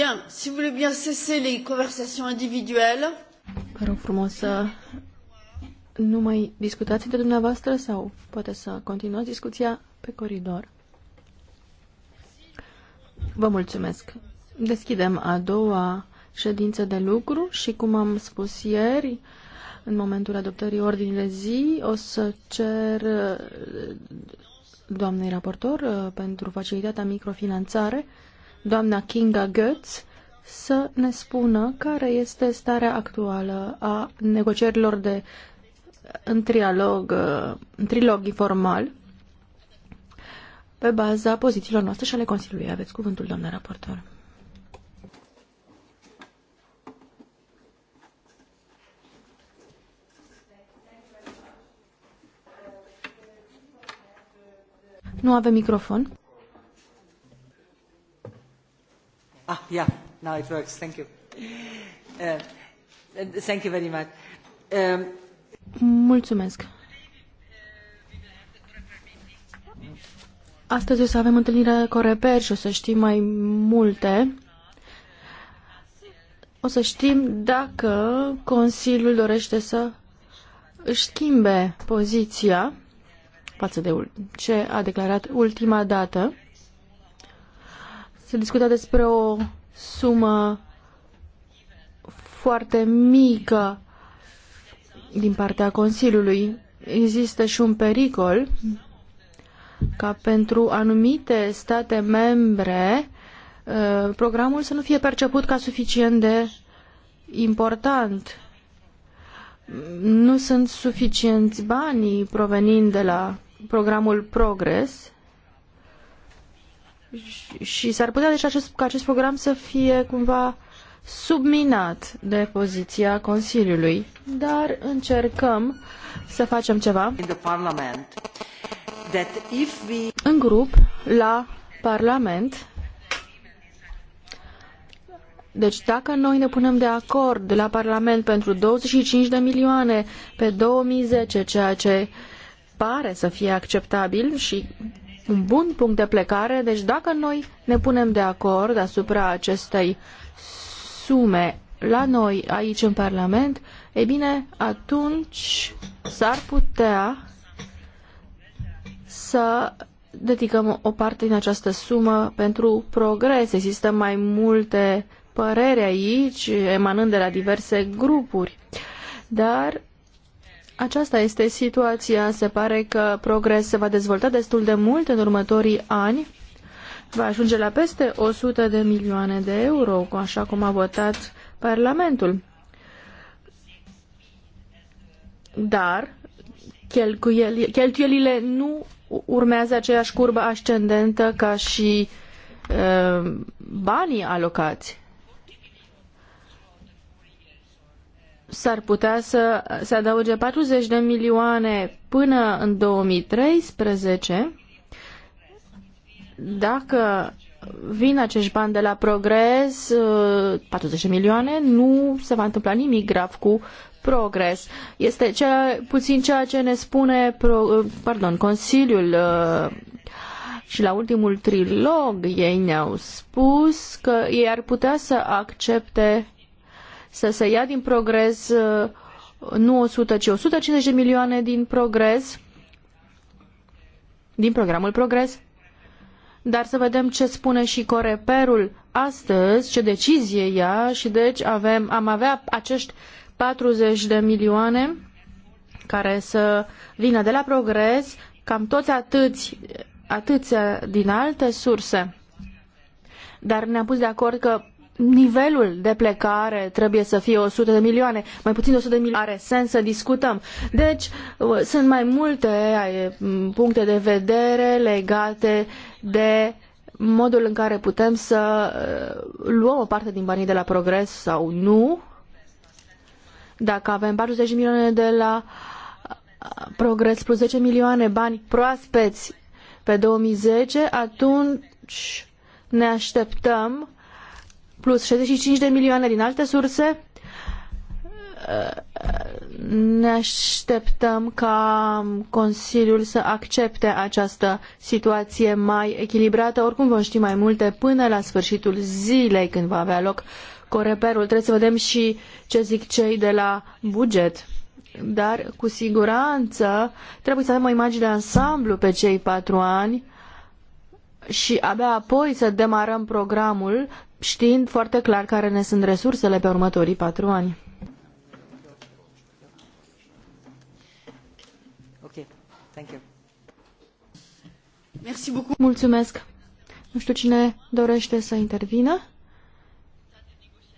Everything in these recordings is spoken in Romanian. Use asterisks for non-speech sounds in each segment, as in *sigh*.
Bien, si vous voulez bien cesser les conversations individuelles. Vă rog frumos să nu mai discutați între dumneavoastră sau poate să continuați discuția pe coridor. Vă mulțumesc. Deschidem a doua ședință de lucru și, cum am spus ieri, în momentul adoptării ordinii de zi, o să cer uh, doamnei raportor uh, pentru facilitatea microfinanțare doamna Kinga Götz să ne spună care este starea actuală a negocierilor de în trialog, în trilog informal pe baza pozițiilor noastre și ale Consiliului. Aveți cuvântul, doamna raportor. Nu avem microfon. Ah, now it works. Thank you. Uh, uh, thank you very much. Um, Astăzi o să avem întâlnire cu reper și o să știm mai multe. O să știm dacă Consiliul dorește să își schimbe poziția față de ce a declarat ultima dată se discută despre o sumă foarte mică din partea Consiliului. Există și un pericol ca pentru anumite state membre uh, programul să nu fie perceput ca suficient de important. Nu sunt suficienți banii provenind de la programul Progress și s-ar putea deci acest, ca acest program să fie cumva subminat de poziția Consiliului, dar încercăm să facem ceva în grup la Parlament. Deci dacă noi ne punem de acord la Parlament pentru 25 de milioane pe 2010, ceea ce pare să fie acceptabil și un bun punct de plecare, deci dacă noi ne punem de acord asupra acestei sume la noi, aici în Parlament, e bine, atunci s-ar putea să dedicăm o parte din această sumă pentru progres. Există mai multe păreri aici, emanând de la diverse grupuri, dar aceasta este situația. Se pare că progres se va dezvolta destul de mult în următorii ani. Va ajunge la peste 100 de milioane de euro, așa cum a votat Parlamentul. Dar cheltuielile nu urmează aceeași curbă ascendentă ca și uh, banii alocați. s-ar putea să se adauge 40 de milioane până în 2013 dacă vin acești bani de la progres, 40 de milioane, nu se va întâmpla nimic grav cu progres. Este cea, puțin ceea ce ne spune pro, pardon, Consiliul uh, și la ultimul trilog ei ne-au spus că ei ar putea să accepte să se ia din progres uh, nu 100, ci 150 de milioane din progres, din programul progres. Dar să vedem ce spune și Coreperul astăzi, ce decizie ia și deci avem, am avea acești 40 de milioane care să vină de la progres, cam toți atâți, atâția din alte surse. Dar ne-am pus de acord că nivelul de plecare trebuie să fie 100 de milioane, mai puțin de 100 de milioane, are sens să discutăm. Deci, uh, sunt mai multe mm, puncte de vedere legate de modul în care putem să uh, luăm o parte din banii de la progres sau nu. Dacă avem 40 milioane de la uh, progres plus 10 milioane bani proaspeți pe 2010, atunci ne așteptăm plus 65 de milioane din alte surse, ne așteptăm ca Consiliul să accepte această situație mai echilibrată. Oricum vom ști mai multe până la sfârșitul zilei când va avea loc coreperul. Trebuie să vedem și ce zic cei de la buget. Dar cu siguranță trebuie să avem o imagine de ansamblu pe cei patru ani uh, și abia apoi să demarăm programul știind foarte clar care ne sunt resursele pe următorii patru ani. Mulțumesc. Nu știu cine dorește să intervină.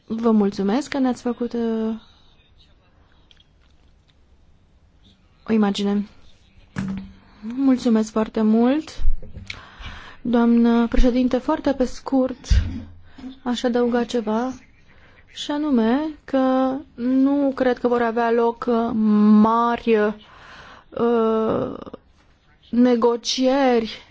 Vă mulțumesc că ne-ați făcut uh, o imagine. Mulțumesc foarte mult. Doamnă președinte, foarte pe scurt aș adăuga ceva și anume că nu cred că vor avea loc uh, mari uh, negocieri.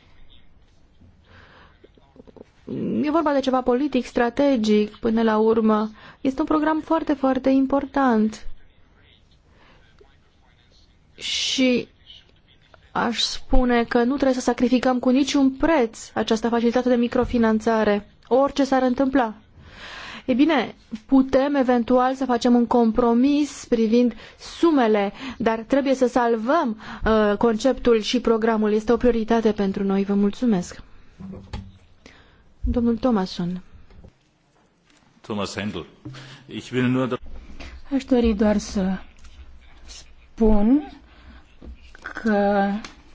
E vorba de ceva politic, strategic, până la urmă. Este un program foarte, foarte important. Și aș spune că nu trebuie să sacrificăm cu niciun preț această facilitate de microfinanțare, orice s-ar întâmpla. E bine, putem eventual să facem un compromis privind sumele, dar trebuie să salvăm uh, conceptul și programul. Este o prioritate pentru noi. Vă mulțumesc. Domnul Thomason. Thomas Händel. Ich nur... Aș dori doar să spun că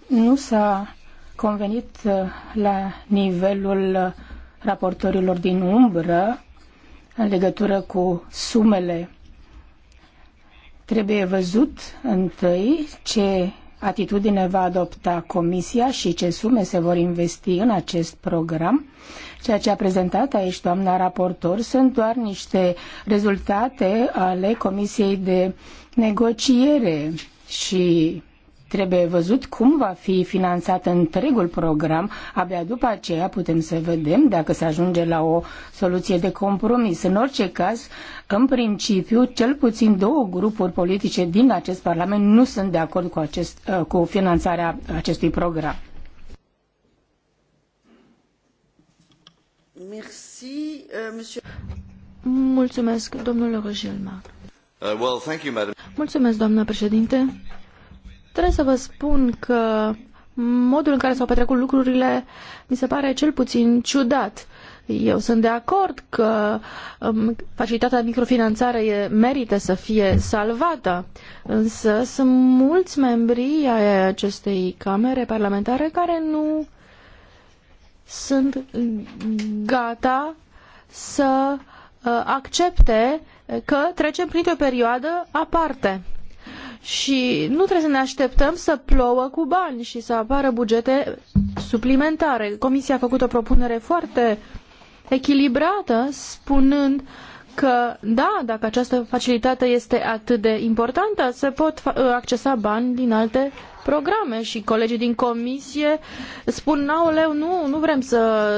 nu s-a convenit uh, la nivelul uh, raportorilor din umbră în legătură cu sumele. Trebuie văzut întâi ce atitudine va adopta Comisia și ce sume se vor investi în acest program. Ceea ce a prezentat aici doamna raportor sunt doar niște rezultate ale Comisiei de negociere și Trebuie văzut cum va fi finanțat întregul program. Abia după aceea putem să vedem dacă se ajunge la o soluție de compromis. În orice caz, în principiu, cel puțin două grupuri politice din acest Parlament nu sunt de acord cu, acest, uh, cu finanțarea acestui program. Uh, Mulțumesc, domnule uh, madam. Mulțumesc, doamnă președinte. Trebuie să vă spun că modul în care s-au petrecut lucrurile mi se pare cel puțin ciudat. Eu sunt de acord că um, facilitatea de microfinanțare merită să fie salvată, însă sunt mulți membri ai acestei camere parlamentare care nu sunt gata să uh, accepte că trecem printr-o perioadă aparte și nu trebuie să ne așteptăm să plouă cu bani și să apară bugete suplimentare. Comisia a făcut o propunere foarte echilibrată, spunând că, da, dacă această facilitate este atât de importantă, se pot ă, accesa bani din alte programe și colegii din comisie spun, aoleu, nu, nu vrem să,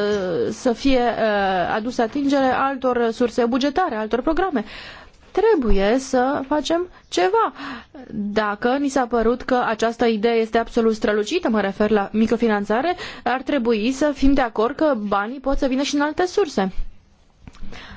să fie uh, ă, adusă atingere altor surse bugetare, altor programe trebuie să facem ceva. Dacă ni s-a părut că această idee este absolut strălucită, mă refer la microfinanțare, ar trebui să fim de acord că banii pot să vină și în alte surse.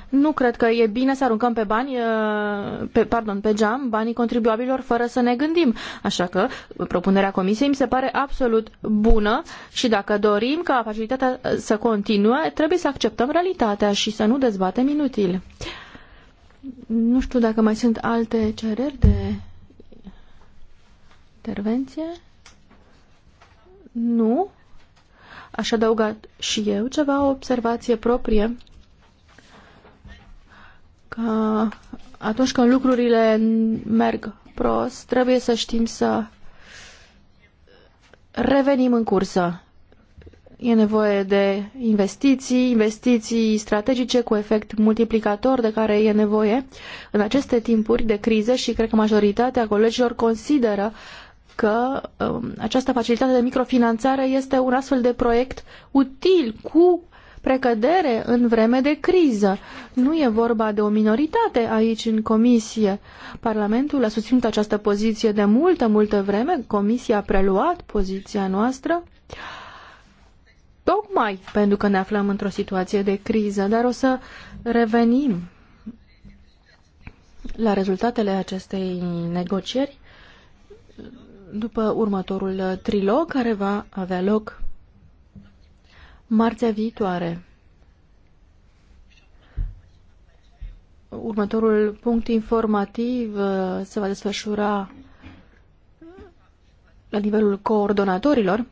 Nu cred că e bine să aruncăm pe bani, uh, pe, pardon, pe geam banii contribuabililor fără să ne gândim. Așa că propunerea comisiei mi se pare absolut bună și dacă dorim ca facilitatea să continue, trebuie să acceptăm realitatea și să nu dezbatem inutil. Nu știu dacă mai sunt alte cereri de intervenție. Nu. Aș adăuga și eu ceva, o observație proprie, că atunci când lucrurile merg prost, trebuie să știm să revenim în cursă E nevoie de investiții, investiții strategice cu efect multiplicator de care e nevoie în aceste timpuri de criză și cred că majoritatea colegilor consideră că um, această facilitate de microfinanțare este un astfel de proiect util cu precădere în vreme de criză. Nu e vorba de o minoritate aici în comisie. Parlamentul a susținut această poziție de multă, multă vreme, comisia a preluat poziția noastră. Uh, tocmai pentru că ne aflăm într-o situație de criză, dar o să revenim la rezultatele acestei negocieri după următorul trilog care va avea loc marțea viitoare. Următorul punct informativ uh, se va desfășura la nivelul coordonatorilor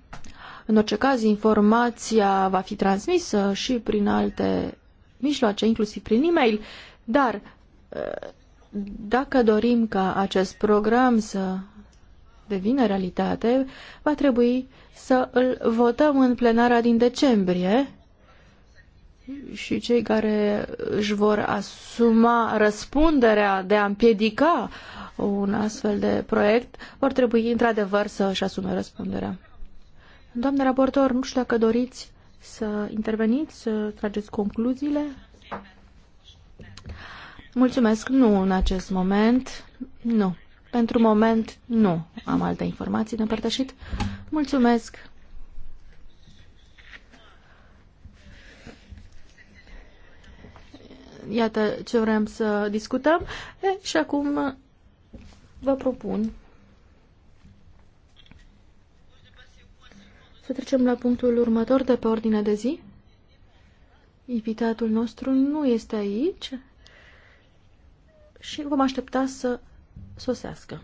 în orice caz, informația va fi transmisă și prin alte mijloace, inclusiv prin e-mail, dar eh, dacă dorim ca acest program să devină realitate, va trebui să îl votăm în plenara din decembrie și cei care își vor asuma răspunderea de a împiedica un astfel de proiect vor trebui într-adevăr să își asume răspunderea. Doamne raportor, nu știu dacă doriți să interveniți, să trageți concluziile. Mulțumesc. Nu în acest moment. Nu. Pentru moment, nu. Am alte informații de împărtășit. Mulțumesc. Iată ce vrem să discutăm. E, și acum vă propun Să trecem la punctul următor de pe ordinea de zi. Invitatul nostru nu este aici și vom aștepta să sosească.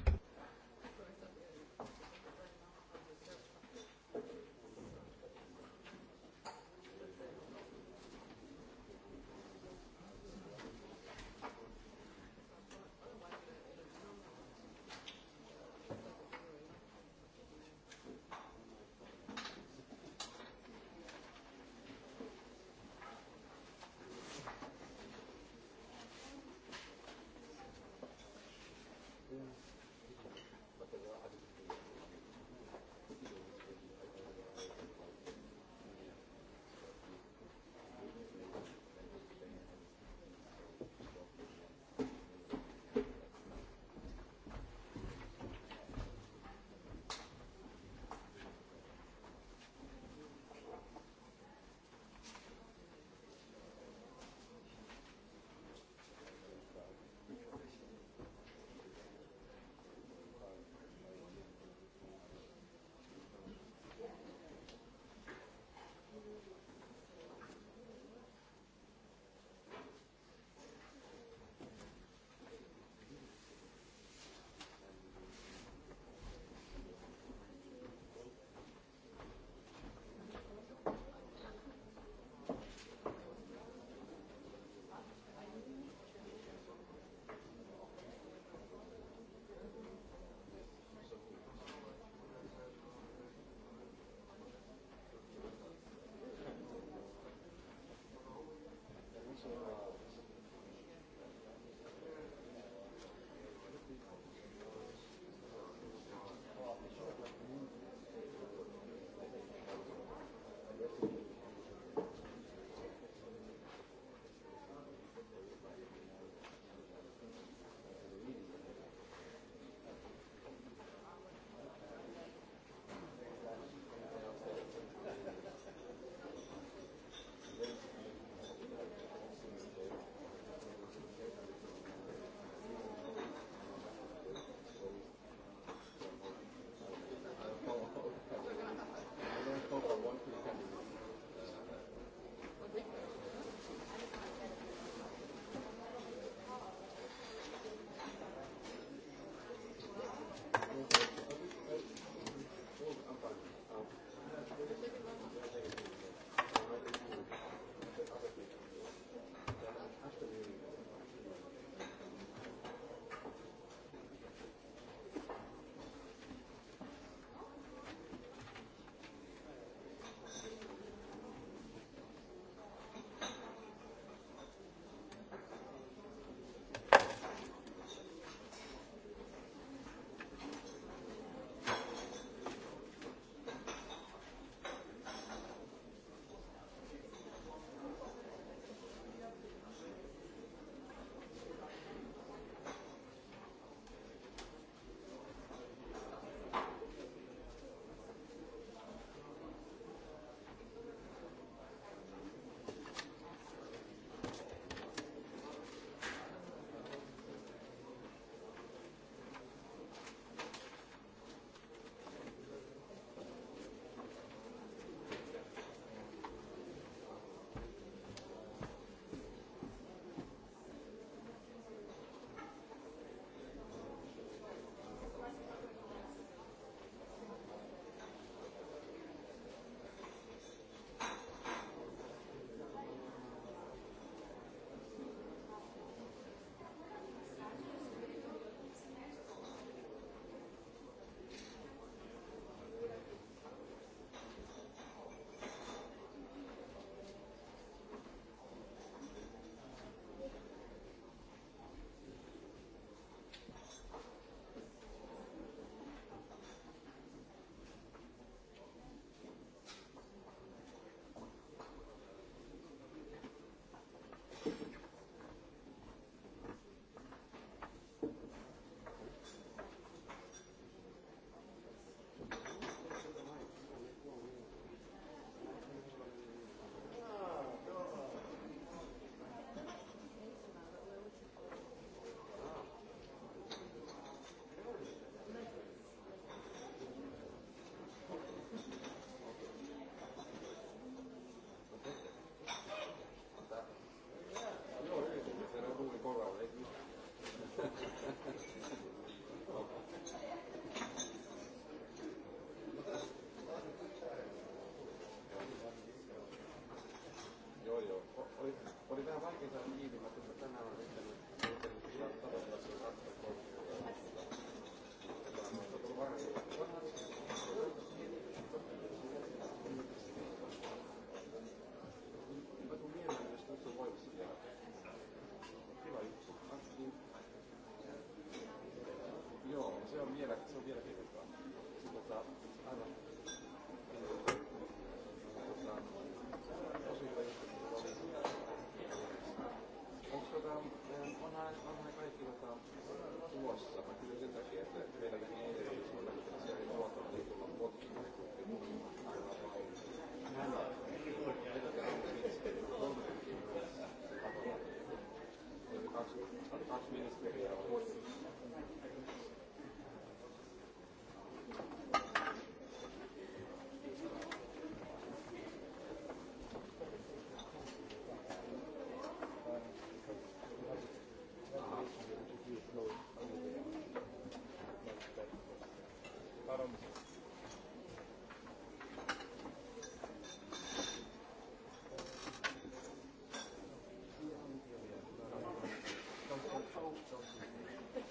Thank you.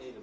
Eğilim.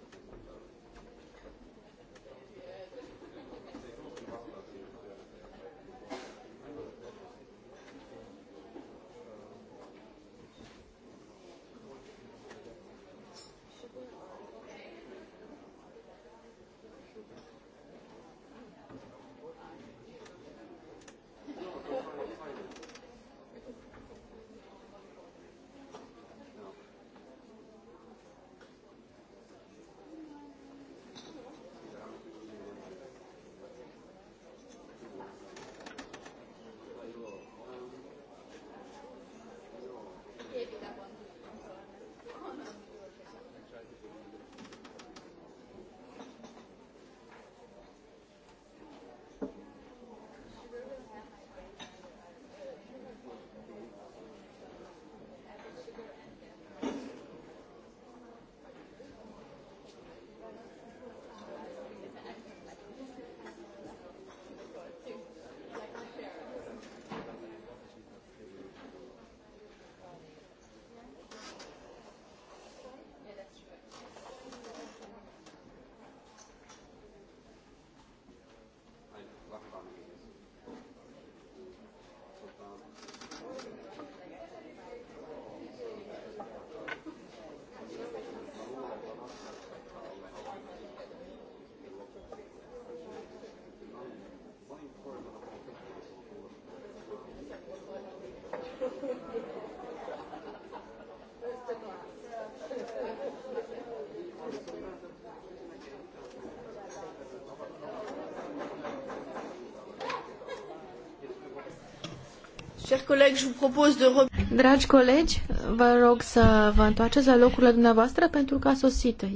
Dragi colegi, vă rog să vă întoarceți la locurile dumneavoastră pentru că a sosit uh,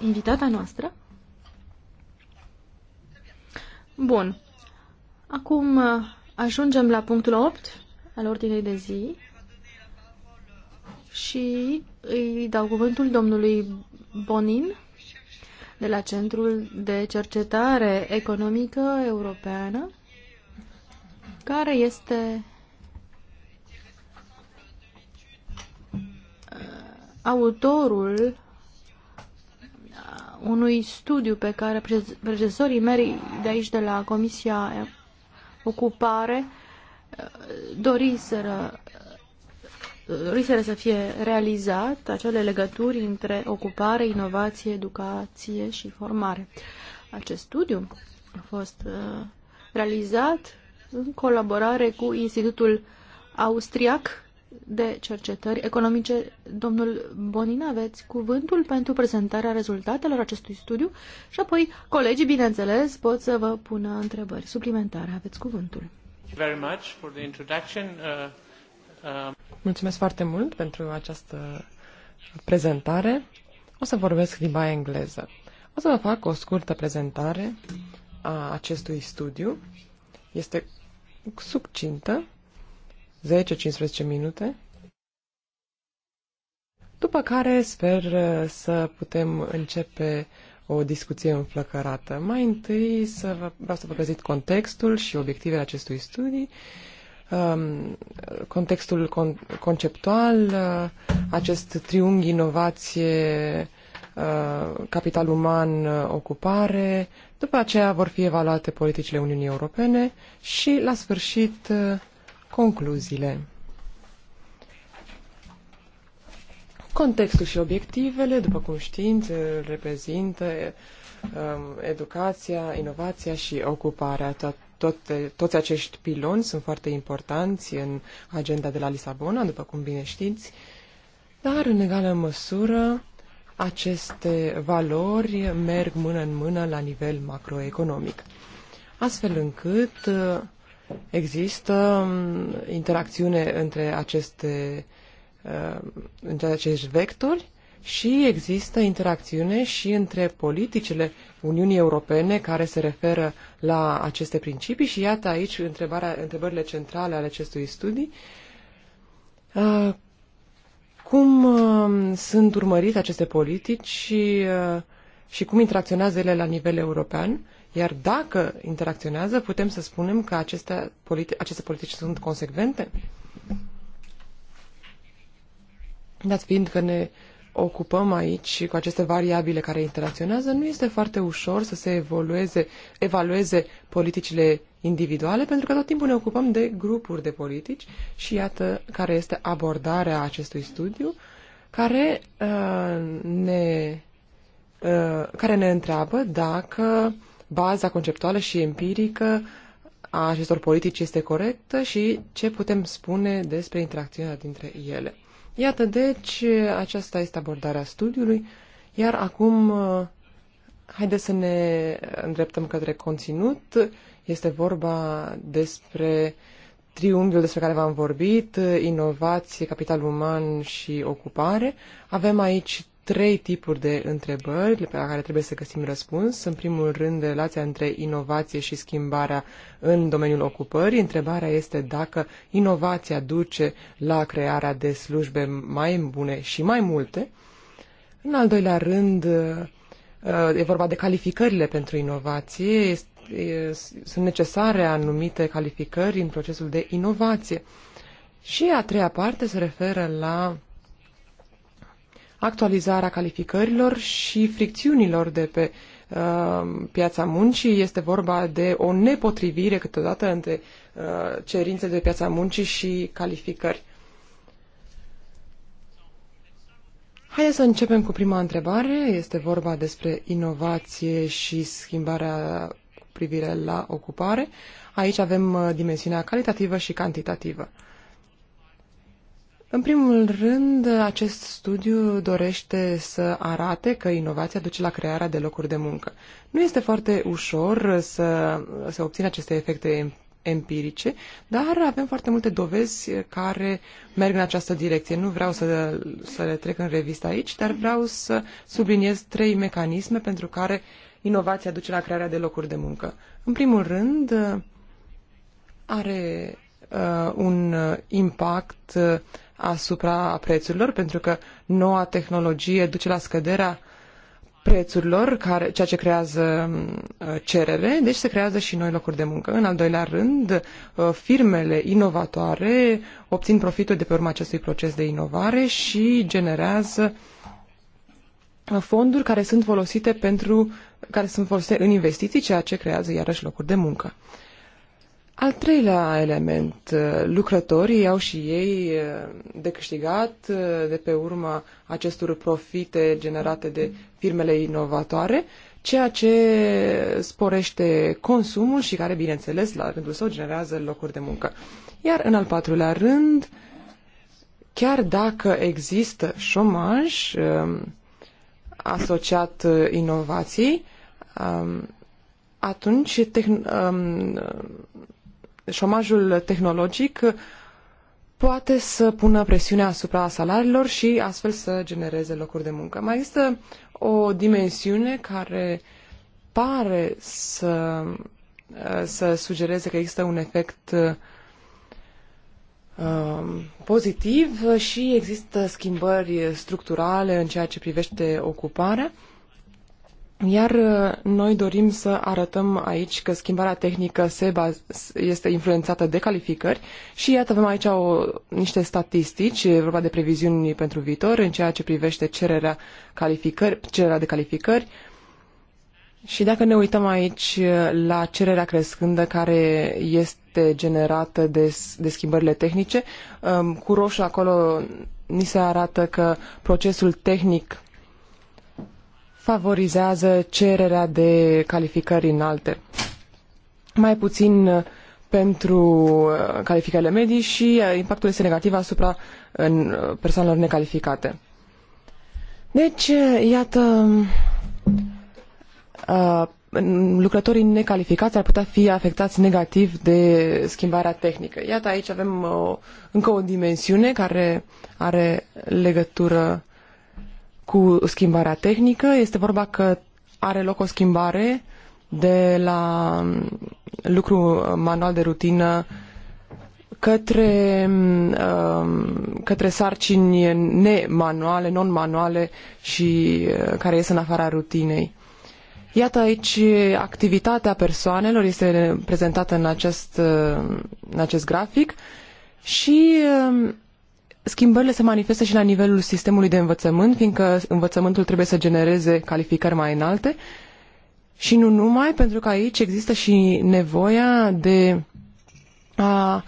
invitata noastră. Bun. Acum uh, ajungem la punctul 8 al ordinei de zi și îi dau cuvântul domnului Bonin de la Centrul de Cercetare Economică Europeană care este uh, autorul uh, unui studiu pe care predecesorii mei de aici, de la Comisia Ocupare, uh, doriseră, doriseră să fie realizat acele legături între ocupare, inovație, educație și formare. Acest studiu a fost realizat în colaborare cu Institutul Austriac de Cercetări Economice. Domnul Bonin, aveți cuvântul pentru prezentarea rezultatelor acestui studiu și apoi colegii, bineînțeles, pot să vă pună întrebări suplimentare. Aveți cuvântul. Uh, uh, Mulțumesc foarte mult pentru această prezentare. O să vorbesc limba engleză. O să vă fac o scurtă prezentare a acestui studiu este succintă, 10-15 minute, după care sper uh, să putem începe o discuție înflăcărată. Mai întâi să vă, vreau să vă prezint contextul și obiectivele acestui studiu, um, contextul con- conceptual, uh, acest triunghi inovație, uh, capital uman, ocupare, după aceea vor fi evaluate politicile Uniunii Europene și, la sfârșit, uh, concluziile. Contextul și obiectivele, după cum știți, reprezintă um, educația, inovația și ocuparea. Tot, tot, toți acești piloni sunt foarte importanți în agenda de la Lisabona, după cum bine știți, dar în egală măsură aceste valori merg mână în mână la nivel macroeconomic, astfel încât uh, există um, interacțiune între aceste, uh, între acești vectori și există interacțiune și între politicile Uniunii Europene care se referă la aceste principii și iată aici întrebarea, întrebările centrale ale acestui studii. Uh, cum uh, sunt urmărite aceste politici și, uh, și cum interacționează ele la nivel european? Iar dacă interacționează, putem să spunem că aceste, politi- aceste politici sunt consecvente? Dați fiind că ne ocupăm aici cu aceste variabile care interacționează, nu este foarte ușor să se evolueze, evalueze politicile individuale, pentru că tot timpul ne ocupăm de grupuri de politici și iată care este abordarea acestui studiu, care, uh, ne, uh, care ne întreabă dacă baza conceptuală și empirică a acestor politici este corectă și ce putem spune despre interacțiunea dintre ele. Iată, deci, aceasta este abordarea studiului, iar acum haideți să ne îndreptăm către conținut. Este vorba despre triunghiul despre care v-am vorbit, inovație, capital uman și ocupare. Avem aici trei tipuri de întrebări pe care trebuie să găsim răspuns. În primul rând, relația între inovație și schimbarea în domeniul ocupării. Întrebarea este dacă inovația duce la crearea de slujbe mai bune și mai multe. În al doilea rând, uh, e vorba de calificările pentru inovație. Sunt necesare anumite calificări în procesul de inovație. Și a treia parte se referă la actualizarea calificărilor și fricțiunilor de pe uh, piața muncii. Este vorba de o nepotrivire câteodată între uh, cerințe de piața muncii și calificări. Haideți să începem cu prima întrebare. Este vorba despre inovație și schimbarea cu privire la ocupare. Aici avem uh, dimensiunea calitativă și cantitativă. În primul rând, acest studiu dorește să arate că inovația duce la crearea de locuri de muncă. Nu este foarte ușor să, să obțină aceste efecte empirice, dar avem foarte multe dovezi care merg în această direcție. Nu vreau să, să le trec în revistă aici, dar vreau să subliniez trei mecanisme pentru care inovația duce la crearea de locuri de muncă. În primul rând, are uh, un uh, impact uh, asupra prețurilor, pentru că noua tehnologie duce la scăderea prețurilor, care, ceea ce creează uh, cerere, deci se creează și noi locuri de muncă. În al doilea rând, uh, firmele inovatoare obțin profituri de pe urma acestui proces de inovare și generează uh, fonduri care sunt folosite pentru care sunt folosite în investiții, ceea ce creează iarăși locuri de muncă. Al treilea element, uh, lucrătorii au și ei uh, de câștigat uh, de pe urma acestor profite generate de firmele inovatoare, ceea ce sporește consumul și care, bineînțeles, la rândul său generează locuri de muncă. Iar în al patrulea rând, chiar dacă există șomaj um, asociat inovației, um, atunci tehn- um, șomajul tehnologic poate să pună presiune asupra salariilor și astfel să genereze locuri de muncă. Mai există o dimensiune care pare să, să sugereze că există un efect um, pozitiv și există schimbări structurale în ceea ce privește ocuparea iar uh, noi dorim să arătăm aici că schimbarea tehnică se este influențată de calificări și iată avem aici o, niște statistici, e vorba de previziuni pentru viitor în ceea ce privește cererea, calificări, cererea de calificări. Și dacă ne uităm aici uh, la cererea crescândă care este generată de, de schimbările tehnice, um, cu roșu acolo ni se arată că procesul tehnic favorizează cererea de calificări înalte. Mai puțin uh, pentru uh, calificările medii și uh, impactul este negativ asupra persoanelor necalificate. Deci, iată, lucrătorii necalificați ar putea fi afectați negativ de schimbarea tehnică. Iată, aici avem o, încă o dimensiune care are legătură cu schimbarea tehnică. Este vorba că are loc o schimbare de la mm, lucru uh, manual de rutină către, mm, um, către sarcini nemanuale, non-manuale și uh, care ies în afara rutinei. Iată aici activitatea persoanelor este prezentată în acest, uh, în acest grafic și um, Schimbările se manifestă și la nivelul sistemului de învățământ, fiindcă învățământul trebuie să genereze calificări mai înalte și nu numai, pentru că aici există și nevoia de a,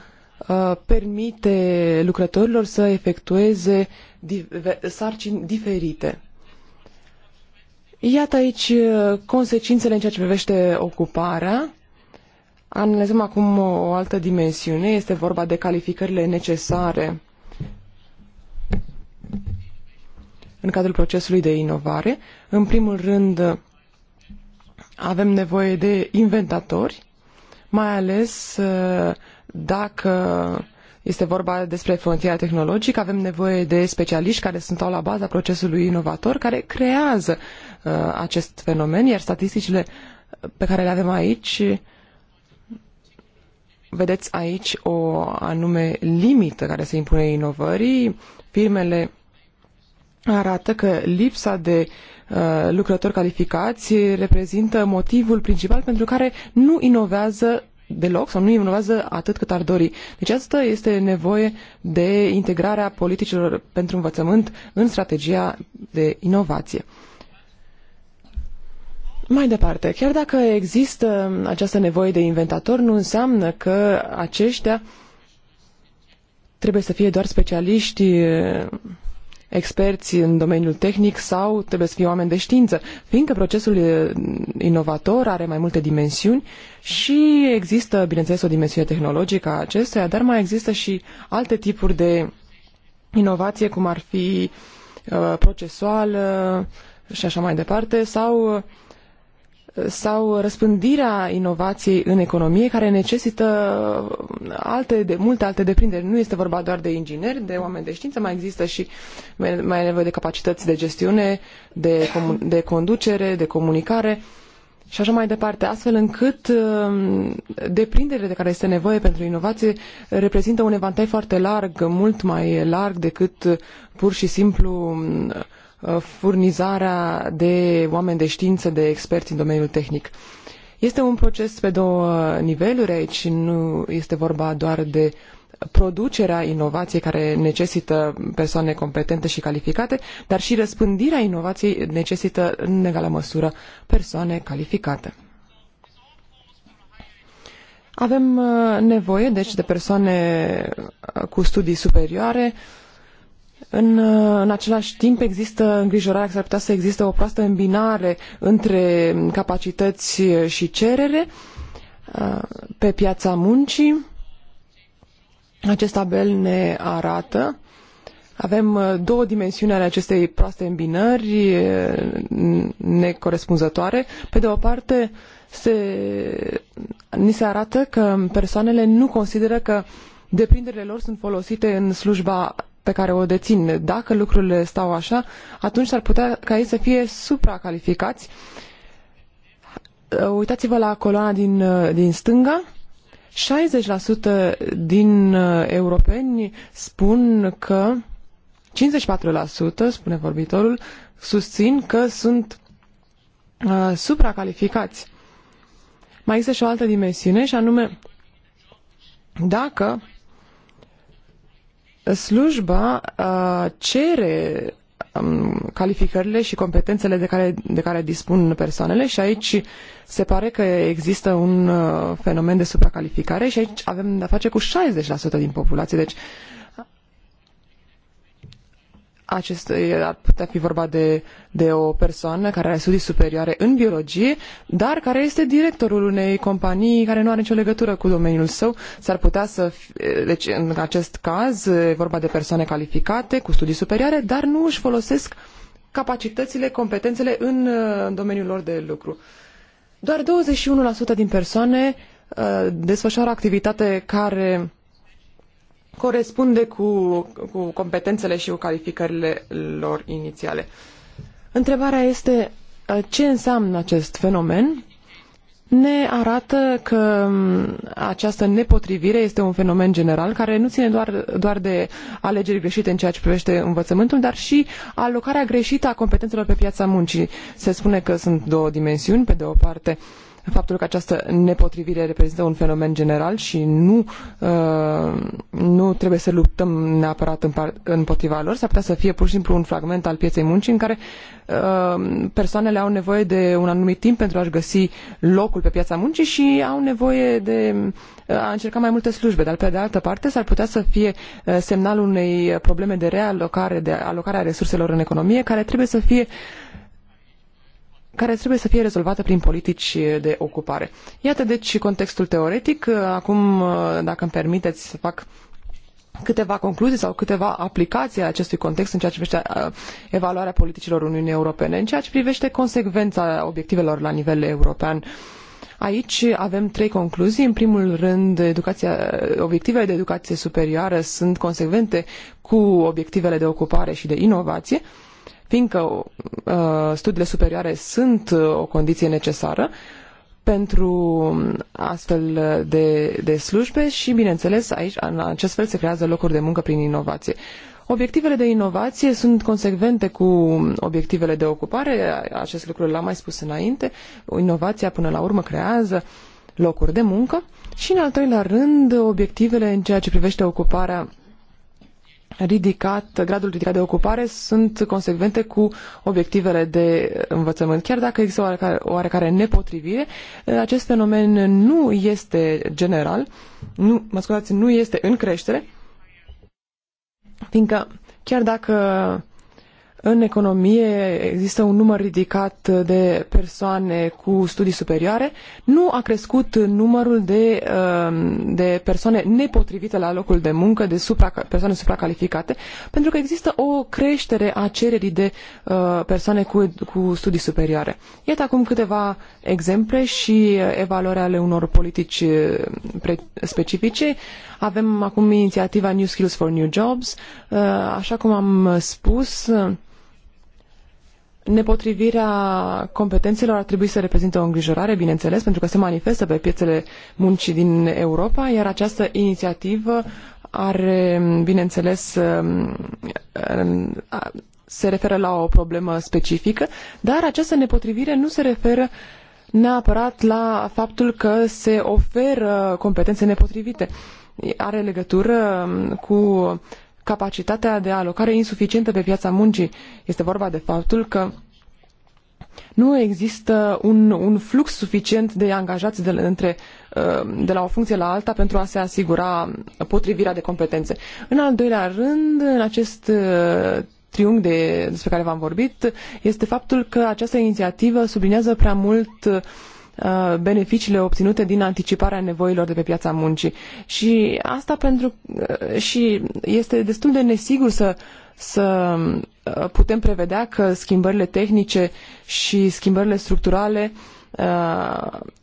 a permite lucrătorilor să efectueze sarcini diferite. Iată aici uh, consecințele în ceea ce privește ocuparea. Analizăm acum o altă dimensiune, este vorba de calificările necesare în cadrul procesului de inovare. În primul rând, avem nevoie de inventatori, mai ales uh, dacă este vorba despre frontiera tehnologică, avem nevoie de specialiști care sunt la baza procesului inovator, care creează uh, acest fenomen, iar statisticile pe care le avem aici, vedeți aici o anume limită care se impune inovării. Firmele arată că lipsa de uh, lucrători calificați reprezintă motivul principal pentru care nu inovează deloc sau nu inovează atât cât ar dori. Deci asta este nevoie de integrarea politicilor pentru învățământ în strategia de inovație. Mai departe, chiar dacă există această nevoie de inventatori, nu înseamnă că aceștia trebuie să fie doar specialiști experți în domeniul tehnic sau trebuie să fie oameni de știință, fiindcă procesul inovator are mai multe dimensiuni și există, bineînțeles, o dimensiune tehnologică a acestuia, dar mai există și alte tipuri de inovație, cum ar fi uh, procesuală și așa mai departe, sau uh, sau răspândirea inovației în economie care necesită alte, de, multe alte deprinderi. Nu este vorba doar de ingineri, de oameni de știință, mai există și mai, mai nevoie de capacități de gestiune, de, de conducere, de comunicare și așa mai departe, astfel încât um, deprinderile de care este nevoie pentru inovație reprezintă un evantai foarte larg, mult mai larg decât uh, pur și simplu um, Uh, furnizarea de oameni de știință, de experți în domeniul tehnic. Este un proces pe două niveluri aici, nu este vorba doar de producerea inovației care necesită persoane competente și calificate, dar și răspândirea inovației necesită în egală măsură persoane calificate. Avem uh, nevoie, deci, de persoane uh, cu studii superioare, uh, în, uh, în același timp există îngrijorarea că s-ar putea să existe o proastă îmbinare între capacități și cerere uh, pe piața muncii. Acest tabel ne arată avem uh, două dimensiuni ale acestei proaste îmbinări necorespunzătoare. Pe de o parte, se, ni se arată că persoanele nu consideră că deprinderile lor sunt folosite în slujba pe care o dețin. Dacă lucrurile stau așa, atunci ar putea ca ei să fie supracalificați. Uh, uitați-vă la coloana din, uh, din stânga. 60% din uh, europeni spun că 54% spune vorbitorul susțin că sunt uh, supracalificați. Mai există și o altă dimensiune și anume dacă slujba uh, cere um, calificările și competențele de care, de care dispun persoanele și aici se pare că există un uh, fenomen de supracalificare și aici avem de-a face cu 60% din populație. Deci acest ar putea fi vorba de, de o persoană care are studii superioare în biologie, dar care este directorul unei companii care nu are nicio legătură cu domeniul său, s-ar putea să... Fie, deci, în acest caz, e vorba de persoane calificate, cu studii superioare, dar nu își folosesc capacitățile, competențele în, în domeniul lor de lucru. Doar 21% din persoane uh, desfășoară activitate care corespunde cu, cu competențele și cu calificările lor inițiale. Întrebarea este uh, ce înseamnă acest fenomen ne arată că um, această nepotrivire este un fenomen general care nu ține doar, doar de alegeri greșite în ceea ce privește învățământul, dar și alocarea greșită a competențelor pe piața muncii. Se spune că sunt două dimensiuni, pe de o parte faptul că această nepotrivire reprezintă un fenomen general și nu, uh, nu trebuie să luptăm neapărat împotriva lor, s-ar putea să fie pur și simplu un fragment al pieței muncii în care uh, persoanele au nevoie de un anumit timp pentru a-și găsi locul pe piața muncii și au nevoie de uh, a încerca mai multe slujbe, dar pe de altă parte s-ar putea să fie semnalul unei probleme de realocare, de alocare a resurselor în economie, care trebuie să fie care trebuie să fie rezolvată prin politici de ocupare. Iată deci contextul teoretic. Acum, dacă îmi permiteți să fac câteva concluzii sau câteva aplicații ale acestui context în ceea ce privește uh, evaluarea politicilor Uniunii Europene, în ceea ce privește consecvența obiectivelor la nivel european. Aici avem trei concluzii. În primul rând, educația, obiectivele de educație superioară sunt consecvente cu obiectivele de ocupare și de inovație fiindcă uh, studiile superioare sunt uh, o condiție necesară pentru um, astfel de, de slujbe și, bineînțeles, aici, în acest fel se creează locuri de muncă prin inovație. Obiectivele de inovație sunt consecvente cu um, obiectivele de ocupare, acest lucru l-am mai spus înainte, inovația până la urmă creează locuri de muncă și, în al treilea rând, obiectivele în ceea ce privește ocuparea ridicat, gradul ridicat de ocupare sunt consecvente cu obiectivele de învățământ. Chiar dacă există oarecare, oarecare nepotrivire, acest fenomen nu este general, nu, mă scuzați, nu este în creștere, fiindcă chiar dacă în economie există un număr ridicat de persoane cu studii superioare. Nu a crescut numărul de, um, de persoane nepotrivite la locul de muncă, de supra, persoane supracalificate, pentru că există o creștere a cererii de uh, persoane cu, cu studii superioare. Iată acum câteva exemple și evaluarea ale unor politici uh, specifice. Avem acum inițiativa New Skills for New Jobs. Uh, așa cum am spus, Nepotrivirea competențelor ar trebui să reprezinte o îngrijorare, bineînțeles, pentru că se manifestă pe piețele muncii din Europa, iar această inițiativă are, bineînțeles, um, um, se referă la o problemă specifică, dar această nepotrivire nu se referă neapărat la faptul că se oferă competențe nepotrivite. Are legătură um, cu capacitatea de alocare insuficientă pe piața muncii. Este vorba de faptul că nu există un, un flux suficient de angajați de, între, uh, de la o funcție la alta pentru a se asigura potrivirea de competențe. În al doilea rând, în acest uh, triunghi de, despre care v-am vorbit, este faptul că această inițiativă sublinează prea mult uh, Uh, beneficiile obținute din anticiparea nevoilor de pe piața muncii. Și asta pentru uh, și este destul de nesigur să să uh, putem prevedea că schimbările tehnice și schimbările structurale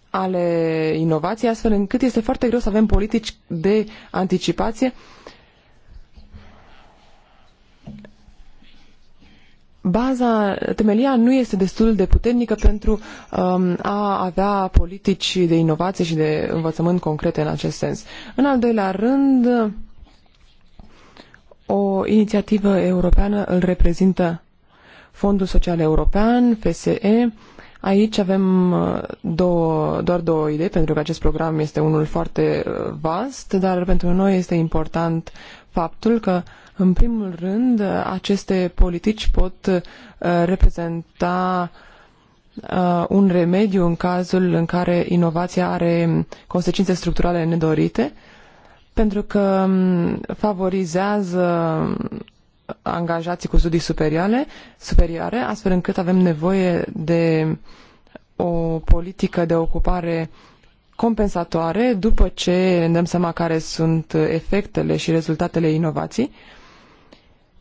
ale inovației, astfel încât este foarte greu să avem politici de anticipație uh, baza, temelia nu este destul de puternică pentru um, a avea politici de inovație și de învățământ concrete în acest sens. În al doilea rând, o inițiativă europeană îl reprezintă Fondul Social European, FSE. Aici avem uh, două, doar două idei, pentru că acest program este unul foarte uh, vast, dar pentru noi este important faptul că uh, în primul rând, aceste politici pot uh, reprezenta uh, un remediu în cazul în care inovația are consecințe structurale nedorite, pentru că um, favorizează uh, angajații cu studii superioare, superioare astfel încât avem nevoie de o politică de ocupare compensatoare după ce ne dăm seama care sunt efectele și rezultatele inovației. Uh,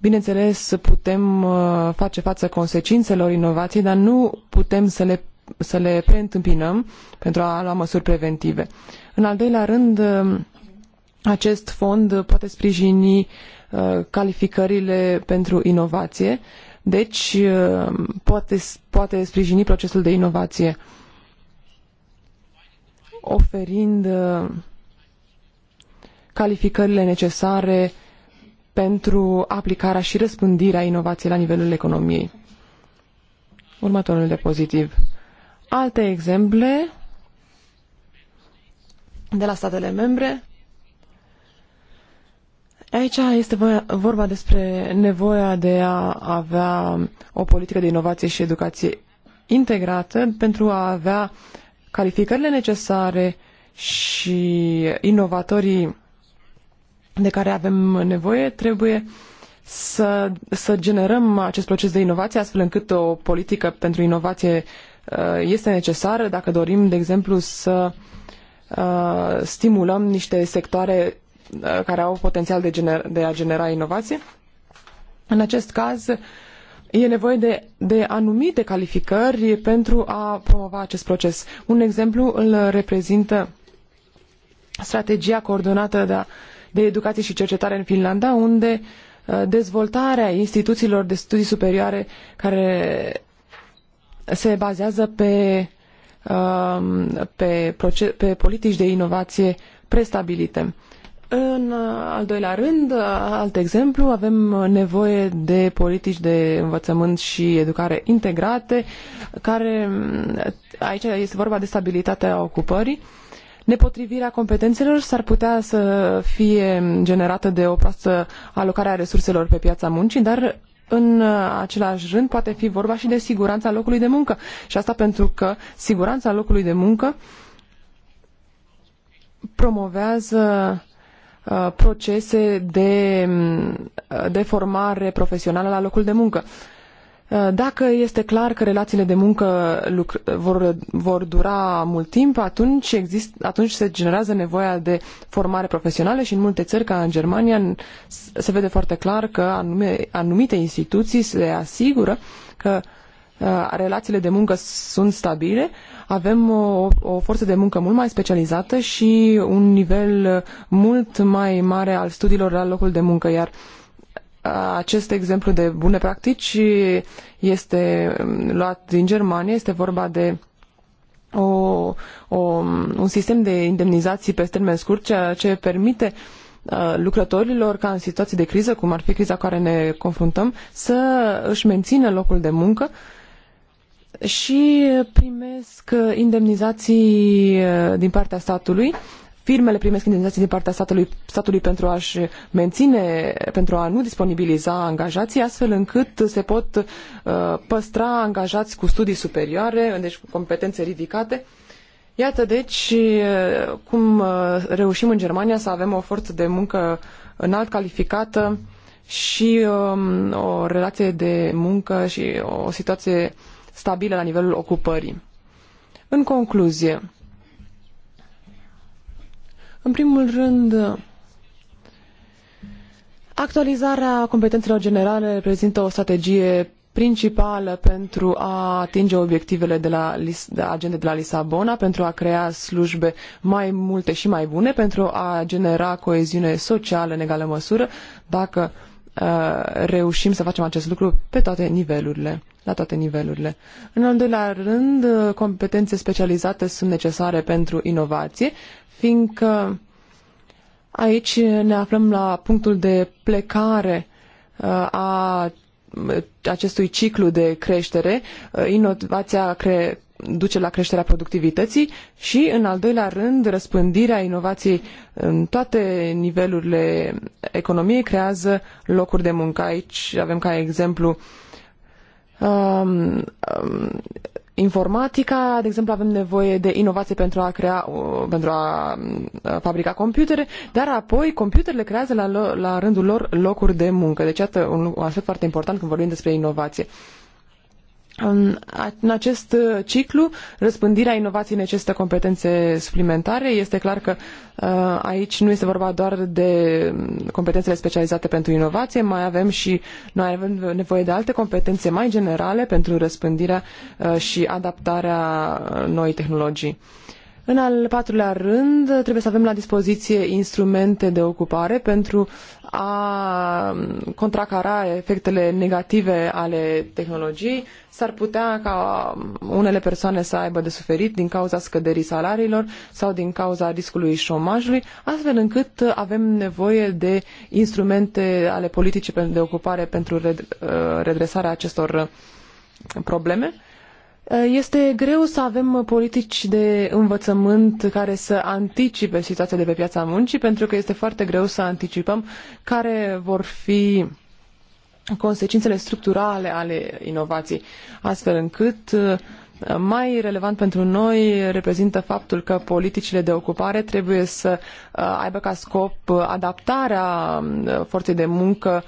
Bineînțeles, putem uh, face față consecințelor inovației, dar nu putem să le, să le preîntâmpinăm pentru a lua măsuri preventive. În al doilea rând, uh, acest fond poate sprijini uh, calificările pentru inovație, deci poate, poate sprijini procesul de inovație oferind calificările necesare pentru aplicarea și răspândirea inovației la nivelul economiei. Următorul de pozitiv. Alte exemple de la statele membre. Aici este vorba despre nevoia de a avea o politică de inovație și educație integrată pentru a avea calificările necesare și inovatorii de care avem nevoie, trebuie să, să generăm acest proces de inovație astfel încât o politică pentru inovație uh, este necesară dacă dorim, de exemplu, să uh, stimulăm niște sectoare uh, care au potențial de, gener- de a genera inovație. În acest caz, e nevoie de, de anumite calificări pentru a promova acest proces. Un exemplu îl reprezintă strategia coordonată de a uh, de Educație și Cercetare în Finlanda, unde uh, dezvoltarea instituțiilor de studii superioare care se bazează pe, um, pe, pe politici de inovație prestabilite. În uh, al doilea rând, uh, alt exemplu, avem nevoie de politici de învățământ și educare integrate, care um, aici este vorba de stabilitatea ocupării Nepotrivirea competențelor s-ar putea să fie generată de o proastă alocare a resurselor pe piața muncii, dar în același rând poate fi vorba și de siguranța locului de muncă. Și asta pentru că siguranța locului de muncă promovează uh, procese de, mm, de formare profesională la locul de muncă. Uh, dacă este clar că relațiile de muncă vor, vor dura mult timp, atunci, exist, atunci se generează nevoia de formare profesională și în multe țări, ca în Germania, se vede foarte clar că anume, anumite instituții se asigură că uh, relațiile de muncă sunt stabile, avem o, o forță de muncă mult mai specializată și un nivel mult mai mare al studiilor la locul de muncă, iar uh, acest exemplu de bune practici este luat din Germania, este vorba de o, o, un sistem de indemnizații pe termen scurt, ceea ce permite uh, lucrătorilor ca în situații de criză, cum ar fi criza cu care ne confruntăm, să își mențină locul de muncă și primesc indemnizații uh, din partea statului firmele primesc indemnizații din partea statului, statului pentru a-și menține, pentru a nu disponibiliza angajații, astfel încât se pot uh, păstra angajați cu studii superioare, deci cu competențe ridicate. Iată deci uh, cum uh, reușim în Germania să avem o forță de muncă înalt calificată și um, o relație de muncă și o situație stabilă la nivelul ocupării. În concluzie, în primul rând, actualizarea competențelor generale reprezintă o strategie principală pentru a atinge obiectivele de la agenda de la Lisabona, pentru a crea slujbe mai multe și mai bune, pentru a genera coeziune socială în egală măsură, dacă uh, reușim să facem acest lucru pe toate nivelurile, la toate nivelurile. În al doilea rând, competențe specializate sunt necesare pentru inovație, fiindcă aici ne aflăm la punctul de plecare uh, a uh, acestui ciclu de creștere. Uh, inovația cre- duce la creșterea productivității și, în al doilea rând, răspândirea inovației în toate nivelurile economiei creează locuri de muncă. Aici avem ca exemplu um, um, informatica, de exemplu, avem nevoie de inovație pentru a crea, uh, pentru a uh, fabrica computere, dar apoi computerele creează la, la rândul lor locuri de muncă. Deci, iată, un aspect foarte important când vorbim despre inovație. În acest uh, ciclu, răspândirea inovației necesită competențe suplimentare. Este clar că uh, aici nu este vorba doar de mm, competențele specializate pentru inovație, mai avem și noi avem nevoie de alte competențe mai generale pentru răspândirea uh, și adaptarea noii tehnologii. În al patrulea rând, trebuie să avem la dispoziție instrumente de ocupare pentru a contracara efectele negative ale tehnologiei. S-ar putea ca unele persoane să aibă de suferit din cauza scăderii salariilor sau din cauza riscului șomajului, astfel încât avem nevoie de instrumente ale politicii de ocupare pentru redresarea acestor probleme Eh, este greu să avem eh, politici de învățământ care să anticipe situația de pe piața muncii, pentru că este foarte greu să anticipăm care vor fi consecințele structurale ale inovației, astfel încât eh, mai relevant pentru noi reprezintă faptul că politicile de ocupare trebuie să aibă ca scop adaptarea forței de muncă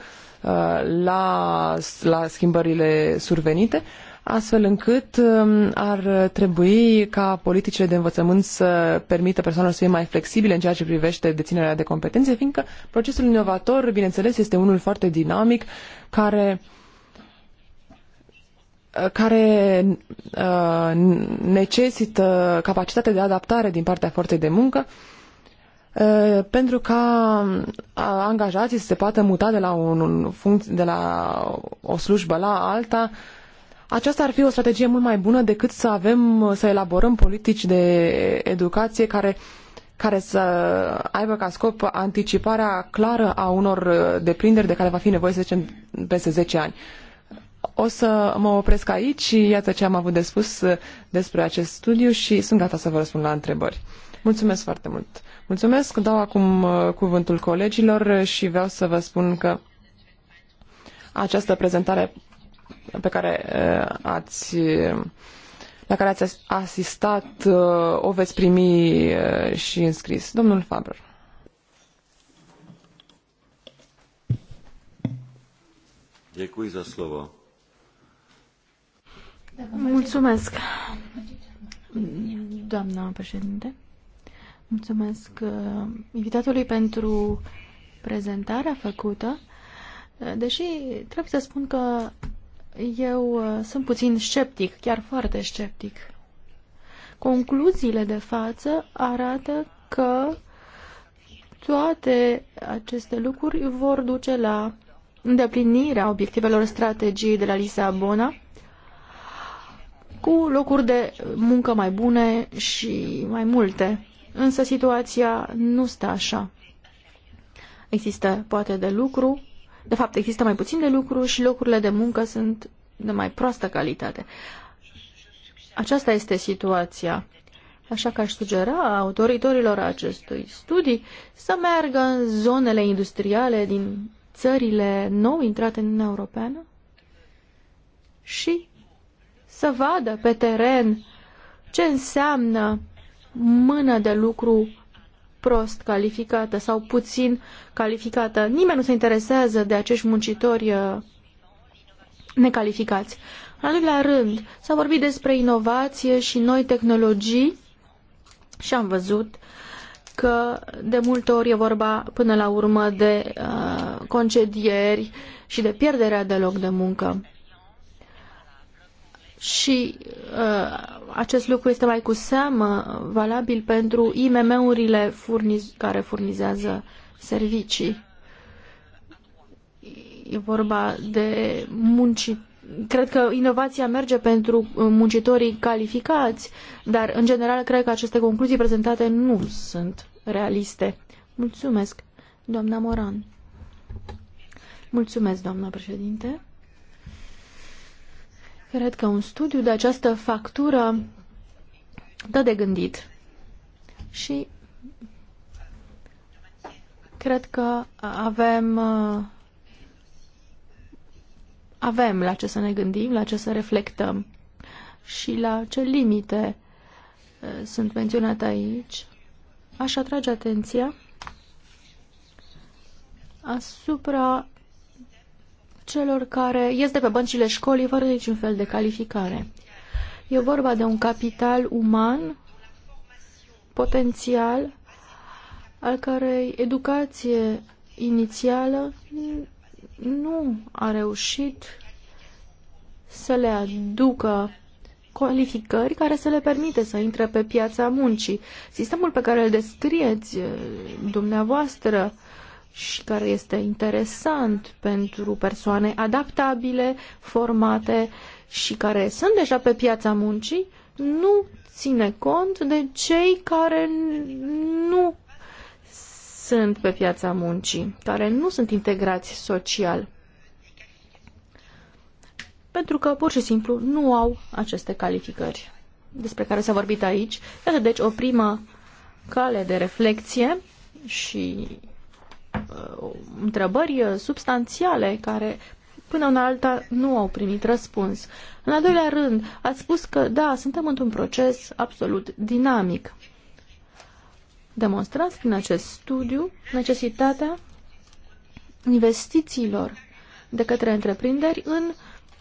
la, la schimbările survenite, astfel încât um, ar trebui ca politicile de învățământ să permită persoanelor să fie mai flexibile în ceea ce privește deținerea de competențe, fiindcă procesul inovator, bineînțeles, este unul foarte dinamic, care uh, care uh, necesită capacitate de adaptare din partea forței de muncă uh, pentru ca uh, angajații să se poată muta de la, un, un func- de la o slujbă la alta uh, aceasta ar fi o strategie mult mai bună decât să avem, să elaborăm politici de educație care, care să aibă ca scop anticiparea clară a unor deprinderi de care va fi nevoie, să zicem, peste 10 ani. O să mă opresc aici, iată ce am avut de spus despre acest studiu și sunt gata să vă răspund la întrebări. Mulțumesc foarte mult! Mulțumesc, dau acum uh, cuvântul colegilor și vreau să vă spun că această prezentare pe care uh, ați la care ați asistat uh, o veți primi uh, și înscris. Domnul Faber. Děkuji za slovo. Mulțumesc, doamna președinte. Mulțumesc invitatului pentru prezentarea făcută, deși trebuie să spun că eu uh, sunt puțin sceptic, chiar foarte sceptic. Concluziile de față arată că toate aceste lucruri vor duce la îndeplinirea obiectivelor strategiei de la Lisabona cu locuri de muncă mai bune și mai multe. Însă situația nu stă așa. Există poate de lucru de fapt, există mai puțin de lucru și locurile de muncă sunt de mai proastă calitate. Aceasta este situația. Așa că aș sugera autoritorilor acestui studii să meargă în zonele industriale din țările nou intrate în Uniunea Europeană și să vadă pe teren ce înseamnă mână de lucru prost calificată sau puțin calificată. Nimeni nu se interesează de acești muncitori uh, necalificați. În al doilea rând, s-a vorbit despre inovație și noi tehnologii și am văzut că de multe ori e vorba până la urmă de uh, concedieri și de pierderea de loc de muncă. Și uh, acest lucru este mai cu seamă valabil pentru IMM-urile furniz- care furnizează servicii. E vorba de munci. Cred că inovația merge pentru muncitorii calificați, dar în general cred că aceste concluzii prezentate nu sunt realiste. Mulțumesc, doamna Moran. Mulțumesc, doamna președinte. Cred că un studiu de această factură dă de gândit și cred că avem uh, avem la ce să ne gândim, la ce să reflectăm și la ce limite uh, sunt menționate aici. Aș atrage atenția asupra celor care ies de pe băncile școlii fără niciun fel de calificare. E vorba de un capital uman potențial al cărei educație inițială nu a reușit să le aducă calificări care să le permite să intre pe piața muncii. Sistemul pe care îl descrieți eh, dumneavoastră și care este interesant pentru persoane adaptabile, formate și care sunt deja pe piața muncii, nu ține cont de cei care nu sunt pe piața muncii, care nu sunt integrați social. Pentru că pur și simplu nu au aceste calificări despre care s-a vorbit aici. Iată deci o primă cale de reflexie și Uh, întrebări uh, substanțiale care până în alta nu au primit răspuns. În al doilea rând, ați spus că, da, suntem într-un proces absolut dinamic. Demonstrați prin acest studiu necesitatea investițiilor de către întreprinderi în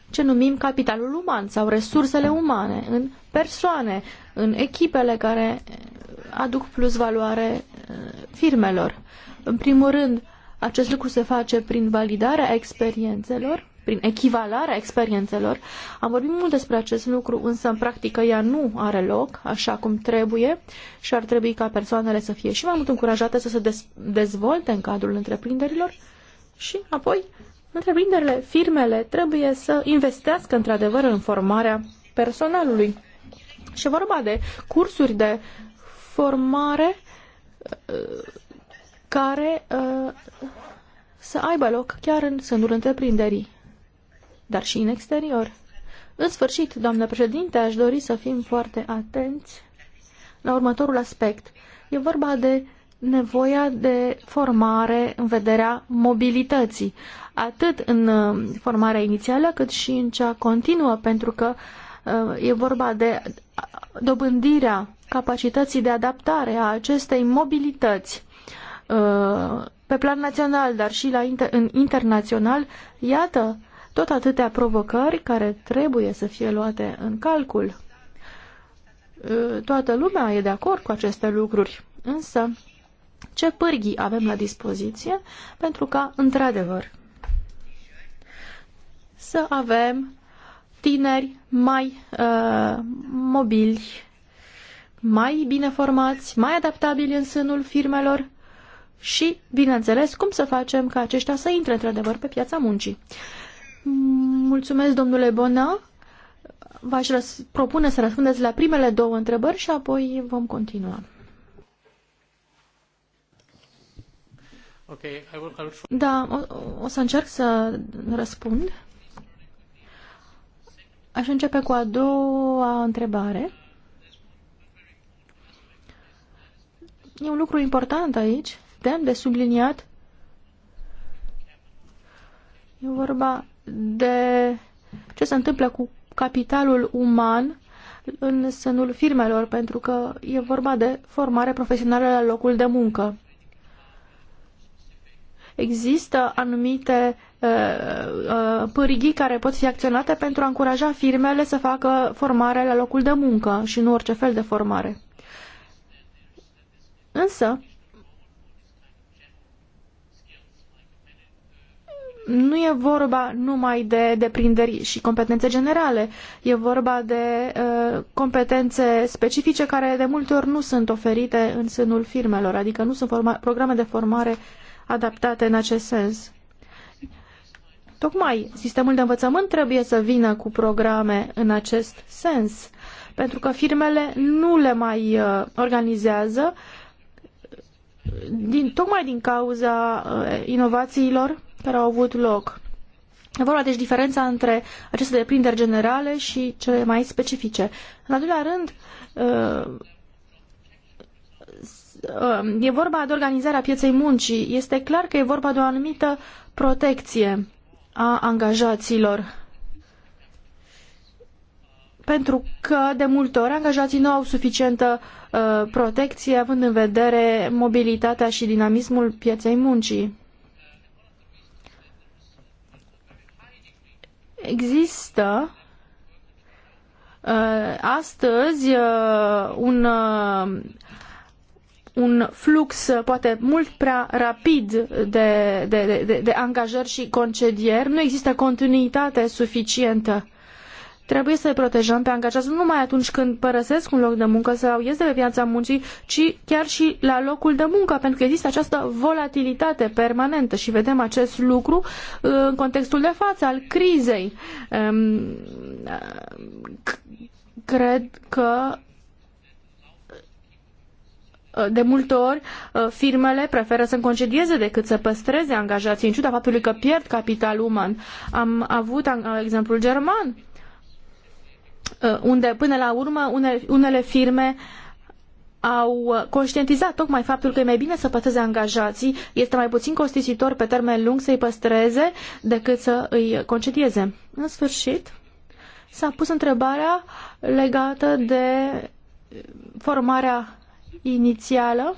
ce numim capitalul uman sau resursele umane, în persoane, în echipele care aduc plus valoare uh, firmelor. În primul rând, acest lucru se face prin validarea experiențelor, prin echivalarea experiențelor. Am vorbit mult despre acest lucru, însă în practică ea nu are loc așa cum trebuie și ar trebui ca persoanele să fie și mai mult încurajate să se dez dezvolte în cadrul întreprinderilor și apoi întreprinderile, firmele trebuie să investească într-adevăr în formarea personalului. Și vorba de cursuri de formare care uh, să aibă loc chiar în sânul întreprinderii, dar și în exterior. În sfârșit, doamnă președinte, aș dori să fim foarte atenți la următorul aspect. E vorba de nevoia de formare în vederea mobilității, atât în uh, formarea inițială cât și în cea continuă, pentru că uh, e vorba de dobândirea capacității de adaptare a acestei mobilități Uh, pe plan național, dar și la inter- în internațional, iată tot atâtea provocări care trebuie să fie luate în calcul. Uh, toată lumea e de acord cu aceste lucruri, însă ce pârghii avem la dispoziție pentru ca, într-adevăr, să avem tineri mai uh, mobili, mai bine formați, mai adaptabili în sânul firmelor și, bineînțeles, cum să facem ca aceștia să intre într-adevăr pe piața muncii. Mulțumesc, domnule Bona. V-aș propune să răspundeți la primele două întrebări și apoi vom continua. Okay, I will, I will... Da, o, o să încerc să răspund. Aș începe cu a doua întrebare. E un lucru important aici putem de subliniat. E vorba de ce se întâmplă cu capitalul uman în sânul firmelor, pentru că e vorba de formare profesională la locul de muncă. Există anumite uh, uh, pârghii care pot fi acționate pentru a încuraja firmele să facă formare la locul de muncă și nu orice fel de formare. Însă, nu e vorba numai de deprinderi și competențe generale, e vorba de uh, competențe specifice care de multe ori nu sunt oferite în sânul firmelor, adică nu sunt programe de formare adaptate în acest sens. Tocmai sistemul de învățământ trebuie să vină cu programe în acest sens, pentru că firmele nu le mai uh, organizează uh, din, tocmai din cauza uh, inovațiilor care au avut loc. E vorba deci diferența între aceste deprinderi generale și cele mai specifice. În al doilea rând, uh, uh, e vorba de organizarea pieței muncii. Este clar că e vorba de o anumită protecție a angajaților pentru că de multe ori angajații nu au suficientă uh, protecție având în vedere mobilitatea și dinamismul pieței muncii. Există uh, astăzi uh, un, uh, un flux uh, poate mult prea rapid de, de, de, de angajări și concedieri. Nu există continuitate suficientă Trebuie să-i protejăm pe angajați nu numai atunci când părăsesc un loc de muncă sau ies de pe piața muncii, ci chiar și la locul de muncă, pentru că există această volatilitate permanentă și vedem acest lucru uh, în contextul de față al crizei. Um, uh, cred că uh, de multe ori firmele preferă să concedieze decât să păstreze angajații în ciuda faptului că pierd capital uman. Am avut exemplul german Uh, unde până la urmă unele firme au conștientizat tocmai faptul că e mai bine să păstreze angajații, este mai puțin costisitor pe termen lung să-i păstreze decât să îi concedieze. În sfârșit, s-a pus întrebarea legată de formarea inițială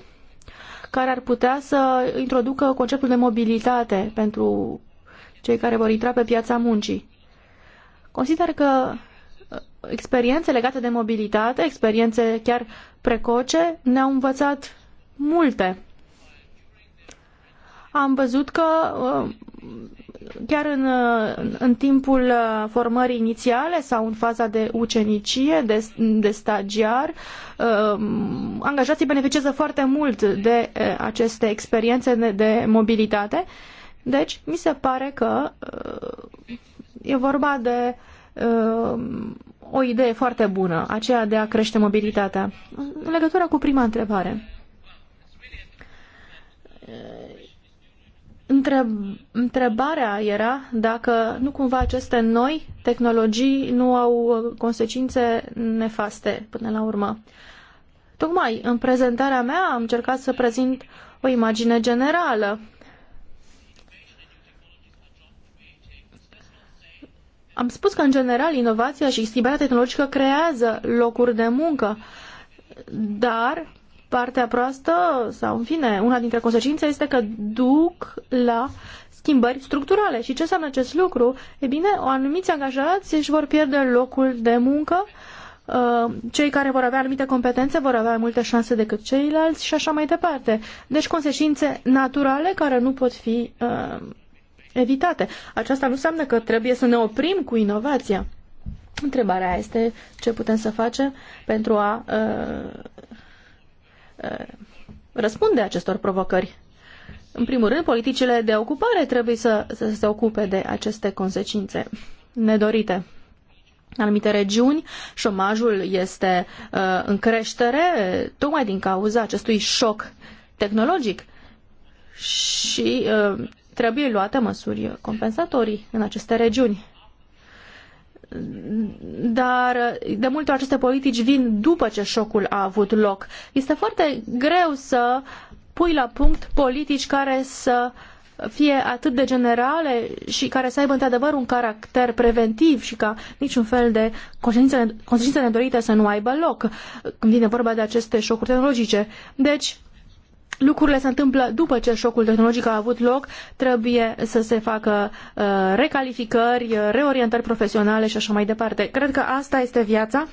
care ar putea să introducă conceptul de mobilitate pentru cei care vor intra pe piața muncii. Consider că experiențe legate de mobilitate, experiențe chiar precoce, ne-au învățat multe. Am văzut că uh, chiar în, uh, în timpul uh, formării inițiale sau în faza de ucenicie, de, de stagiar, angajații beneficiază foarte mult de aceste experiențe de, de mobilitate. Deci, mi se pare că e vorba de o idee foarte bună, aceea de a crește mobilitatea. În legătură cu prima întrebare, Întreb, întrebarea era dacă nu cumva aceste noi tehnologii nu au uh, consecințe nefaste până la urmă. Tocmai în prezentarea mea am încercat să prezint o imagine generală Am spus că, în general, inovația și schimbarea tehnologică creează locuri de muncă, dar partea proastă, sau în fine, una dintre consecințe este că duc la schimbări structurale. Și ce înseamnă acest lucru? E bine, o anumiți angajați își vor pierde locul de muncă, uh, cei care vor avea anumite competențe vor avea multe șanse decât ceilalți și așa mai departe. Deci consecințe naturale care nu pot fi uh, evitate. Aceasta nu înseamnă că trebuie să ne oprim cu inovația. Întrebarea este ce putem să facem pentru a uh, uh, răspunde acestor provocări. În primul rând, politicile de ocupare trebuie să, să se ocupe de aceste consecințe nedorite anumite regiuni, șomajul este uh, în creștere tocmai din cauza acestui șoc tehnologic. Și uh, trebuie luate măsuri compensatorii în aceste regiuni. Dar de multe ori aceste politici vin după ce șocul a avut loc. Este foarte greu să pui la punct politici care să fie atât de generale și care să aibă într-adevăr un caracter preventiv și ca niciun fel de consecințe, nedorite să nu aibă loc când vine vorba de aceste șocuri tehnologice. Deci, lucrurile se întâmplă după ce șocul tehnologic a avut loc, trebuie să se facă uh, recalificări, uh, reorientări profesionale și așa mai departe. Cred că asta este viața.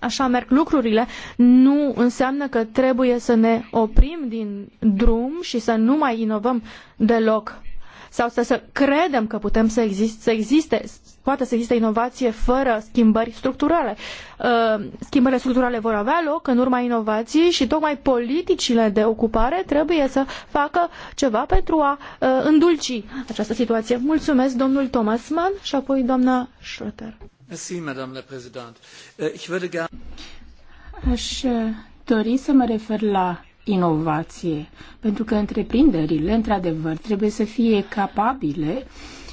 Așa merg lucrurile, nu înseamnă că trebuie să ne oprim din drum și să nu mai inovăm deloc sau să, să credem că putem să, exist, să existe, poate să existe inovație fără schimbări structurale. Uh, schimbările structurale vor avea loc în urma inovației și tocmai politicile de ocupare trebuie să facă ceva pentru a uh, îndulci această situație. Mulțumesc, domnul Thomas Mann și apoi doamna Schröter. Euh, Aș uh, dori să mă refer la inovație, pentru că întreprinderile, într-adevăr, trebuie să fie capabile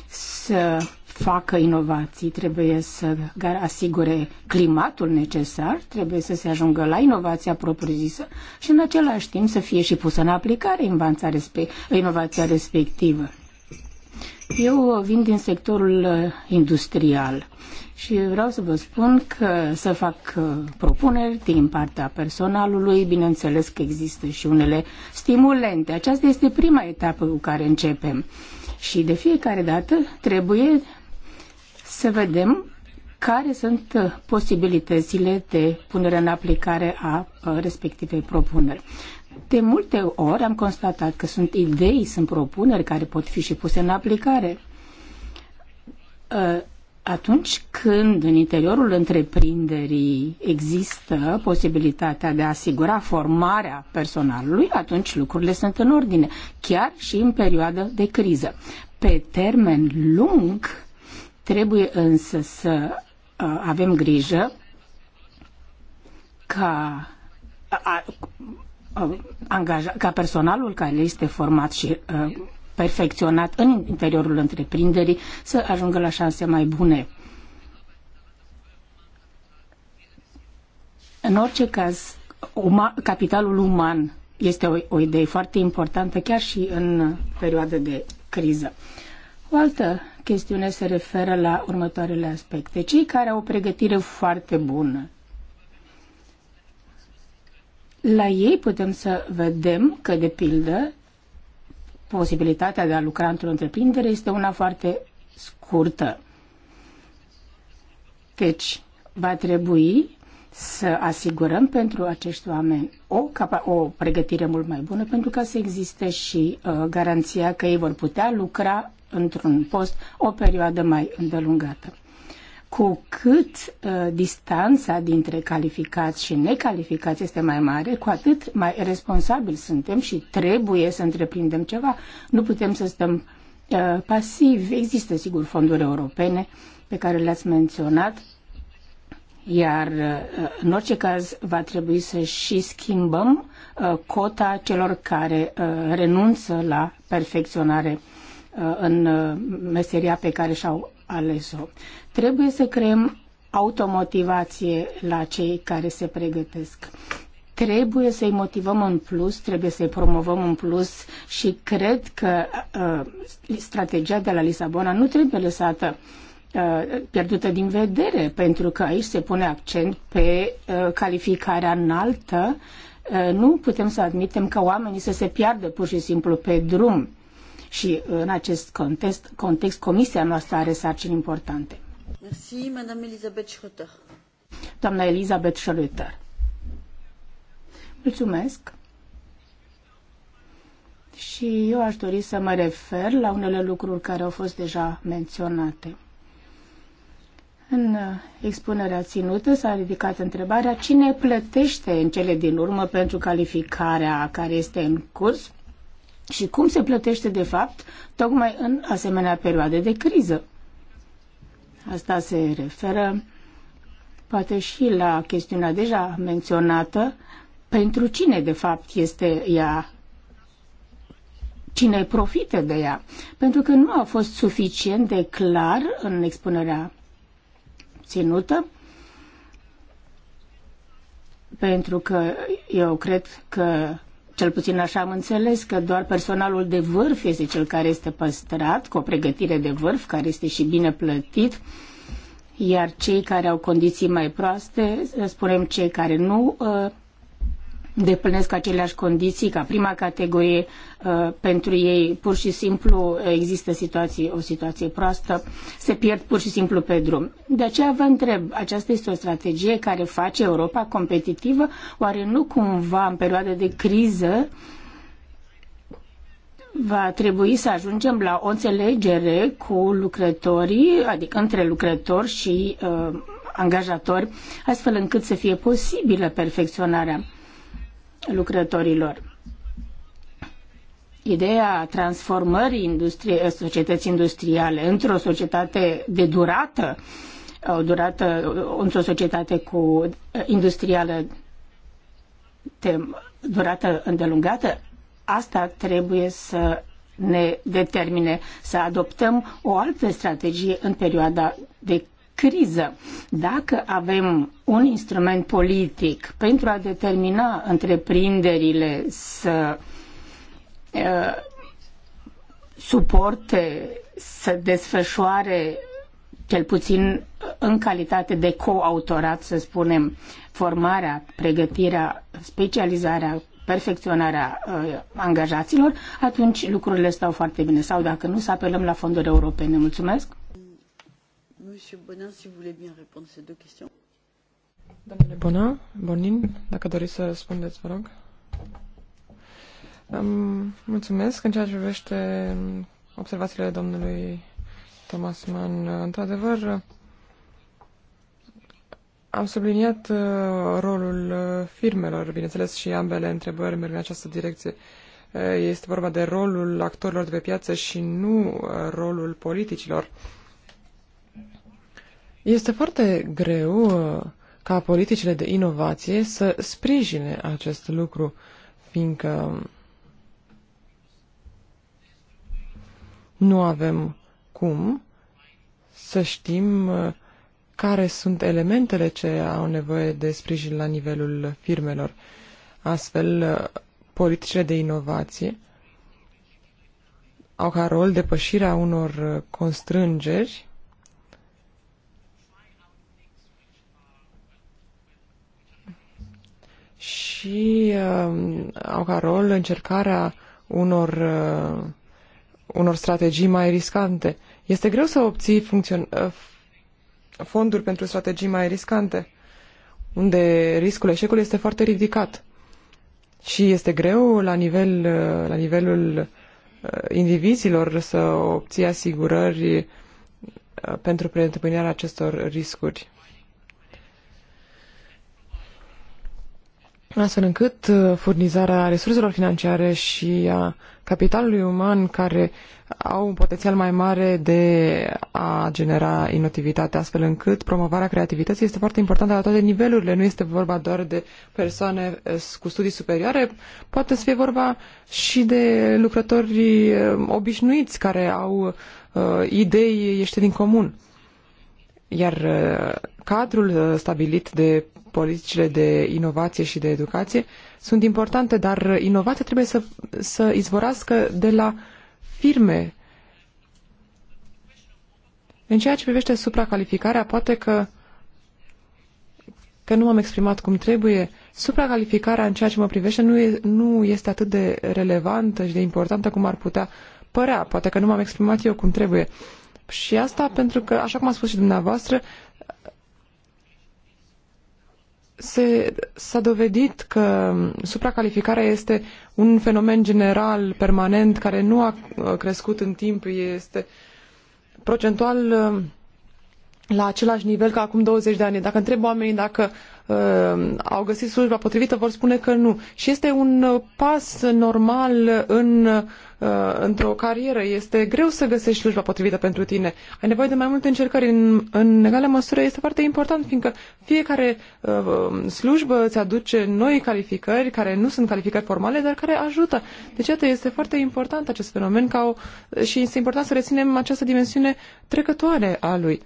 să facă inovații, trebuie să asigure climatul necesar, trebuie să se ajungă la inovația propriu-zisă și în același timp să fie și pusă în aplicare inovația respectivă. Eu vin din sectorul uh, industrial și vreau să vă spun că să fac uh, propuneri din partea personalului, bineînțeles că există și unele stimulente. Aceasta este prima etapă cu care începem și de fiecare dată trebuie să vedem care sunt uh, posibilitățile de punere în aplicare a uh, respectivei propuneri. De multe ori am constatat că sunt idei, sunt propuneri care pot fi și puse în aplicare atunci când în interiorul întreprinderii există posibilitatea de a asigura formarea personalului, atunci lucrurile sunt în ordine, chiar și în perioadă de criză. Pe termen lung, trebuie însă să uh, avem grijă ca angaja, ca personalul care este format și uh, perfecționat în interiorul întreprinderii să ajungă la șanse mai bune. În orice caz, uma, capitalul uman este o, o idee foarte importantă chiar și în perioada de criză. O altă chestiune se referă la următoarele aspecte. Cei care au o pregătire foarte bună, la ei putem să vedem că, de pildă, posibilitatea de a lucra într-o întreprindere este una foarte scurtă. Deci, va trebui să asigurăm pentru acești oameni o, o pregătire mult mai bună pentru ca să existe și uh, garanția că ei vor putea lucra într-un post o perioadă mai îndelungată cu cât uh, distanța dintre calificați și necalificați este mai mare, cu atât mai responsabili suntem și trebuie să întreprindem ceva. Nu putem să stăm uh, pasivi. Există, sigur, fonduri europene pe care le-ați menționat, iar uh, în orice caz va trebui să și schimbăm uh, cota celor care uh, renunță la perfecționare uh, în uh, meseria pe care și-au ales-o. Trebuie să creăm automotivație la cei care se pregătesc. Trebuie să-i motivăm în plus, trebuie să-i promovăm în plus și cred că uh, strategia de la Lisabona nu trebuie lăsată uh, pierdută din vedere, pentru că aici se pune accent pe uh, calificarea înaltă. Uh, nu putem să admitem că oamenii să se piardă pur și simplu pe drum. Și în acest context, context comisia noastră are sarcini importante. Merci, Madame Elisabeth Schröter. Doamna Elisabeth Schröter. Mulțumesc. Și eu aș dori să mă refer la unele lucruri care au fost deja menționate. În expunerea ținută s-a ridicat întrebarea cine plătește în cele din urmă pentru calificarea care este în curs și cum se plătește de fapt tocmai în asemenea perioade de criză. Asta se referă poate și la chestiunea deja menționată, pentru cine de fapt este ea, cine profită de ea, pentru că nu a fost suficient de clar în expunerea ținută, pentru că eu cred că cel puțin așa am înțeles că doar personalul de vârf este cel care este păstrat, cu o pregătire de vârf, care este și bine plătit, iar cei care au condiții mai proaste, spunem cei care nu uh, depănesc aceleași condiții ca prima categorie. Uh, pentru ei pur și simplu există situații, o situație proastă, se pierd pur și simplu pe drum. De aceea vă întreb, aceasta este o strategie care face Europa competitivă? Oare nu cumva în perioada de criză va trebui să ajungem la o înțelegere cu lucrătorii, adică între lucrători și uh, angajatori, astfel încât să fie posibilă perfecționarea lucrătorilor. Ideea transformării industrie, societății industriale într-o societate de durată, o durată într-o societate cu eh, industrială de durată îndelungată, asta trebuie să ne determine să adoptăm o altă strategie în perioada de criză. Dacă avem un instrument politic pentru a determina întreprinderile să uh, suporte, să desfășoare cel puțin în calitate de coautorat, să spunem, formarea, pregătirea, specializarea, perfecționarea uh, angajaților, atunci lucrurile stau foarte bine. Sau dacă nu, să apelăm la fonduri europene. Mulțumesc! Monsieur Bonin, si vous voulez bien répondre ces deux questions. Domnule Bonin, Bonin, dacă doriți să răspundeți, vă rog. Um, mulțumesc. În ceea ce privește observațiile domnului Thomas Mann, într-adevăr, am subliniat uh, rolul uh, firmelor, bineînțeles, și ambele întrebări merg în această direcție. Uh, este vorba de rolul actorilor de pe piață și nu rolul politicilor. Uh, este foarte greu uh, ca politicile de inovație să sprijine acest lucru, fiindcă nu avem cum să știm uh, care sunt elementele ce au nevoie de sprijin la nivelul firmelor. Astfel, uh, politicile de inovație au ca rol depășirea unor constrângeri și uh, au ca rol încercarea unor, uh, unor strategii mai riscante. Este greu să obții funcțion- uh, fonduri pentru strategii mai riscante, unde riscul eșecului este foarte ridicat. Și este greu la, nivel, uh, la nivelul uh, indivizilor să obții asigurări uh, pentru preîntâmpinarea acestor riscuri. astfel încât uh, furnizarea resurselor financiare și a capitalului uman care au un potențial mai mare de a genera inotivitate, astfel încât promovarea creativității este foarte importantă la toate nivelurile. Nu este vorba doar de persoane uh, cu studii superioare, poate să fie vorba și de lucrători uh, obișnuiți care au uh, idei ieșite din comun. Iar uh, cadrul uh, stabilit de politicile de inovație și de educație sunt importante, dar inovația trebuie să, să izvorască de la firme. În ceea ce privește supracalificarea, poate că, că nu m-am exprimat cum trebuie, supracalificarea în ceea ce mă privește nu, e, nu este atât de relevantă și de importantă cum ar putea părea. Poate că nu m-am exprimat eu cum trebuie. Și asta pentru că, așa cum a spus și dumneavoastră, se, s-a dovedit că supracalificarea este un fenomen general, permanent, care nu a crescut în timp, este procentual uh, la același nivel ca acum 20 de ani. Dacă întreb oamenii dacă Uh, au găsit slujba potrivită vor spune că nu. Și este un uh, pas normal în, uh, într-o carieră. Este greu să găsești slujba potrivită pentru tine. Ai nevoie de mai multe încercări. În, în egală măsură este foarte important, fiindcă fiecare uh, slujbă îți aduce noi calificări care nu sunt calificări formale, dar care ajută. Deci, atât este foarte important acest fenomen ca o, și este important să reținem această dimensiune trecătoare a lui.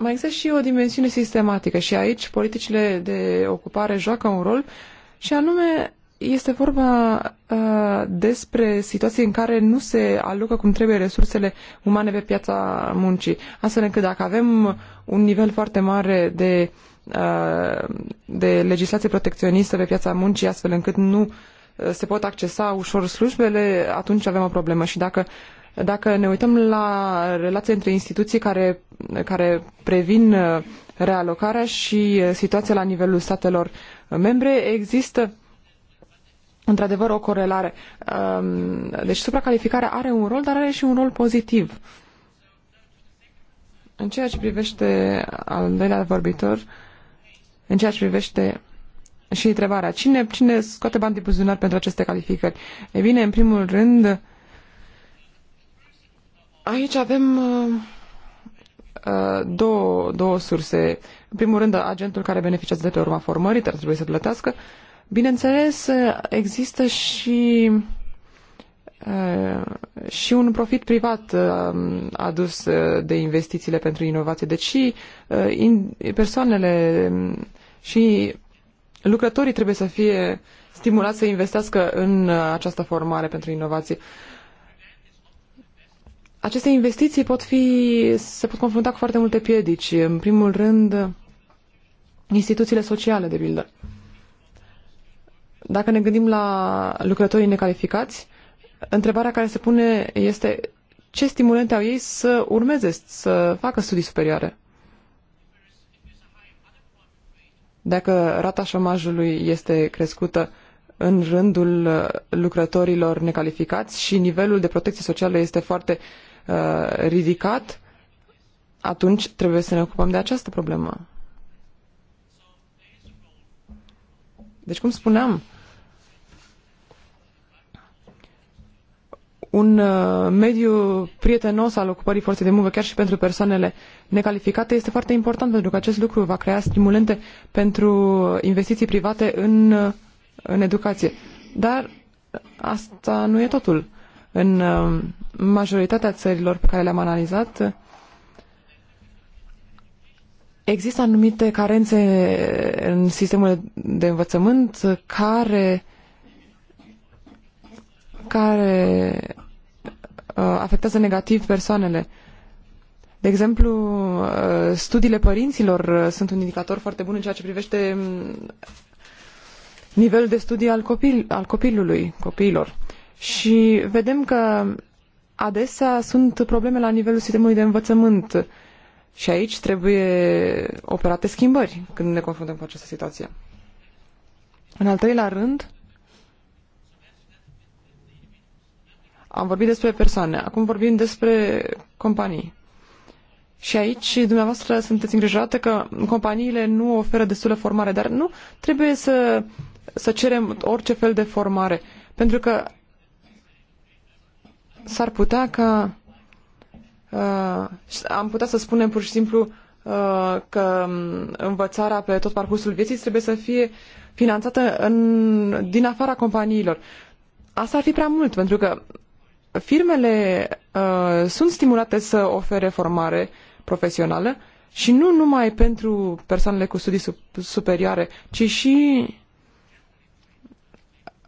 Mai există și o dimensiune sistematică și aici politicile de ocupare joacă un rol și anume este vorba uh, despre situații în care nu se alucă cum trebuie resursele umane pe piața muncii. Astfel încât dacă avem un nivel foarte mare de, uh, de legislație protecționistă pe piața muncii, astfel încât nu uh, se pot accesa ușor slujbele, atunci avem o problemă. Și dacă uh, dacă ne uităm la relația între instituții care, care previn uh, realocarea și uh, situația la nivelul statelor uh, membre, există într-adevăr o corelare. Um, deci supracalificarea are un rol, dar are și un rol pozitiv. În ceea ce privește al doilea vorbitor, în ceea ce privește și întrebarea, cine, cine scoate bani de buzunar pentru aceste calificări? E bine, în primul rând, Aici avem uh, uh, două, două surse. În primul rând, agentul care beneficiază de pe urma formării dar trebuie să plătească. Bineînțeles, există și, uh, și un profit privat adus de investițiile pentru inovație. Deci și persoanele și lucrătorii trebuie să fie stimulați să investească în această formare pentru inovație aceste investiții pot fi, se pot confrunta cu foarte multe piedici. În primul rând, instituțiile sociale, de pildă. Dacă ne gândim la lucrătorii necalificați, întrebarea care se pune este ce stimulente au ei să urmeze, să facă studii superioare. Dacă rata șomajului este crescută în rândul lucrătorilor necalificați și nivelul de protecție socială este foarte uh, Uh, ridicat, atunci trebuie să ne ocupăm de această problemă. Deci, cum spuneam, un uh, mediu prietenos al ocupării forței de muncă, chiar și pentru persoanele necalificate, este foarte important pentru că acest lucru va crea stimulente pentru investiții private în, uh, în educație. Dar asta nu e totul. În majoritatea țărilor pe care le-am analizat, există anumite carențe în sistemul de învățământ care care uh, afectează negativ persoanele. De exemplu, uh, studiile părinților uh, sunt un indicator foarte bun în ceea ce privește mm, nivelul de studii al, copil, al copilului, copiilor. Și vedem că adesea sunt probleme la nivelul sistemului de învățământ și aici trebuie operate schimbări când ne confruntăm cu această situație. În al treilea rând, am vorbit despre persoane, acum vorbim despre companii. Și aici dumneavoastră sunteți îngrijorată că companiile nu oferă destulă formare, dar nu trebuie să, să cerem orice fel de formare, pentru că s-ar putea ca uh, am putea să spunem pur și simplu uh, că um, învățarea pe tot parcursul vieții trebuie să fie finanțată în, din afara companiilor. Asta ar fi prea mult, pentru că firmele uh, sunt stimulate să ofere formare profesională și nu numai pentru persoanele cu studii sub, superioare, ci și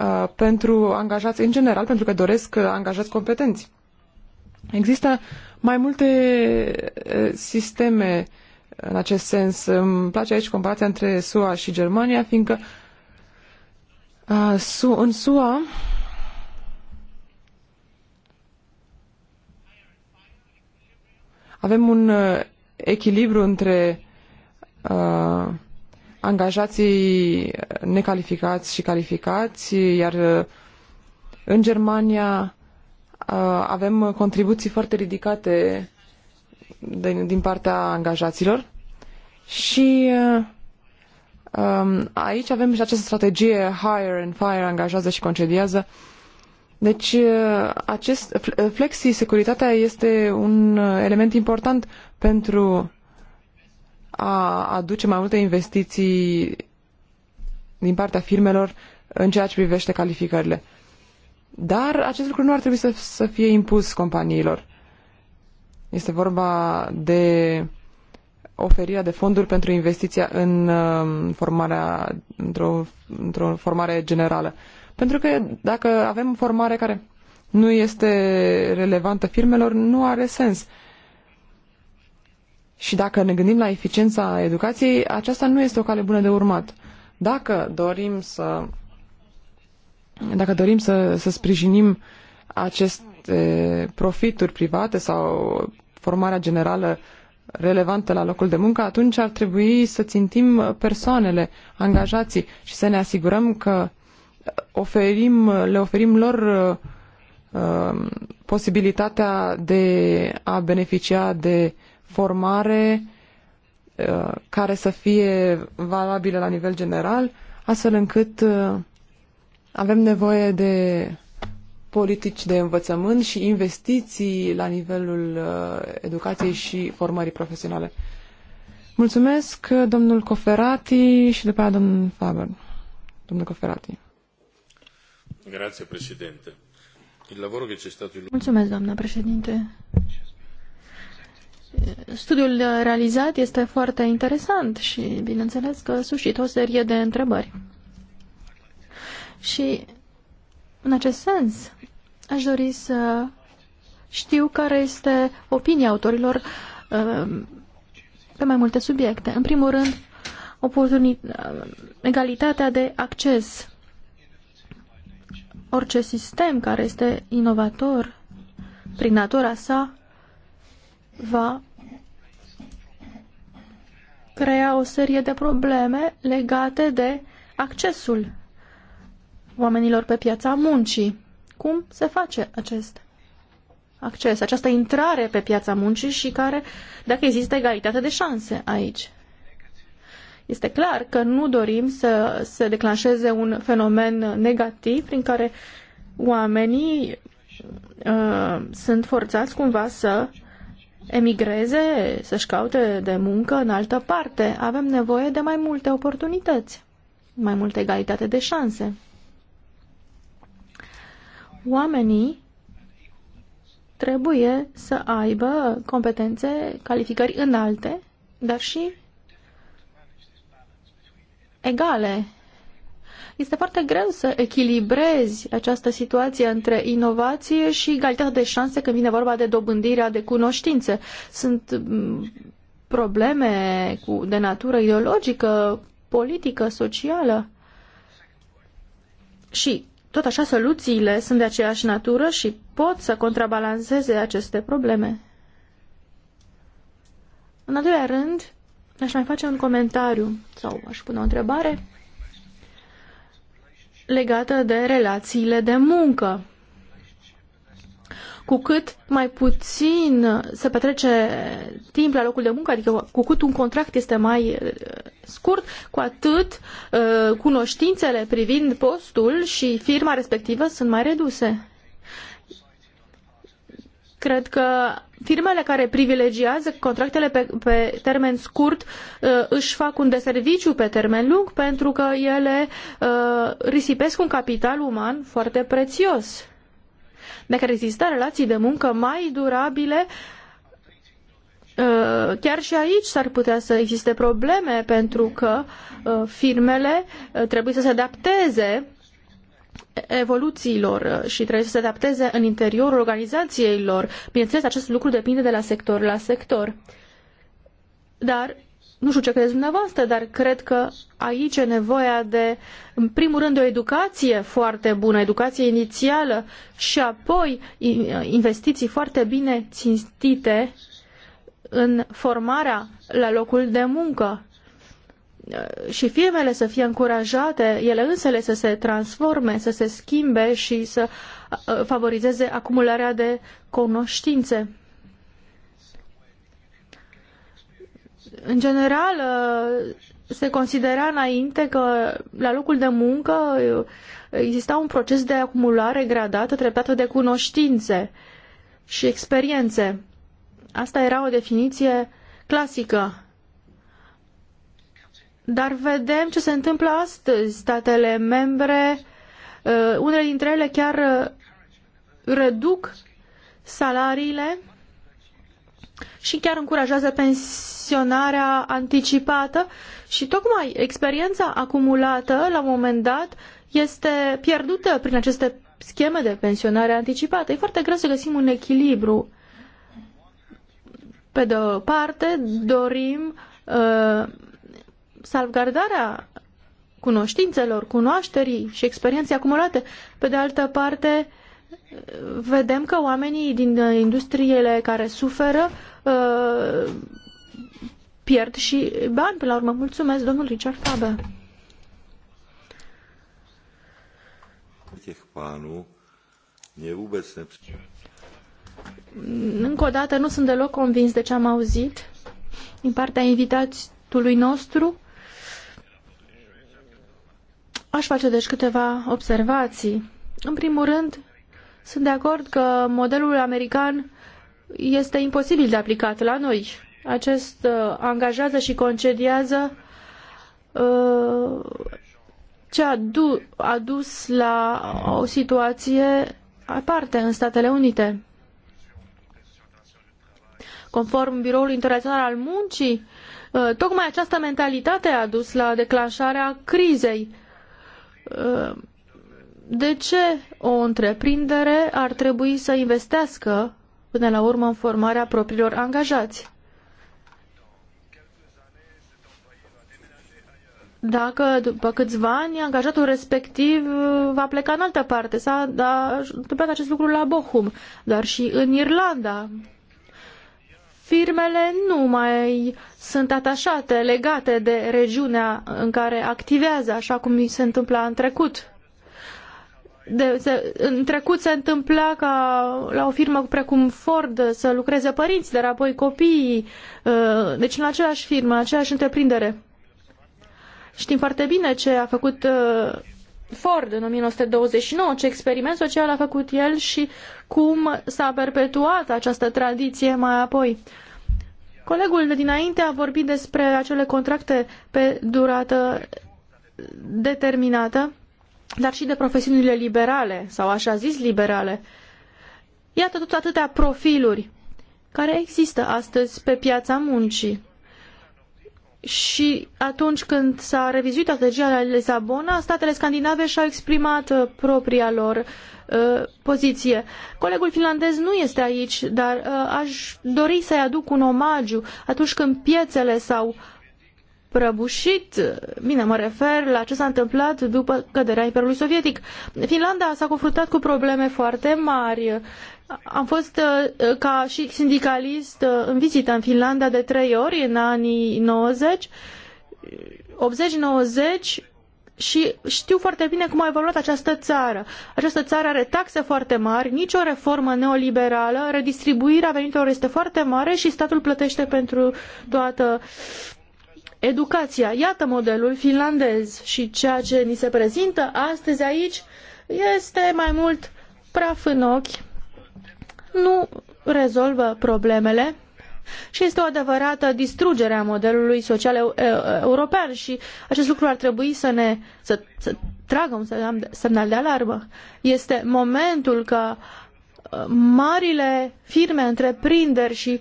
Uh, pentru angajați în general, pentru că doresc uh, angajați competenți. Există mai multe uh, sisteme în acest sens. Îmi place aici comparația între SUA și Germania, fiindcă în SUA avem un echilibru între angajații necalificați și calificați, iar uh, în Germania uh, avem contribuții foarte ridicate din, partea angajaților și uh, um, aici avem și această strategie hire and fire, angajează și concediază. Deci acest flexi, securitatea este un element important pentru a aduce mai multe investiții din partea firmelor în ceea ce privește calificările. Dar acest lucru nu ar trebui să, să fie impus companiilor. Este vorba de oferirea de fonduri pentru investiția în um, formarea, într-o, într-o formare generală. Pentru că dacă avem formare care nu este relevantă firmelor, nu are sens. Uh, și dacă ne gândim la eficiența educației, aceasta nu este o cale bună de urmat. Dacă dorim să, dacă dorim să, să sprijinim aceste profituri private sau formarea generală relevantă la locul de muncă, atunci ar trebui să țintim persoanele, angajații și să ne asigurăm că oferim, le oferim lor uh, um, posibilitatea de a beneficia de uh, formare uh, care să fie valabilă la nivel general, astfel încât uh, avem nevoie de politici de învățământ și investiții la nivelul uh, educației și formării profesionale. Mulțumesc, domnul Coferati și după aceea domnul Faber. Domnul Coferati. Grazie, președinte. Il lavoro che c'è stato... Mulțumesc, doamna președinte. Studiul realizat este foarte interesant și, bineînțeles, că suscită o serie de întrebări. Și, în acest sens, aș dori să știu care este opinia autorilor uh, pe mai multe subiecte. În primul rând, uh, egalitatea de acces. Orice sistem care este inovator, prin natura sa, va crea o serie de probleme legate de accesul oamenilor pe piața muncii. Cum se face acest acces, această intrare pe piața muncii și care, dacă există egalitate de șanse aici. Este clar că nu dorim să se declanșeze un fenomen negativ prin care oamenii uh, sunt forțați cumva să emigreze, să-și caute de muncă în altă parte. Avem nevoie de mai multe oportunități, mai multă egalitate de șanse. Oamenii trebuie să aibă competențe, calificări înalte, dar și egale este foarte greu să echilibrezi această situație între inovație și egalitatea de șanse când vine vorba de dobândirea de cunoștințe. Sunt mm, probleme cu, de natură ideologică, politică, socială. Și tot așa soluțiile sunt de aceeași natură și pot să contrabalanceze aceste probleme. În al doilea rând, aș mai face un comentariu sau aș pune o întrebare legată de relațiile de muncă. Cu cât mai puțin se petrece timp la locul de muncă, adică cu cât un contract este mai uh, scurt, cu atât uh, cunoștințele privind postul și firma respectivă sunt mai reduse. Cred că firmele care privilegiază contractele pe, pe termen scurt uh, își fac un deserviciu pe termen lung pentru că ele uh, risipesc un capital uman foarte prețios. Dacă există relații de muncă mai durabile, uh, Chiar și aici s-ar putea să existe probleme pentru că firmele trebuie să se adapteze evoluțiilor și trebuie să se adapteze în interiorul organizației lor. Bineînțeles, acest lucru depinde de la sector la sector. Dar, nu știu ce credeți dumneavoastră, dar cred că aici e nevoia de, în primul rând, o educație foarte bună, educație inițială și apoi investiții foarte bine ținstite în formarea la locul de muncă Uh, și firmele să fie încurajate, ele însele să se transforme, să se schimbe și să uh, uh, favorizeze acumularea de cunoștințe. În general, se considera înainte că la locul de muncă exista un proces de acumulare gradată, treptată de cunoștințe și experiențe. Asta era o definiție clasică dar vedem ce se întâmplă astăzi. Statele membre, uh, unele dintre ele chiar uh, reduc salariile și chiar încurajează pensionarea anticipată și tocmai experiența acumulată la un moment dat este pierdută prin aceste scheme de pensionare anticipată. E foarte greu să găsim un echilibru. Pe de o parte, dorim uh, salvgardarea cunoștințelor, cunoașterii și experienței acumulate. Pe de altă parte, vedem că oamenii din industriile care suferă uh, pierd și bani. Până la urmă, mulțumesc, domnul Richard Faber. Încă o dată, nu sunt deloc convins de ce am auzit din partea invitatului nostru. Aș face deci câteva observații. În primul rând, sunt de acord că modelul american este imposibil de aplicat la noi. Acest uh, angajează și concediază uh, ce a, du- a dus la o situație aparte în Statele Unite. Conform Biroului Internațional al Muncii, uh, tocmai această mentalitate a dus la declanșarea crizei Ă, de ce o întreprindere ar trebui să investească până la urmă în formarea propriilor angajați? Dacă după câțiva ani angajatul respectiv va pleca în altă parte, s-a întâmplat acest lucru la Bochum, dar și în Irlanda, firmele nu mai sunt atașate, legate de regiunea în care activează, așa cum se întâmpla în trecut. De, se, în trecut se întâmpla ca la o firmă precum Ford să lucreze părinți, dar apoi copiii, uh, deci în aceeași firmă, în aceeași întreprindere. Știm foarte bine ce a făcut uh, Ford în 1929, ce experiment social a făcut el și cum s-a perpetuat această tradiție mai apoi. Colegul de dinainte a vorbit despre acele contracte pe durată determinată, dar și de profesiunile liberale, sau așa zis liberale. Iată tot atâtea profiluri care există astăzi pe piața muncii și atunci când s-a revizuit strategia la Lisabona, statele scandinave și-au exprimat uh, propria lor uh, poziție. Colegul finlandez nu este aici, dar uh, aș dori să-i aduc un omagiu atunci când piețele s-au prăbușit, bine, uh, mă refer la ce s-a întâmplat după căderea Imperiului Sovietic. Finlanda s-a confruntat cu probleme foarte mari, am fost uh, ca și sindicalist uh, în vizită în Finlanda de trei ori în anii 90, 80-90 și știu foarte bine cum a evoluat această țară. Această țară are taxe foarte mari, nicio reformă neoliberală, redistribuirea venitelor este foarte mare și statul plătește pentru toată educația. Iată modelul finlandez și ceea ce ni se prezintă astăzi aici este mai mult praf în ochi nu rezolvă problemele și este o adevărată distrugere a modelului social european și acest lucru ar trebui să ne să, să tragă un semnal de alarmă. Este momentul ca uh, marile firme, întreprinderi și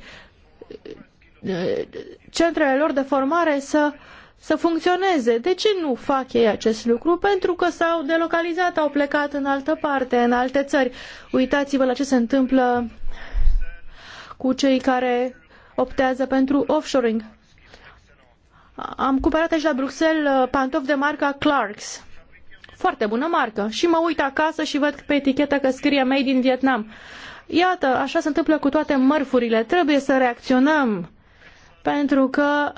uh, centrele lor de formare să uh, să funcționeze. De ce nu fac ei acest lucru? Pentru că s-au delocalizat, au plecat în altă parte, în alte țări. Uitați-vă la ce se întâmplă cu cei care optează pentru offshoring. Am cumpărat aici la Bruxelles uh, pantofi de marca Clarks. Foarte bună marcă. Și mă uit acasă și văd pe etichetă că scrie Made in Vietnam. Iată, așa se întâmplă cu toate mărfurile. Trebuie să reacționăm pentru că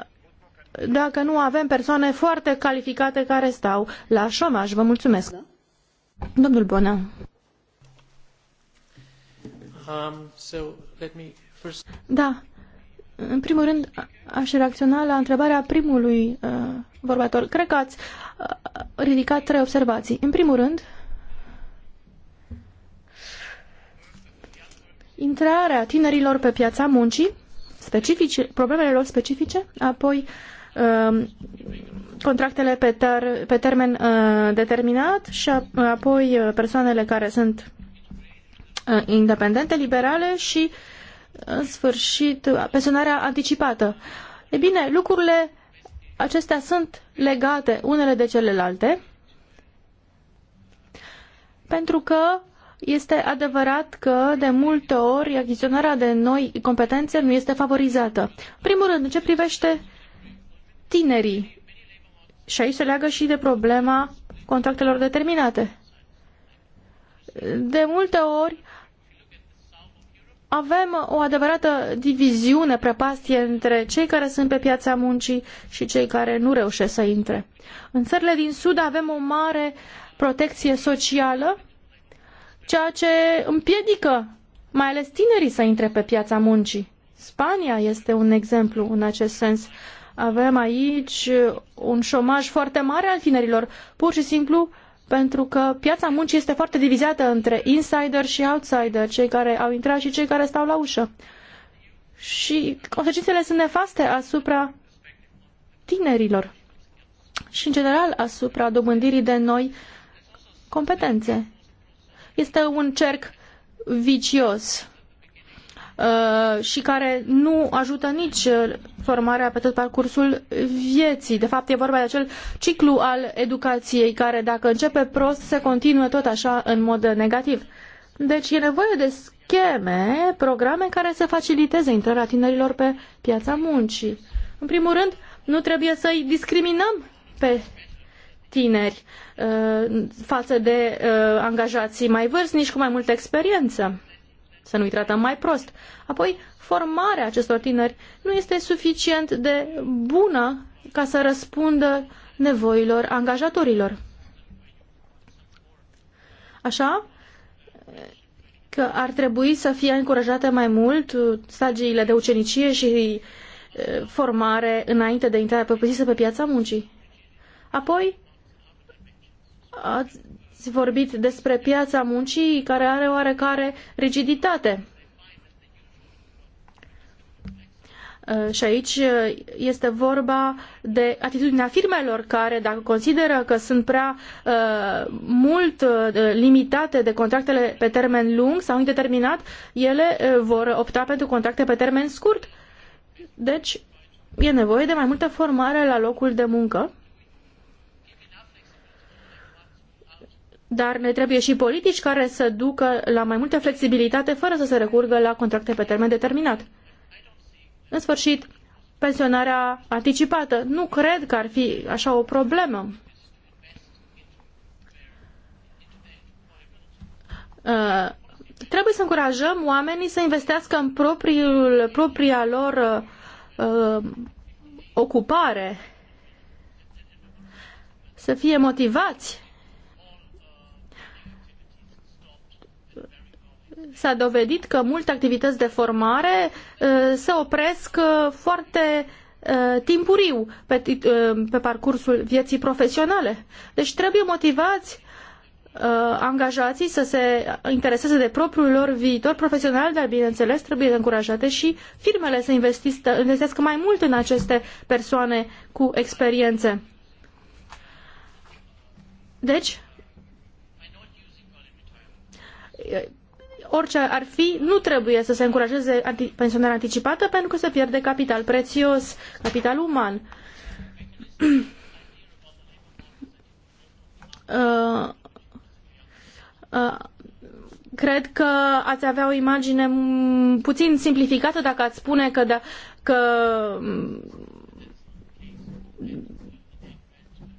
dacă nu avem persoane foarte calificate care stau la șomaj. Vă mulțumesc. Domnul Bona. Um, so first... Da. În primul rând, aș reacționa la întrebarea primului uh, vorbator. Cred că ați uh, ridicat trei observații. În primul rând, intrarea tinerilor pe piața muncii, specifice, problemele lor specifice, apoi uh, Um, contractele pe, ter- pe termen uh, determinat și apoi uh, persoanele care sunt uh, independente, liberale și, în sfârșit, pensionarea anticipată. E bine, lucrurile acestea sunt legate unele de celelalte pentru că este adevărat că de multe ori achiziționarea de noi competențe nu este favorizată. În primul rând, în ce privește tinerii. Și aici se leagă și de problema contractelor determinate. De multe ori avem o adevărată diviziune, prepastie între cei care sunt pe piața muncii și cei care nu reușesc să intre. În țările din Sud avem o mare protecție socială, ceea ce împiedică mai ales tinerii să intre pe piața muncii. Spania este un exemplu în acest sens. Avem aici un șomaj foarte mare al tinerilor, pur și simplu pentru că piața muncii este foarte divizată între insider și outsider, cei care au intrat și cei care stau la ușă. Și consecințele sunt nefaste asupra tinerilor și, în general, asupra dobândirii de noi competențe. Este un cerc vicios Uh, și care nu ajută nici uh, formarea pe tot parcursul vieții. De fapt, e vorba de acel ciclu al educației care, dacă începe prost, se continuă tot așa în mod negativ. Deci e nevoie de scheme, programe care să faciliteze intrarea tinerilor pe piața muncii. În primul rând, nu trebuie să-i discriminăm pe tineri uh, față de angajații mai vârstnici cu mai multă experiență să nu-i tratăm mai prost. Apoi, formarea acestor tineri nu este suficient de bună ca să răspundă nevoilor angajatorilor. Așa că ar trebui să fie încurajate mai mult stagiile de ucenicie și formare înainte de intrarea propriu-zisă pe piața muncii. Apoi, Ați vorbit despre piața muncii care are oarecare rigiditate. Uh, și aici uh, este vorba de atitudinea firmelor care, dacă consideră că sunt prea uh, mult uh, limitate de contractele pe termen lung sau indeterminat, ele uh, vor opta pentru contracte pe termen scurt. Deci, e nevoie de mai multă formare la locul de muncă dar ne trebuie și politici care să ducă la mai multă flexibilitate fără să se recurgă la contracte pe termen determinat. În sfârșit, pensionarea anticipată. Nu cred că ar fi așa o problemă. Uh, trebuie să încurajăm oamenii să investească în propriul, propria lor uh, ocupare, să fie motivați s-a dovedit că multe activități de formare uh, se opresc uh, foarte uh, timpuriu pe, pe parcursul vieții profesionale. Deci trebuie motivați angajații să se intereseze de propriul lor viitor profesional, dar bineînțeles trebuie încurajate și firmele să investească mai mult în aceste persoane cu experiențe. Deci, orice ar fi, nu trebuie să se încurajeze pensionarea anticipată pentru că se pierde capital prețios, capital uman. *clears throat* Uh, uh, cred că ați avea o imagine puțin simplificată dacă ați spune că, da, că,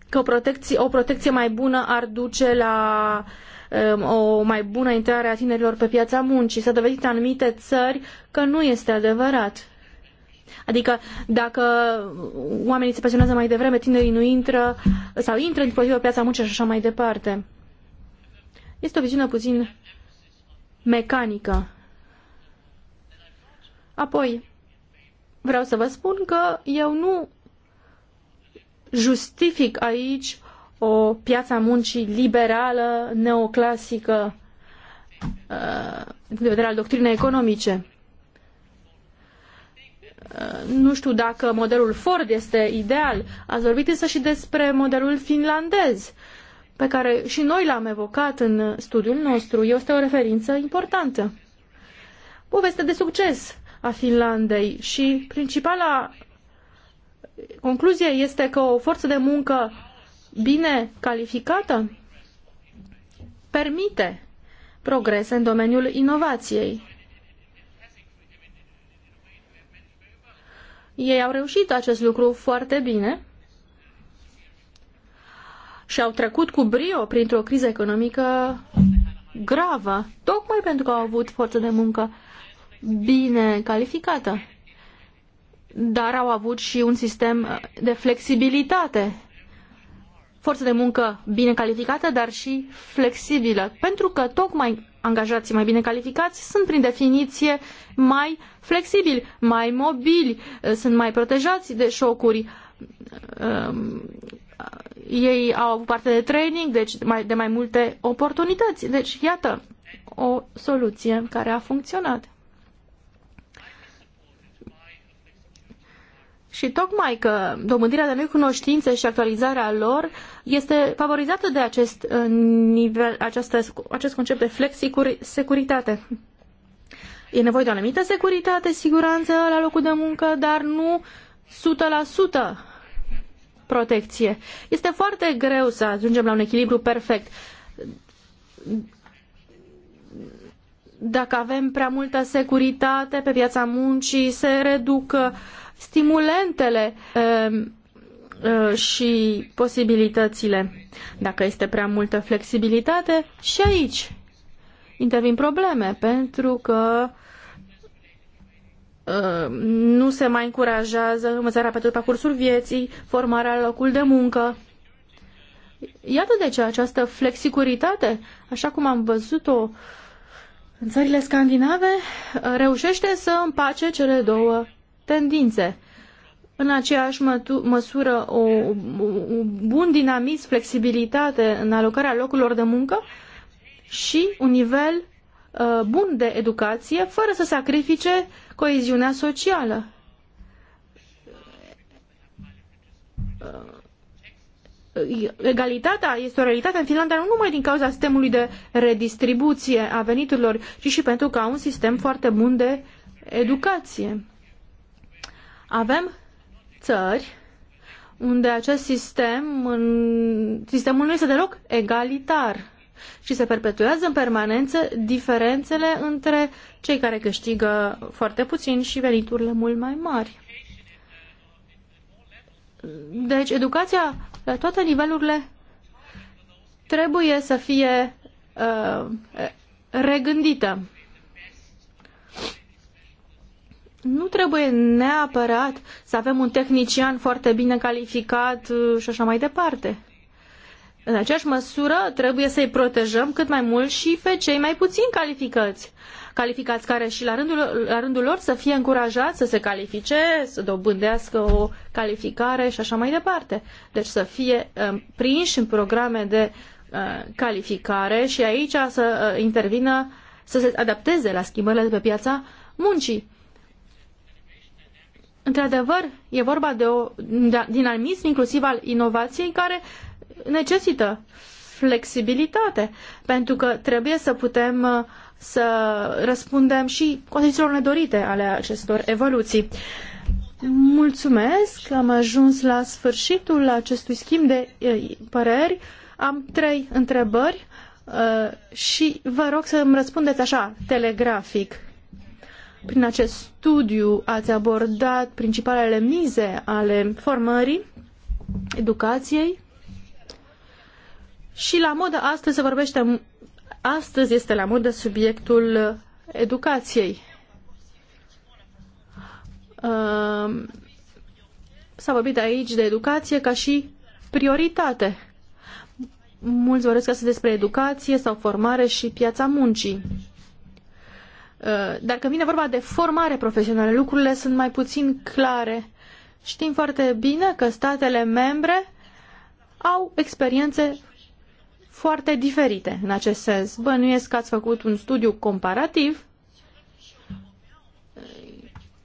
că o, protecție, o protecție mai bună ar duce la Um, o mai bună intrare a tinerilor pe piața muncii. S-a dovedit în anumite țări că nu este adevărat. Adică dacă oamenii se pasionează mai devreme, tinerii nu intră sau intră din pe piața muncii și așa mai departe. Este o viziune puțin mecanică. Apoi, vreau să vă spun că eu nu justific aici o piață a muncii liberală, neoclasică, uh, din vedere al doctrinei economice. Uh, nu știu dacă modelul Ford este ideal. Ați vorbit însă și despre modelul finlandez, pe care și noi l-am evocat în studiul nostru. Este o referință importantă. Poveste de succes a Finlandei și principala concluzie este că o forță de muncă bine calificată permite progrese în domeniul inovației. Ei au reușit acest lucru foarte bine și au trecut cu brio printr-o criză economică gravă, tocmai pentru că au avut forță de muncă bine calificată. Dar au avut și un sistem de flexibilitate forță de muncă bine calificată, dar și flexibilă, pentru că tocmai angajații mai bine calificați sunt prin definiție mai flexibili, mai mobili, sunt mai protejați de șocuri. Ehm, ei au avut parte de training, deci de mai multe oportunități. Deci, iată, o soluție care a funcționat. Și tocmai că domândirea de noi cunoștințe și actualizarea lor este favorizată de acest uh, nivel, această, acest concept de flexicuritate. E nevoie de o anumită securitate, siguranță la locul de muncă, dar nu 100% protecție. Este foarte greu să ajungem la un echilibru perfect. Dacă avem prea multă securitate pe piața muncii, se reduc uh, stimulentele ehm, eh, și posibilitățile. Dacă este prea multă flexibilitate, și aici intervin probleme, pentru că ehm, nu se mai încurajează învățarea pe tot parcursul vieții, formarea la locul de muncă. Iată de ce această flexicuritate, așa cum am văzut-o în țările scandinave, reușește să împace cele două tendințe. În aceeași măsură, o, un bun dinamism, flexibilitate în alocarea locurilor de muncă și un nivel uh, bun de educație, fără să sacrifice coeziunea socială. Uh, egalitatea este o realitate în Finlanda nu numai din cauza sistemului de redistribuție a veniturilor, ci și pentru că au un sistem foarte bun de educație. Avem țări unde acest sistem, în, sistemul nu este deloc egalitar și se perpetuează în permanență diferențele între cei care câștigă foarte puțin și veniturile mult mai mari. Deci educația la toate nivelurile trebuie să fie uh, regândită. nu trebuie neapărat să avem un tehnician foarte bine calificat uh, și așa mai departe. În aceeași măsură, trebuie să-i protejăm cât mai mult și pe cei mai puțin calificați, calificați care și la rândul, la rândul lor să fie încurajați să se califice, să dobândească o calificare și așa mai departe. Deci să fie uh, prinși în programe de uh, calificare și aici să uh, intervină, să se adapteze la schimbările de pe piața muncii. Într-adevăr, e vorba de o de, dinamism inclusiv al inovației care necesită flexibilitate, pentru că trebuie să putem uh, să răspundem și condițiilor nedorite ale acestor evoluții. Mulțumesc, am ajuns la sfârșitul acestui schimb de uh, păreri. Am trei întrebări uh, și vă rog să îmi răspundeți așa, telegrafic. Prin acest studiu ați abordat principalele mize ale formării, educației și la modă astăzi se vorbește, astăzi este la modă subiectul educației. S-a vorbit aici de educație ca și prioritate. Mulți vorbesc astăzi despre educație sau formare și piața muncii. Uh, dar când vine vorba de formare profesională, lucrurile sunt mai puțin clare. Știm foarte bine că statele membre au experiențe foarte diferite în acest sens. Bănuiesc că ați făcut un studiu comparativ.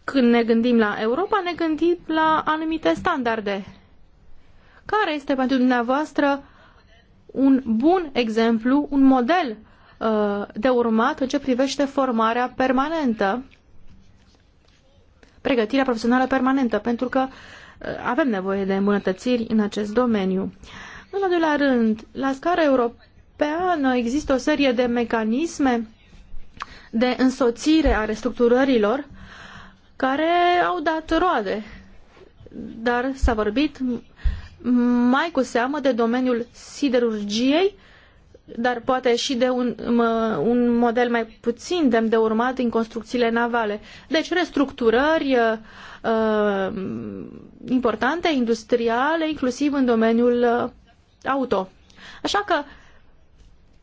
Când ne gândim la Europa, ne gândim la anumite standarde. Care este pentru dumneavoastră un bun exemplu, un model de urmat în ce privește formarea permanentă, pregătirea profesională permanentă, pentru că uh, avem nevoie de îmbunătățiri în acest domeniu. În al doilea rând, la scară europeană există o serie de mecanisme de însoțire a restructurărilor care au dat roade, dar s-a vorbit mai cu seamă de domeniul siderurgiei dar poate și de un, un model mai puțin demn de urmat în construcțiile navale. Deci restructurări uh, uh, importante, industriale, inclusiv în domeniul uh, auto. Așa că,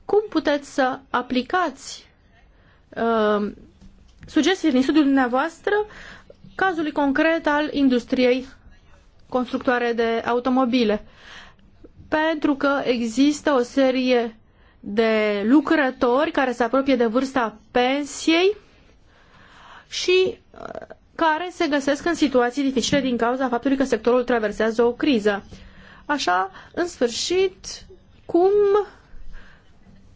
cum puteți să aplicați uh, sugestiile din studiul dumneavoastră cazului concret al industriei constructoare de automobile? Pentru că există o serie de lucrători care se apropie de vârsta pensiei și uh, care se găsesc în situații dificile din cauza faptului că sectorul traversează o criză. Așa, în sfârșit, cum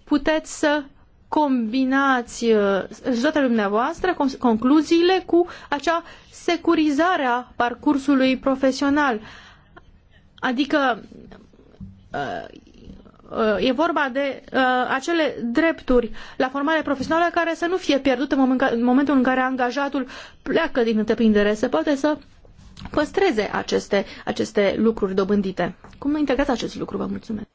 puteți să combinați uh, rezultatele dumneavoastră, concluziile cu acea securizare a parcursului profesional. Adică uh, Uh, e vorba de uh, acele drepturi la formare profesională care să nu fie pierdute în, în momentul în care angajatul pleacă din întreprindere, să poate să păstreze aceste, aceste lucruri dobândite. Cum integrați acest lucru? Vă mulțumesc.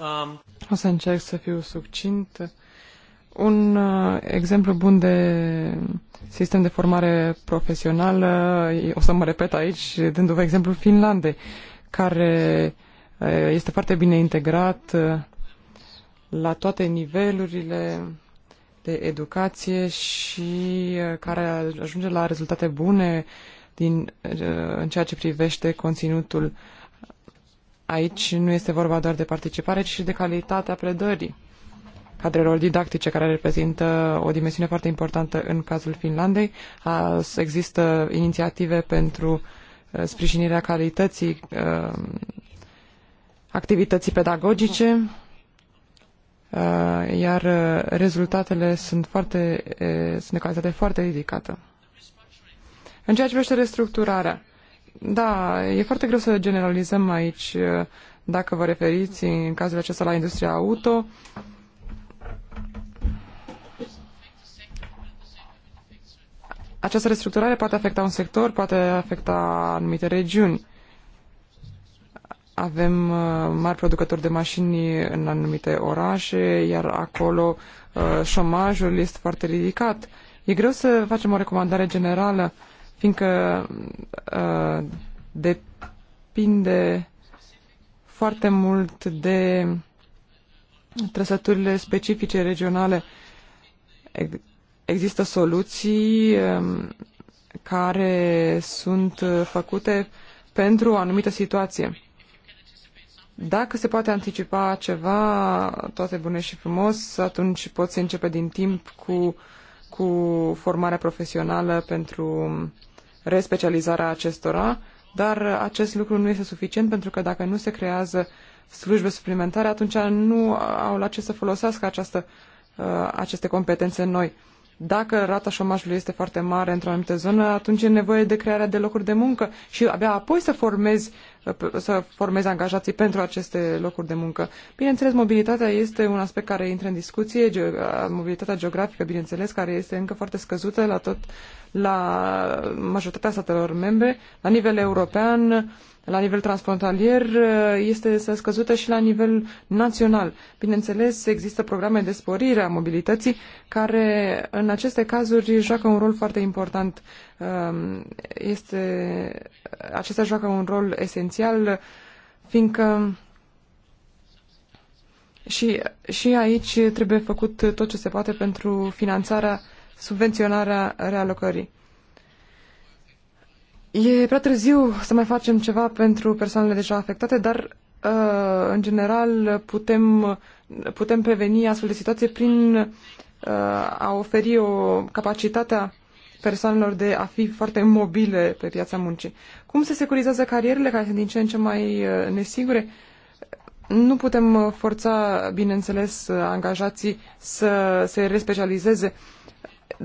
Um, o să încerc să fiu succint. Un uh, exemplu bun de sistem de formare profesională, o să mă repet aici, dându-vă exemplu Finlande, care uh, este foarte bine integrat uh, la toate nivelurile de educație și care ajunge la rezultate bune din, în ceea ce privește conținutul. Aici nu este vorba doar de participare, ci și de calitatea predării cadrelor didactice, care reprezintă o dimensiune foarte importantă în cazul Finlandei. Există inițiative pentru uh, sprijinirea calității uh, activității pedagogice, uh, iar rezultatele sunt, foarte, sunt de calitate foarte ridicată. În ceea ce privește restructurarea, da, e foarte greu să generalizăm aici dacă vă referiți în cazul acesta la industria auto, această restructurare poate afecta un sector, poate afecta anumite regiuni. Avem uh, mari producători de mașini în anumite orașe, iar acolo uh, șomajul este foarte ridicat. E greu să facem o recomandare generală, fiindcă uh, depinde foarte mult de trăsăturile specifice regionale există soluții um, care sunt uh, făcute pentru o anumită situație. Dacă se poate anticipa ceva, toate bune și frumos, atunci poți începe din timp cu, cu formarea profesională pentru respecializarea acestora, dar acest lucru nu este suficient pentru că dacă nu se creează slujbe suplimentare, atunci nu au la ce să folosească această, uh, aceste competențe noi dacă rata șomajului este foarte mare într-o anumită zonă, atunci e nevoie de crearea de locuri de muncă și abia apoi să formezi, să formezi angajații pentru aceste locuri de muncă. Bineînțeles, mobilitatea este un aspect care intră în discuție, ge mobilitatea geografică, bineînțeles, care este încă foarte scăzută la tot la majoritatea statelor membre. La nivel european, la nivel transfrontalier uh, este scăzută și la nivel național. Bineînțeles, există programe de sporire a mobilității care în aceste cazuri joacă un rol foarte important. Um, este, acestea joacă un rol esențial fiindcă și, și aici trebuie făcut tot ce se poate pentru finanțarea, subvenționarea realocării. E prea târziu să mai facem ceva pentru persoanele deja afectate, dar uh, în general putem, putem preveni astfel de situații prin uh, a oferi o capacitatea persoanelor de a fi foarte mobile pe piața muncii. Cum se securizează carierele care sunt din ce în ce mai uh, nesigure? Nu putem forța, bineînțeles, angajații să se respecializeze uh,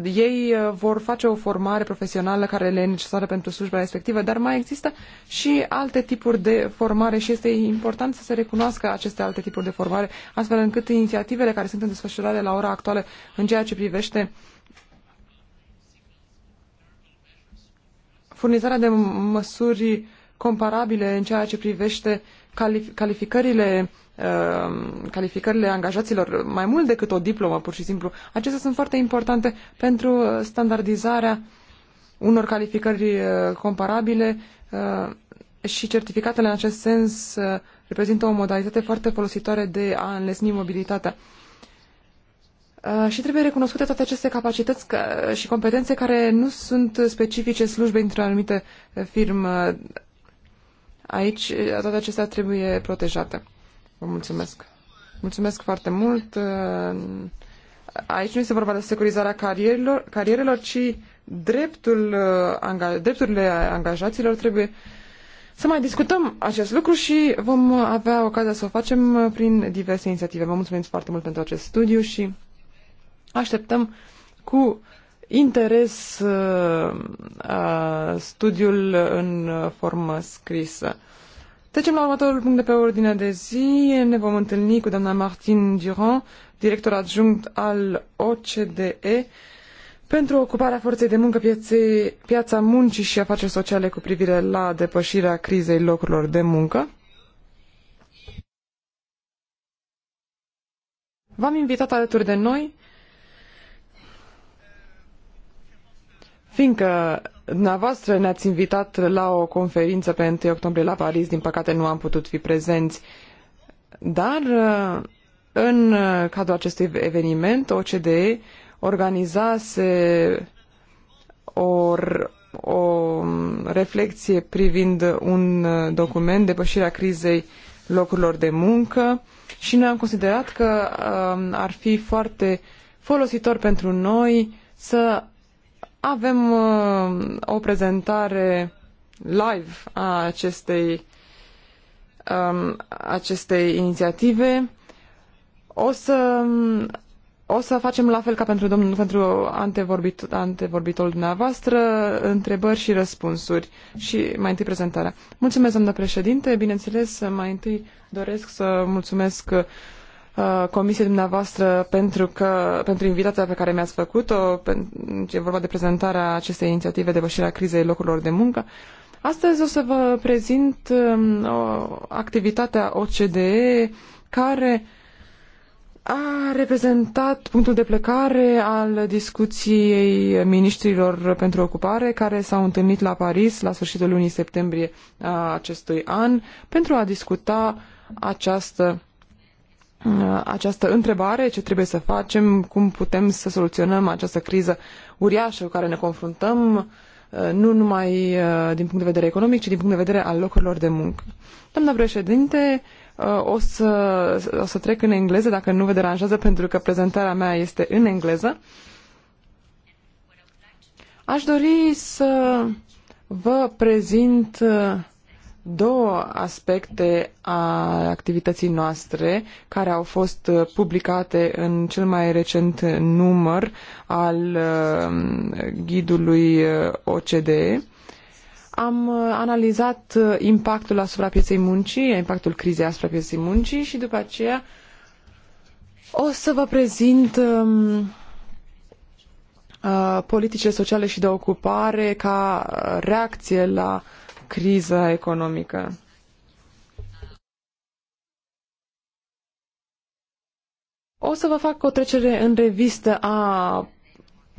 ei uh, vor face o formare profesională care le e necesară pentru slujba respectivă, dar mai există și alte tipuri de formare și este important să se recunoască aceste alte tipuri de formare, astfel încât inițiativele care sunt în desfășurare la ora actuală în ceea ce privește furnizarea de măsuri comparabile în ceea ce privește uh, calif- calificările uh, calificările angajaților mai mult decât o diplomă, pur și simplu. Acestea sunt foarte importante pentru standardizarea unor calificări uh, comparabile uh, și certificatele în acest sens reprezintă o modalitate foarte folositoare de a înlesni mobilitatea. Și trebuie recunoscute toate aceste capacități și competențe care nu sunt specifice slujbei într-o anumită firmă. Aici toate acestea trebuie protejate. Vă mulțumesc. Mulțumesc foarte mult. Aici nu este vorba de securizarea carierelor, carierelor ci dreptul, uh, drepturile angajaților trebuie să mai discutăm acest lucru și vom avea ocazia să o facem prin diverse inițiative. Vă mulțumim foarte mult pentru acest studiu și așteptăm cu interes uh, uh, studiul în formă scrisă. Trecem la următorul punct de pe ordinea de zi. Ne vom întâlni cu doamna Martin Durand, director adjunct al OCDE, pentru ocuparea forței de muncă, pieței, piața muncii și afaceri sociale cu privire la depășirea crizei locurilor de muncă. V-am invitat alături de noi Fiindcă dumneavoastră ne-ați invitat la o conferință pe 1 octombrie la Paris, din păcate nu am putut fi prezenți, dar uh, în uh, cadrul acestui eveniment OCDE organizase o, o um, reflexie privind un uh, document, depășirea crizei locurilor de muncă și noi am considerat că um, ar fi foarte folositor pentru noi să avem uh, o prezentare live a acestei, um, acestei inițiative. O să, o să facem la fel ca pentru, domnul, pentru antevorbit, antevorbitorul dumneavoastră, întrebări și răspunsuri și mai întâi prezentarea. Mulțumesc, doamnă președinte. Bineînțeles, mai întâi doresc să mulțumesc uh, Uh, comisiei dumneavoastră pentru, că, pentru invitația pe care mi-ați făcut-o, e vorba de prezentarea acestei inițiative depășirea crizei locurilor de muncă. Astăzi o să vă prezint um, o, activitatea OCDE care a reprezentat punctul de plecare al discuției ministrilor pentru ocupare care s-au întâlnit la Paris la sfârșitul lunii septembrie a acestui an pentru a discuta această Uh, această întrebare, ce trebuie să facem, cum putem să soluționăm această criză uriașă cu care ne confruntăm, uh, nu numai uh, din punct de vedere economic, ci din punct de vedere al locurilor de muncă. Doamna președinte, o să, o să trec în engleză, dacă nu vă deranjează, pentru că prezentarea mea este în engleză. Aș dori să vă prezint uh, două aspecte a activității noastre care au fost uh, publicate în cel mai recent număr al uh, ghidului uh, OCDE. Am analizat impactul asupra pieței muncii, impactul crizei asupra pieței muncii și după aceea o să vă prezint um, politicile sociale și de ocupare ca reacție la criza economică. O să vă fac o trecere în revistă a,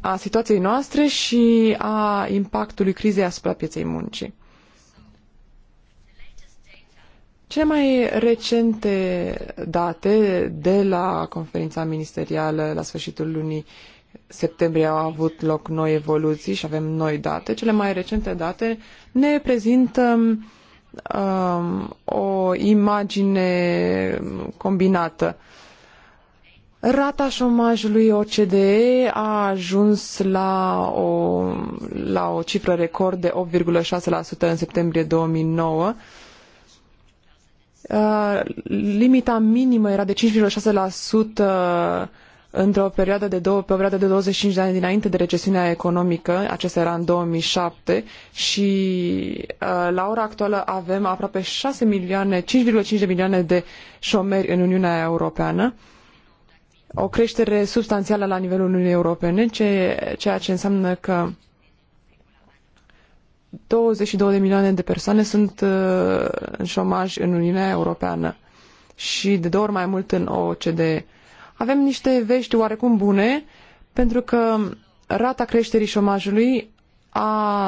a situației noastre și a impactului crizei asupra pieței muncii. Cele mai recente date de la conferința ministerială la sfârșitul lunii septembrie au avut loc noi evoluții și avem noi date. Cele mai recente date ne prezintă um, o imagine combinată. Rata șomajului OCDE a ajuns la o, la o cifră record de 8,6% în septembrie 2009. Uh, limita minimă era de 5,6% într-o perioadă de două, pe o perioadă de 25 de ani dinainte de recesiunea economică, acesta era în 2007, și uh, la ora actuală avem aproape 6 milioane, 5,5 de milioane de șomeri în Uniunea Europeană, o creștere substanțială la nivelul Uniunii Europene, ceea ce înseamnă că 22 de milioane de persoane sunt uh, în șomaj în Uniunea Europeană și de două ori mai mult în OCDE. Avem niște vești oarecum bune, pentru că rata creșterii șomajului a,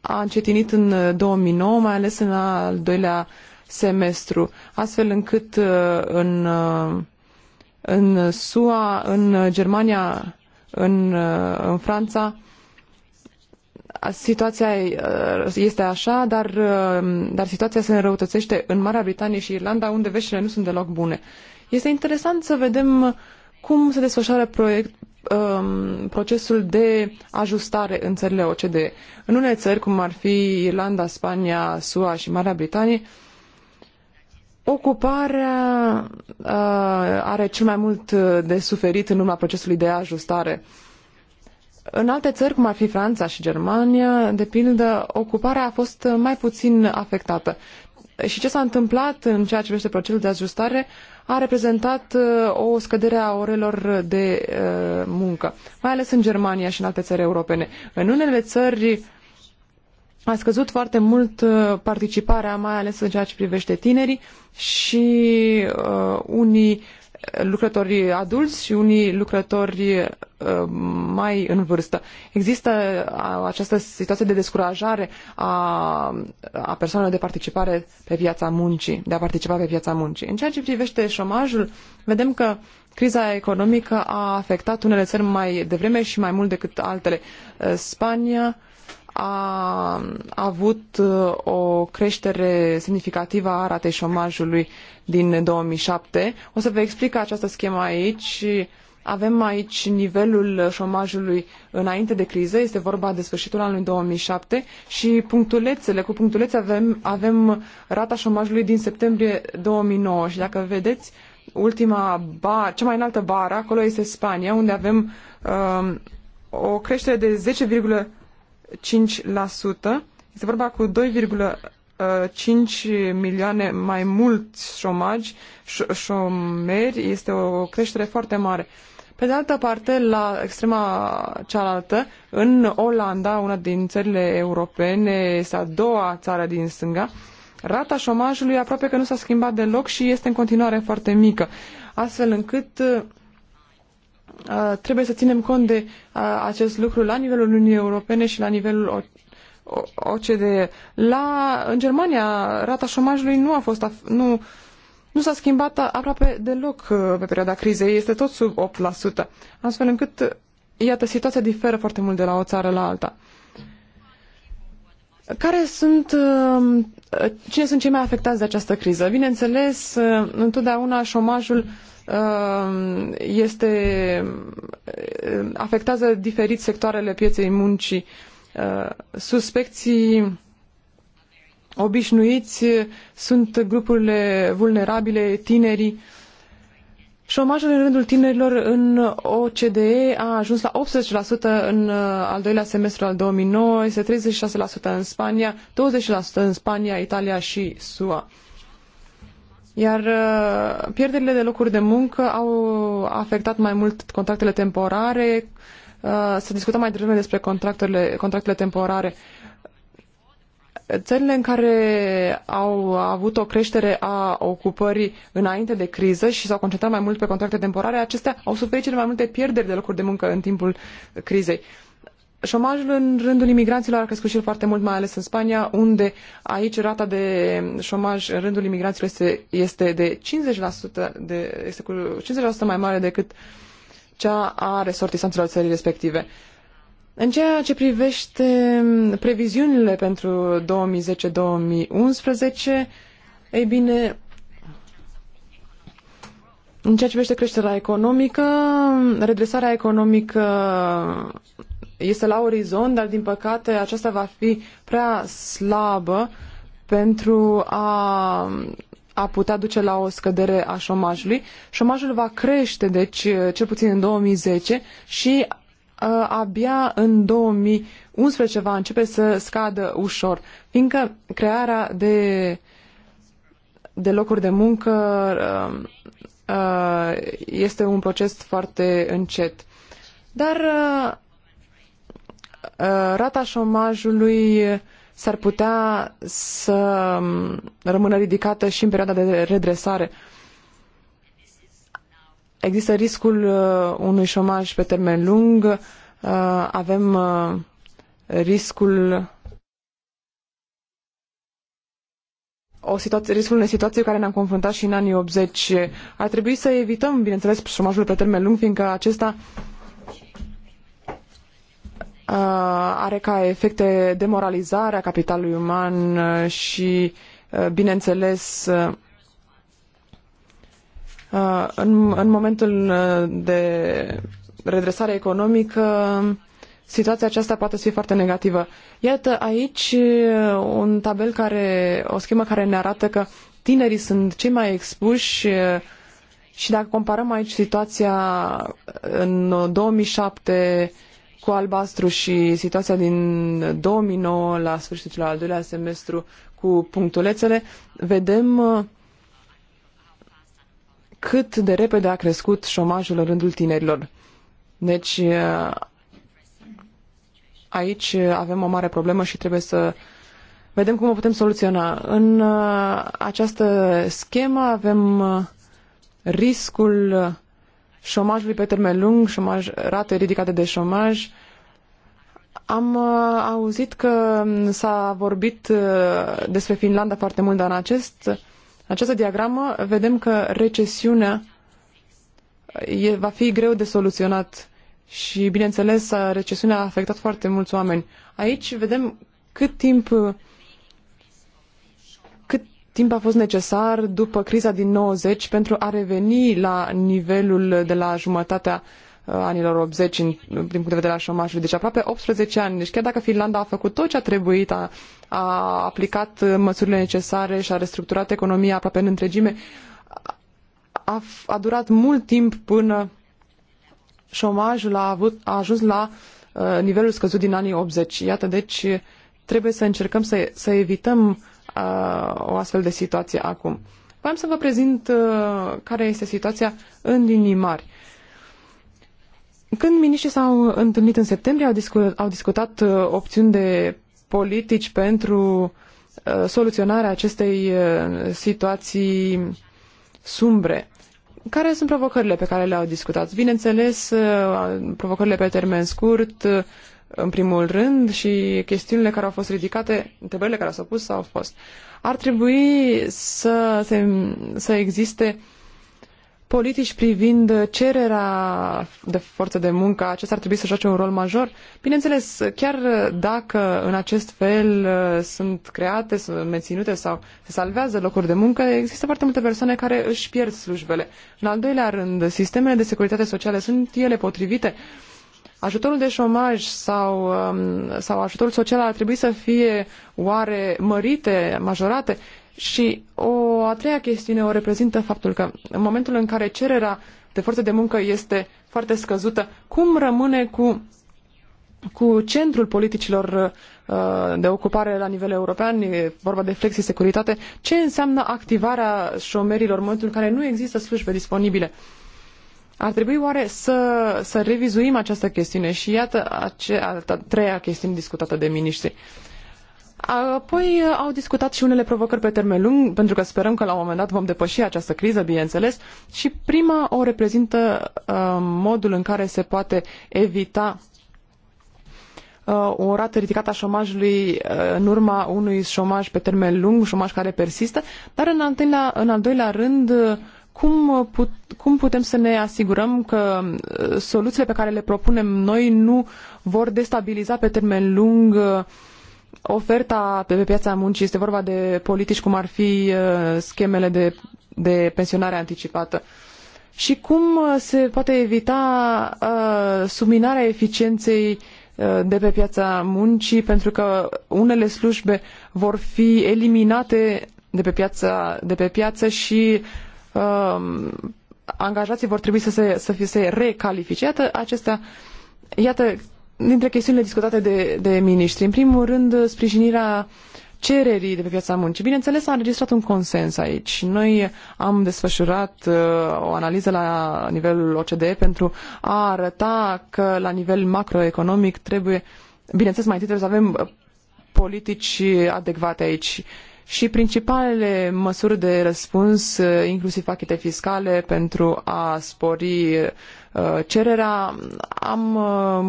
a încetinit în 2009, uh, mai ales în al doilea semestru, astfel încât uh, în, uh, în SUA, în Germania, în, în Franța, situația este așa, dar, dar situația se înrăutățește în Marea Britanie și Irlanda, unde veștile nu sunt deloc bune. Este interesant să vedem cum se desfășoară proiect, um, procesul de ajustare în țările OCDE. În unele țări, cum ar fi Irlanda, Spania, SUA și Marea Britanie, ocuparea uh, are cel mai mult de suferit în urma procesului de ajustare. În alte țări, cum ar fi Franța și Germania, de pildă, ocuparea a fost mai puțin afectată. Și ce s-a întâmplat în ceea ce privește procesul de ajustare a reprezentat uh, o scădere a orelor de uh, muncă, mai ales în Germania și în alte țări europene. În unele țări a scăzut foarte mult uh, participarea, mai ales în ceea ce privește tinerii și unii lucrători adulți și unii lucrători uh, mai în vârstă. Există această situație de descurajare a, a persoanelor de participare pe piața muncii, de a participa pe piața muncii. În ceea ce privește șomajul, vedem că criza economică a afectat unele țări mai devreme și mai mult decât altele. Uh, Spania a avut uh, o creștere semnificativă a ratei șomajului din 2007. O să vă explic această schemă aici. Avem aici nivelul șomajului înainte de criză, este vorba de sfârșitul anului 2007 și punctulețele, cu punctulețe avem, avem rata șomajului din septembrie 2009 și dacă vedeți, ultima bar, cea mai înaltă bară, acolo este Spania, unde avem um, o creștere de 10,5%. Este vorba cu 5 milioane mai mulți șomagi, șomeri, este o creștere foarte mare. Pe de altă parte, la extrema cealaltă, în Olanda, una din țările europene, este a doua țară din stânga, rata șomajului aproape că nu s-a schimbat deloc și este în continuare foarte mică, astfel încât uh, trebuie să ținem cont de uh, acest lucru la nivelul Uniunii Europene și la nivelul OCDE. La, în Germania, rata șomajului nu a fost, nu, nu s-a schimbat aproape deloc uh, pe perioada crizei, este tot sub 8%, astfel încât, iată, situația diferă foarte mult de la o țară la alta. Care sunt, um, cine sunt cei mai afectați de această criză? Bineînțeles, uh, întotdeauna șomajul um, este, uh, afectează diferit sectoarele pieței muncii Uh, suspecții obișnuiți sunt grupurile vulnerabile, tinerii. Șomajul în rândul tinerilor în OCDE a ajuns la 18% în uh, al doilea semestru al 2009, este 36% în Spania, 20% în Spania, Italia și SUA. Iar uh, pierderile de locuri de muncă au afectat mai mult contractele temporare, Uh, să discutăm mai devreme despre contractele, contractele temporare. Țările în care au avut o creștere a ocupării înainte de criză și s-au concentrat mai mult pe contracte temporare, acestea au suferit cele mai multe pierderi de locuri de muncă în timpul crizei. Șomajul în rândul imigranților a crescut și el foarte mult, mai ales în Spania, unde aici rata de șomaj în rândul imigranților este, este de 50%, de, este cu 50% mai mare decât uh, cea a resortisanților țării respective. În ceea ce privește previziunile pentru 2010-2011, ei bine, în ceea ce privește creșterea economică, redresarea economică este la orizont, dar din păcate aceasta va fi prea slabă pentru a a putea duce la o scădere a șomajului. Șomajul va crește, deci, uh, cel puțin în 2010 și uh, abia în 2011 va începe să scadă ușor, fiindcă crearea de, de locuri de muncă uh, uh, este un proces foarte încet. Dar uh, uh rata șomajului s-ar putea să rămână ridicată și în perioada de redresare. Există riscul uh, unui șomaj pe termen lung, uh, avem uh, riscul o situație, riscul unei situații care ne-am confruntat și în anii 80. Ar trebui să evităm, bineînțeles, șomajul pe termen lung, fiindcă acesta Uh, are ca efecte demoralizarea capitalului uman uh, și, uh, bineînțeles, în, în momentul de redresare economică, situația aceasta poate fi foarte negativă. Iată aici un tabel care, o schemă care ne arată că tinerii sunt cei mai expuși și dacă comparăm aici situația în 2007 cu albastru și situația din 2009 la sfârșitul al doilea semestru cu punctulețele, vedem uh, cât de repede a crescut șomajul în rândul tinerilor. Deci uh, aici avem o mare problemă și trebuie să vedem cum o putem soluționa. În uh, această schemă avem riscul șomajului pe termen lung, șomaj, rate ridicate de șomaj. Am uh, auzit că s-a vorbit uh, despre Finlanda foarte mult, dar în acest, această diagramă vedem că recesiunea uh, e, va fi greu de soluționat și, bineînțeles, uh, recesiunea a afectat foarte mulți oameni. Aici vedem cât timp uh, timp a fost necesar după criza din 90 pentru a reveni la nivelul de la jumătatea uh, anilor 80 în, din punct de vedere al șomajului, deci aproape 18 ani. Deci chiar dacă Finlanda a făcut tot ce a trebuit, a, a aplicat măsurile necesare și a restructurat economia aproape în întregime, a, a durat mult timp până șomajul a, avut, a ajuns la uh, nivelul scăzut din anii 80. Iată, deci trebuie să încercăm să, să evităm o astfel de situație acum. Vreau să vă prezint uh, care este situația în linii mari. Când miniștrii s-au întâlnit în septembrie, au, discu- au discutat uh, opțiuni de politici pentru uh, soluționarea acestei uh, situații sumbre. Care sunt provocările pe care le-au discutat? Bineînțeles, provocările pe termen scurt, în primul rând, și chestiunile care au fost ridicate, întrebările care s-au pus au fost. Ar trebui să, se, să existe politici privind cererea de forță de muncă, acesta ar trebui să joace un rol major. Bineînțeles, chiar dacă în acest fel uh, sunt create, sunt menținute sau se salvează locuri de muncă, există foarte multe persoane care își pierd slujbele. În al doilea rând, sistemele de securitate sociale sunt ele potrivite uh, Ajutorul de șomaj sau, um, sau ajutorul social ar trebui să fie oare mărite, majorate? Și o a treia chestiune o reprezintă faptul că în momentul în care cererea de forță de muncă este foarte scăzută, cum rămâne cu, cu centrul politicilor uh, de ocupare la nivel european, e vorba de flexi-securitate, ce înseamnă activarea șomerilor în momentul în care nu există slujbe disponibile? Ar trebui oare să, să revizuim această chestiune și iată acea, a, treia chestiune discutată de miniștri. Apoi uh, au discutat și unele provocări pe termen lung, pentru că sperăm că la un moment dat vom depăși această criză, bineînțeles, și prima o reprezintă uh, modul în care se poate evita uh, o rată ridicată a șomajului uh, în urma unui șomaj pe termen lung, șomaj care persistă, dar în al, în al doilea rând cum, uh, put, cum putem să ne asigurăm că uh, soluțiile pe care le propunem noi nu vor destabiliza pe termen lung uh, oferta pe piața muncii? Este vorba de politici cum ar fi schemele de, de pensionare anticipată. Și cum se poate evita uh, subminarea eficienței de pe piața muncii, pentru că unele slujbe vor fi eliminate de pe piața, de pe piață și Um, angajații vor trebui să se, să fie, să se recalifice. Iată, acestea, iată, dintre chestiunile discutate de, de miniștri. În primul rând, sprijinirea cererii de pe piața muncii. Bineînțeles, a înregistrat un consens aici. Noi am desfășurat uh, o analiză la nivelul OCDE pentru a arăta că la nivel macroeconomic trebuie, bineînțeles, mai întâi trebuie să avem uh, politici adecvate aici. Uh, și principalele măsuri de răspuns, eh, inclusiv pachete fiscale pentru a spori eh, cererea, am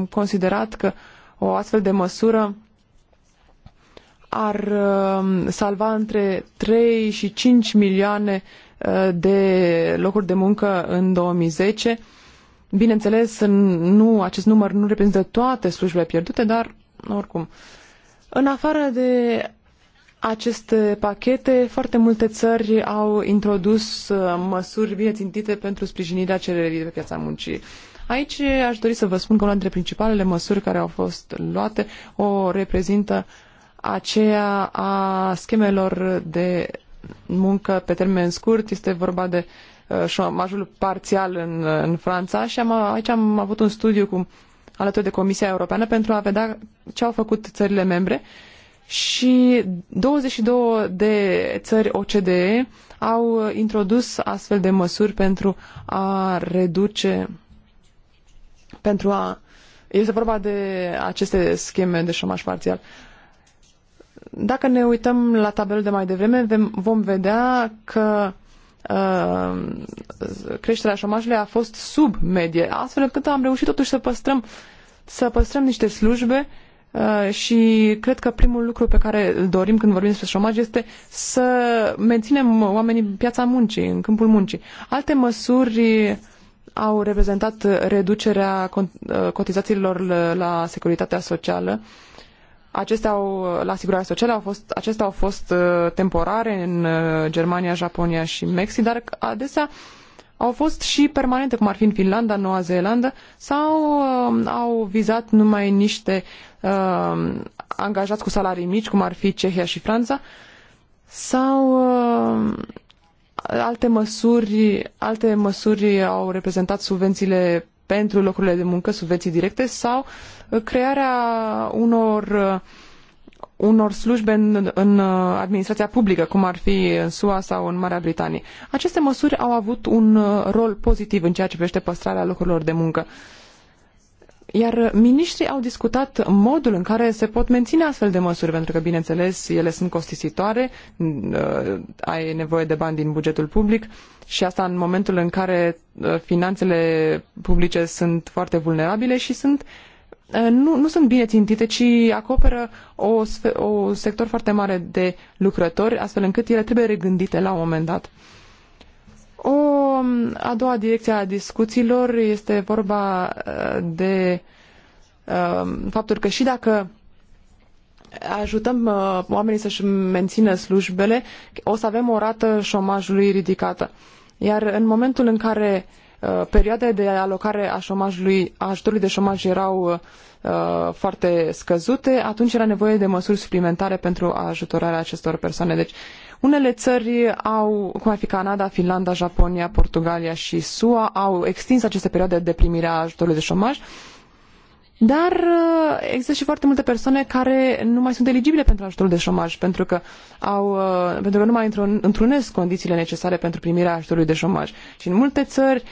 eh, considerat că o astfel de măsură ar salva între 3 și 5 milioane de locuri de muncă în 2010. Bineînțeles, nu, acest număr nu reprezintă toate slujbele pierdute, dar oricum. În afară de aceste pachete, foarte multe țări au introdus uh, măsuri bine țintite pentru sprijinirea cererii pe piața muncii. Aici aș dori să vă spun că una dintre principalele măsuri care au fost luate o reprezintă aceea a schemelor de muncă pe termen scurt. Este vorba de uh, șomajul parțial în, uh, în Franța și am, aici am avut un studiu cu, alături de Comisia Europeană pentru a vedea ce au făcut țările membre uh, și 22 de țări OCDE au introdus astfel de măsuri pentru a reduce, pentru a, este vorba de aceste scheme de șomaș parțial. Dacă ne uităm la tabelul de mai devreme, vom vedea că uh, creșterea șomajului a fost sub medie, astfel încât am reușit totuși să păstrăm, să păstrăm niște slujbe uh, Uh, și cred că primul lucru pe care îl dorim când vorbim despre șomaj este să menținem oamenii în piața muncii, în câmpul muncii. Alte măsuri au reprezentat reducerea uh, cotizațiilor la securitatea socială. Acestea au, la asigurarea socială au fost, acestea au fost uh, temporare în Germania, Japonia și Mexic, dar adesea au fost și permanente, cum ar fi în Finlanda, Noua Zeelandă, sau um, au vizat numai niște uh, uh, angajați cu salarii mici, cum ar fi Cehia și Franța, sau uh, alte măsuri, alte măsuri au reprezentat subvențiile pentru locurile de muncă, subvenții directe, sau uh, crearea unor, uh, unor slujbe în, în uh, administrația publică, cum ar fi în SUA sau în Marea Britanie. Aceste măsuri au avut un rol pozitiv în ceea ce privește păstrarea locurilor de muncă. Uh, iar miniștrii au discutat modul în care se pot menține astfel de măsuri, pentru că, bineînțeles, ele sunt costisitoare, uh, ai nevoie de bani din bugetul public și asta în momentul în care uh, finanțele publice sunt foarte vulnerabile și sunt uh, nu, nu sunt bine țintite, ci acoperă o, o sector foarte mare de lucrători, astfel încât ele trebuie regândite la un moment dat. O a doua direcție a discuțiilor este vorba uh, de um, faptul că și dacă ajutăm uh, oamenii să-și mențină slujbele, o să avem o rată șomajului ridicată. Iar în momentul în care uh, Uh, perioadele de alocare a șomajului, a ajutorului de șomaj erau uh, foarte scăzute, atunci era nevoie de măsuri suplimentare pentru ajutorarea acestor persoane. Deci, unele țări au, cum ar fi Canada, Finlanda, Japonia, Portugalia și SUA, au extins aceste perioade de primire a ajutorului de șomaj, dar uh, există și foarte multe persoane care nu mai sunt eligibile pentru ajutorul de șomaj, pentru că, au, pentru că nu mai întrunesc condițiile necesare pentru primirea ajutorului de șomaj. Și în multe țări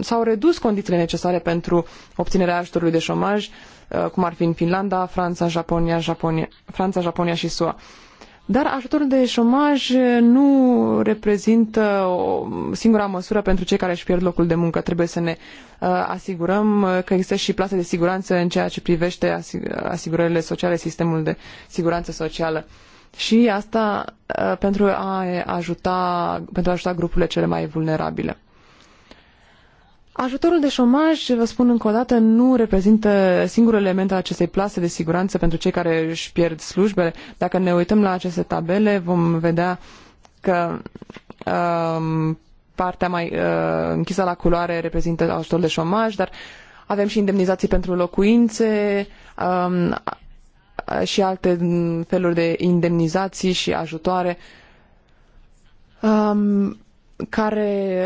s-au redus condițiile necesare pentru obținerea ajutorului de șomaj, uh, cum ar fi în Finlanda, Franța, Japonia, Japonia, Franța, Japonia și SUA. Dar ajutorul de șomaj uh, nu reprezintă o singura măsură pentru cei care își pierd locul de muncă. Trebuie să ne uh, asigurăm că există și plase de siguranță în ceea ce privește asigurările sociale, sistemul de siguranță socială și asta ă, pentru a ajuta, pentru a ajuta grupurile cele mai vulnerabile. Ajutorul de șomaj, vă spun încă o dată, nu reprezintă singurul element al acestei plase de siguranță pentru cei care își pierd slujbele. Dacă ne uităm la aceste tabele, vom vedea că um, partea mai uh, închisă la culoare reprezintă ajutorul de șomaj, dar avem și indemnizații pentru locuințe, um, Uh, și alte mm, feluri de indemnizații și ajutoare um, care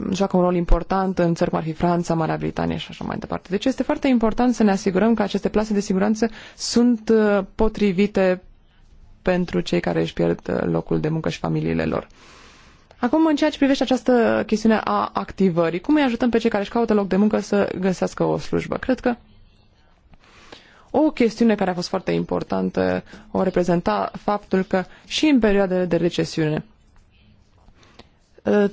uh, joacă un rol important în țări cum ar fi Franța, Marea Britanie și așa mai departe. Deci este foarte important să ne asigurăm că aceste plase de siguranță sunt uh, potrivite pentru cei care își pierd locul de muncă și familiile lor. Acum, în ceea ce privește această chestiune a activării, cum îi ajutăm pe cei care își caută loc de muncă să găsească o slujbă? Cred că o chestiune care a fost foarte importantă o reprezenta faptul că și în perioadele de recesiune uh,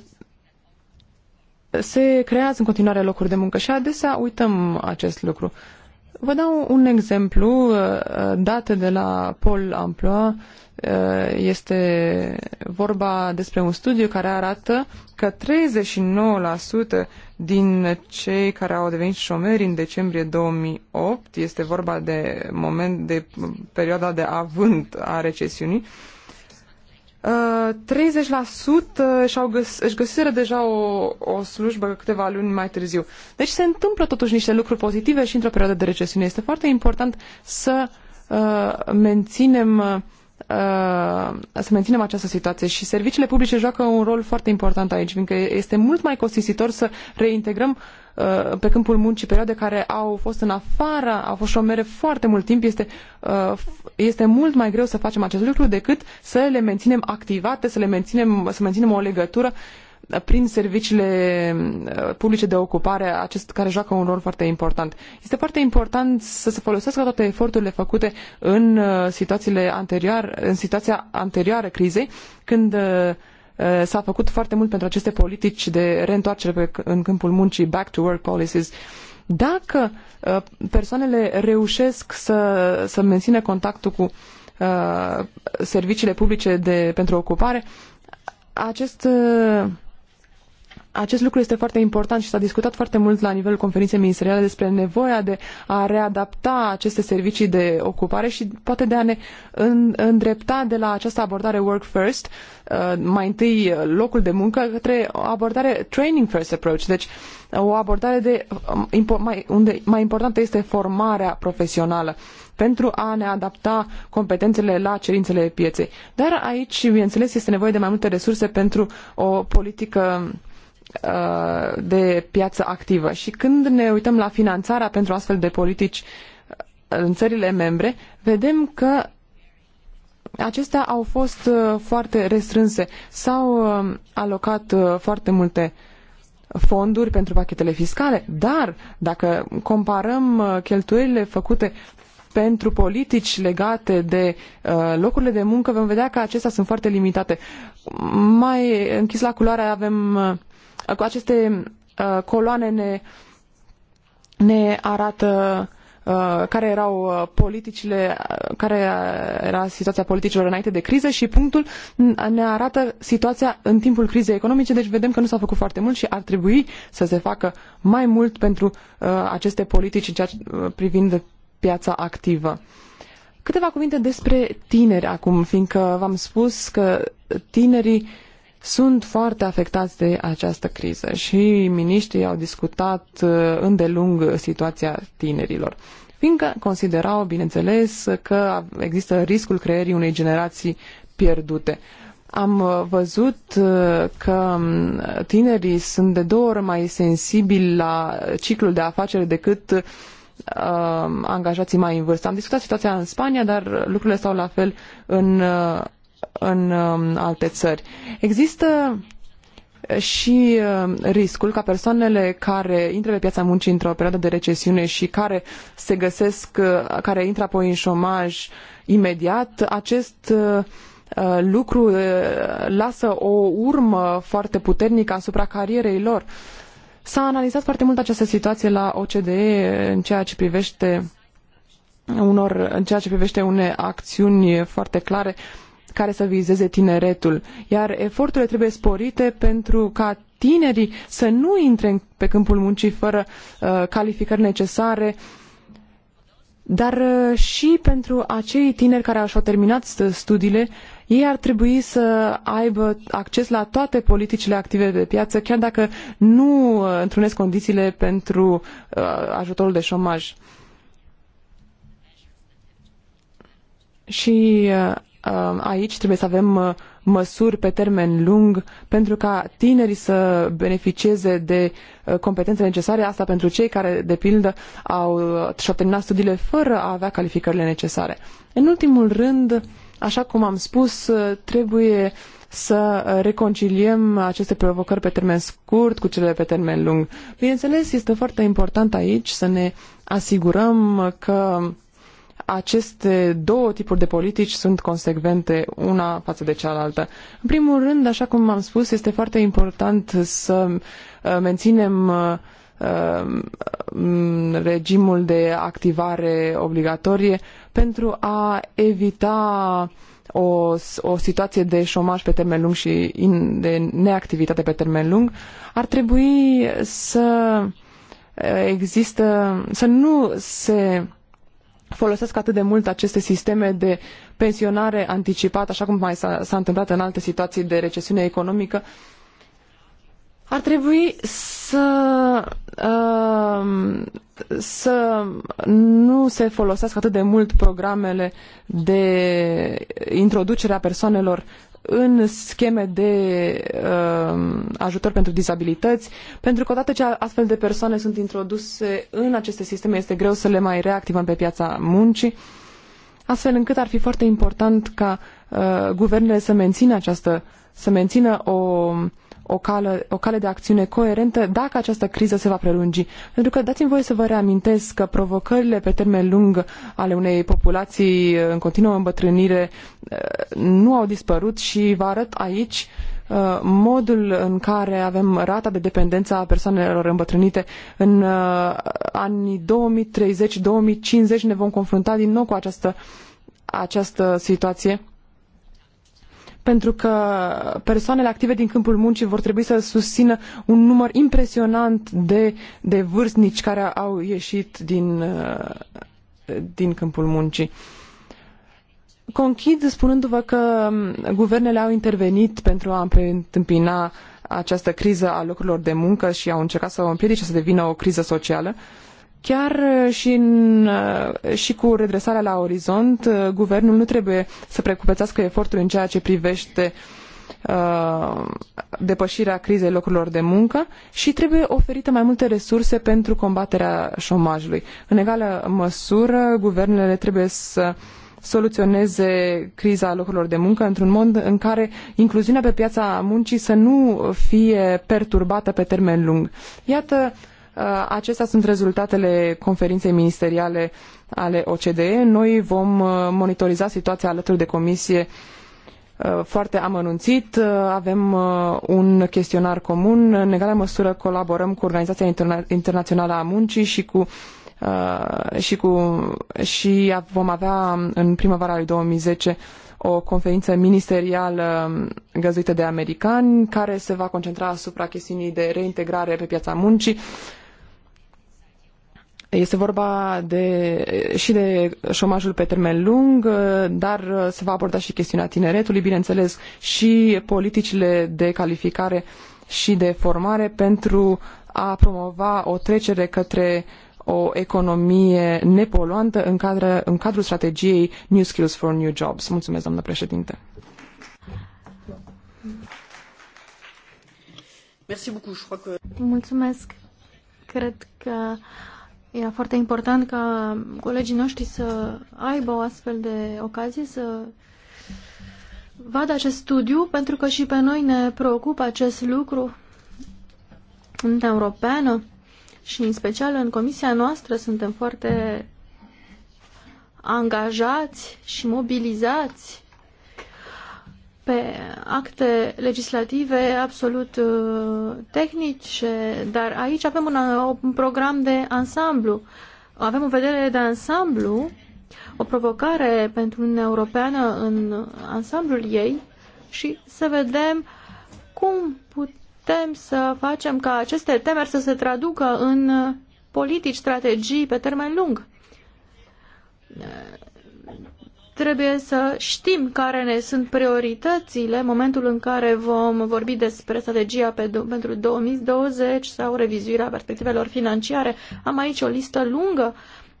se creează în continuare locuri de muncă și adesea uităm acest lucru. Vă dau un exemplu uh, dat de la Paul Amploa. Uh, este vorba despre un studiu care arată că 39% din cei care au devenit șomeri în decembrie 2008, este vorba de moment de perioada de avânt a recesiunii, 30% și-au găs- își găsiră deja o, o slujbă câteva luni mai târziu. Deci se întâmplă totuși niște lucruri pozitive și într-o perioadă de recesiune. Este foarte important să uh, menținem uh, să menținem această situație și serviciile publice joacă un rol foarte important aici, fiindcă este mult mai costisitor să reintegrăm Uh, pe câmpul muncii, perioade care au fost în afara, au fost șomere foarte mult timp, este, uh, este mult mai greu să facem acest lucru decât să le menținem activate, să le menținem, să menținem o legătură prin serviciile uh, publice de ocupare, acest, care joacă un rol foarte important. Este foarte important să se folosească toate eforturile făcute în situațiile anterioare, în situația anterioară crizei, când Uh, s-a făcut foarte mult pentru aceste politici de reîntoarcere pe, în câmpul muncii, back to work policies. Dacă uh, persoanele reușesc să, să mențină contactul cu uh, serviciile publice de, pentru ocupare, acest acest lucru este foarte important și s-a discutat foarte mult la nivelul conferinței ministeriale despre nevoia de a readapta aceste servicii de ocupare și poate de a ne îndrepta de la această abordare work first, uh, mai întâi locul de muncă, către o abordare training first approach, deci o abordare de, um, mai, unde mai importantă este formarea profesională pentru a ne adapta competențele la cerințele pieței. Dar aici, bineînțeles, este nevoie de mai multe resurse pentru o politică Uh, de piață activă. Și când ne uităm la finanțarea pentru astfel de politici uh, în țările membre, vedem că acestea au fost uh, foarte restrânse. S-au alocat foarte multe fonduri pentru pachetele fiscale, dar dacă comparăm cheltuielile făcute pentru politici legate de locurile de muncă, vom vedea că acestea sunt foarte limitate. Mai închis la culoare avem cu aceste uh, coloane ne, ne arată uh, care erau uh, politicile, care era situația politicilor înainte de criză și punctul ne arată situația în timpul crizei economice, deci vedem că nu s-a făcut foarte mult și ar trebui să se facă mai mult pentru aceste politici ceea, privind piața activă. Câteva cuvinte despre tineri acum, fiindcă v-am spus că tinerii uh, sunt foarte afectați de această criză și miniștrii au discutat uh, îndelung situația tinerilor, fiindcă considerau, bineînțeles, că există riscul creierii unei generații pierdute. Am uh, văzut uh, că um, tinerii sunt de două ori mai sensibili la ciclul de afaceri decât angajații mai în vârstă. Am discutat situația în Spania, dar lucrurile stau la fel în în um, alte țări. Există și um, riscul ca persoanele care intră pe piața muncii într-o perioadă de recesiune și care se găsesc, uh, care intră apoi în șomaj imediat, acest uh, uh, lucru lasă o urmă foarte puternică asupra carierei lor. S-a analizat foarte mult această situație la OCDE în ceea ce privește unor, în ceea ce privește une acțiuni foarte clare care să vizeze tineretul, iar eforturile trebuie sporite pentru ca tinerii să nu intre pe câmpul muncii fără uh, calificări necesare, dar uh, și pentru acei tineri care și-au terminat studiile, ei ar trebui să aibă acces la toate politicile active de piață, chiar dacă nu uh, întrunesc condițiile pentru uh, ajutorul de șomaj. Și uh, Uh, aici trebuie să avem uh, măsuri pe termen lung pentru ca tinerii să beneficieze de uh, competențe necesare, asta pentru cei care, de pildă, au, și-au terminat studiile fără a avea calificările necesare. În ultimul rând, așa cum am spus, trebuie să reconciliem aceste provocări pe termen scurt cu cele pe termen lung. Bineînțeles, este foarte important aici să ne asigurăm că aceste două tipuri de politici sunt consecvente una față de cealaltă. În primul rând, așa cum am spus, este foarte important să uh, menținem uh, um, regimul de activare obligatorie pentru a evita o, o situație de șomaj pe termen lung și in, de neactivitate pe termen lung, ar trebui să uh, există, să nu se folosesc atât de mult aceste sisteme de pensionare anticipată, așa cum mai s-a întâmplat în alte situații de recesiune economică, ar trebui să, um, să nu se folosească atât de mult programele de introducere a persoanelor în scheme de uh, ajutor pentru dizabilități, pentru că odată ce astfel de persoane sunt introduse în aceste sisteme, este greu să le mai reactivăm pe piața muncii, astfel încât ar fi foarte important ca uh, guvernele să mențină această, să mențină o uh, o, cală, o cale de acțiune coerentă dacă această criză se va prelungi. Pentru că dați-mi voie să vă reamintesc că provocările pe termen lung ale unei populații în continuă îmbătrânire eh, nu au dispărut și vă arăt aici eh, modul în care avem rata de dependență a persoanelor îmbătrânite în eh, anii 2030-2050 ne vom confrunta din nou cu această, această situație pentru că persoanele active din câmpul muncii vor trebui să susțină un număr impresionant de, de vârstnici care au ieșit din, uh, din câmpul muncii. Conchid spunându-vă că um, guvernele au intervenit pentru a întâmpina această criză a locurilor de muncă și au încercat să o împiedice să devină o criză socială. Uh, Chiar uh, și, în, uh, și cu redresarea la orizont, uh, guvernul nu trebuie să precupețească efortul în ceea ce privește depășirea crizei locurilor de muncă și trebuie oferite mai multe resurse pentru combaterea șomajului. În egală măsură, guvernele trebuie să soluționeze criza locurilor de muncă într-un mod în care incluziunea pe piața muncii să nu fie perturbată pe termen lung. Iată Uh, acestea sunt rezultatele conferinței ministeriale ale OCDE. Noi vom uh, monitoriza situația alături de comisie uh, foarte amănunțit. Avem un chestionar comun. În egală măsură colaborăm cu Organizația Interna- Internațională a Muncii și cu și, cu, și vom avea um, în primăvara lui 2010 o conferință ministerială um, găzduită de americani care se va concentra asupra chestiunii de reintegrare pe piața muncii este vorba de, și de șomajul pe termen lung, dar se va aborda și chestiunea tineretului, bineînțeles, și politicile de calificare și de formare pentru a promova o trecere către o economie nepoluantă în, cadră, în cadrul strategiei New Skills for New Jobs. Mulțumesc, doamnă președinte. Mulțumesc. Cred că era foarte important ca colegii noștri să aibă o astfel de ocazie să vadă acest studiu, pentru că și pe noi ne preocupă acest lucru în Europeană și în special în comisia noastră suntem foarte angajați și mobilizați pe acte legislative absolut uh, tehnice, dar aici avem un, uh, un program de ansamblu. Avem o vedere de ansamblu, o provocare pentru Uniunea Europeană în ansamblul ei și să vedem cum putem să facem ca aceste temeri să se traducă în uh, politici, strategii pe termen lung trebuie să știm care ne sunt prioritățile în momentul în care vom vorbi despre strategia pe, pentru 2020 sau revizuirea perspectivelor financiare. Am aici o listă lungă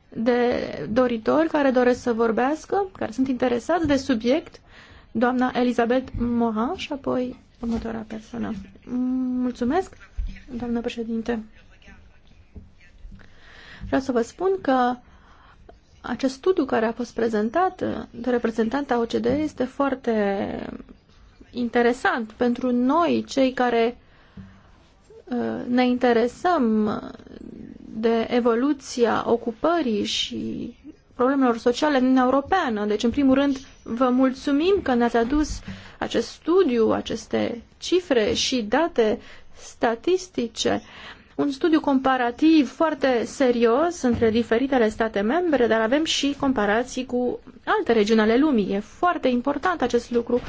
de doritori care doresc să vorbească, care sunt interesați de subiect. Doamna Elizabeth Morin și apoi următoarea persoană. Mulțumesc, doamnă președinte. Vreau să vă spun că acest studiu care a fost prezentat de reprezentanta OCDE este foarte interesant pentru noi, cei care uh, ne interesăm de evoluția ocupării și problemelor sociale în Uniunea Europeană. Deci, în primul rând, vă mulțumim că ne-ați adus acest studiu, aceste cifre și date statistice. Uh, un studiu comparativ foarte serios între diferitele state membre, dar avem și comparații cu alte regiuni ale lumii. E foarte important acest lucru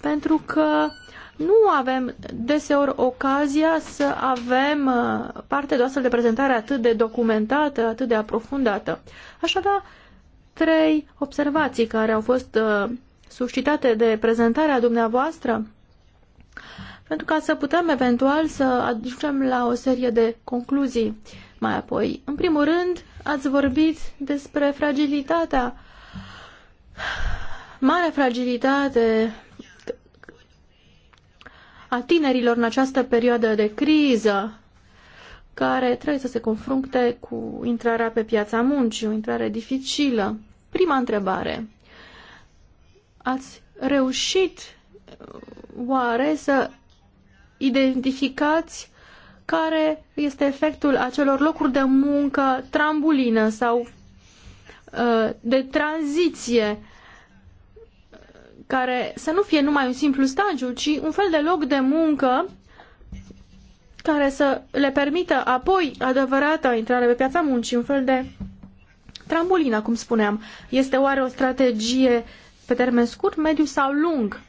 pentru că nu avem deseori ocazia să avem uh, parte de o astfel de prezentare atât de documentată, atât de aprofundată. Aș avea trei observații care au fost uh, suscitate de prezentarea dumneavoastră pentru ca să putem eventual să aducem la o serie de concluzii mai apoi. În primul rând, ați vorbit despre fragilitatea, mare fragilitate a tinerilor în această perioadă de criză care trebuie să se confrunte cu intrarea pe piața muncii, o intrare dificilă. Prima întrebare. Ați reușit oare să identificați care este efectul acelor locuri de muncă trambulină sau uh, de tranziție care să nu fie numai un simplu stagiu, ci un fel de loc de muncă care să le permită apoi adevărata intrare pe piața muncii, un fel de trambulină, cum spuneam. Este oare o strategie pe termen scurt, mediu sau lung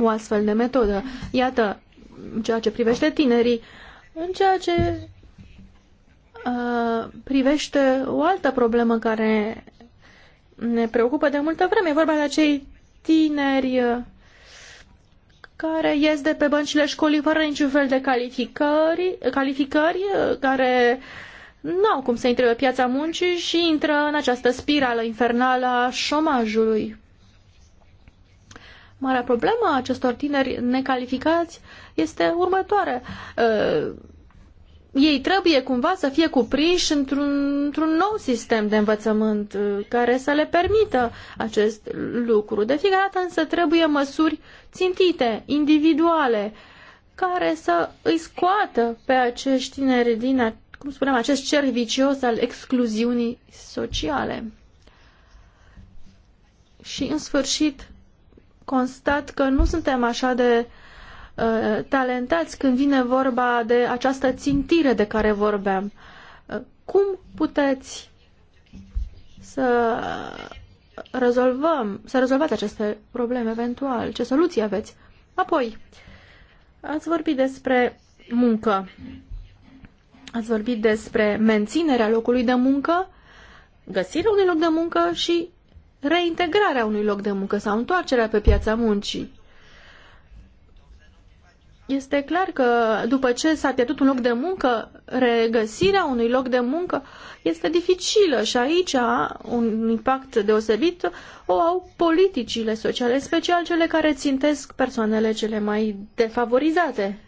o astfel de metodă? Iată, în ceea ce privește tinerii, în ceea ce uh, privește o altă problemă care ne preocupă de multă vreme. E vorba de acei tineri care ies de pe băncile școlii fără niciun fel de calificări, calificări care nu au cum să intre pe piața muncii și intră în această spirală infernală a șomajului. Marea problemă a acestor tineri necalificați este următoare. Uh, ei trebuie cumva să fie cuprinși într-un, într nou sistem de învățământ uh, care să le permită acest lucru. De fiecare dată însă trebuie măsuri țintite, individuale, care să îi scoată pe acești tineri din, cum spuneam, acest cer vicios al excluziunii sociale. Și în sfârșit, constat că nu suntem așa de uh, talentați când vine vorba de această țintire de care vorbeam. Uh, cum puteți să rezolvăm, să rezolvați aceste probleme eventual? Ce soluții aveți? Apoi, ați vorbit despre muncă. Ați vorbit despre menținerea locului de muncă, găsirea unui loc de muncă și reintegrarea unui loc de muncă sau întoarcerea pe piața muncii. Este clar că după ce s-a pierdut un loc de muncă, regăsirea unui loc de muncă este dificilă și aici un impact deosebit o au politicile sociale, special cele care țintesc persoanele cele mai defavorizate.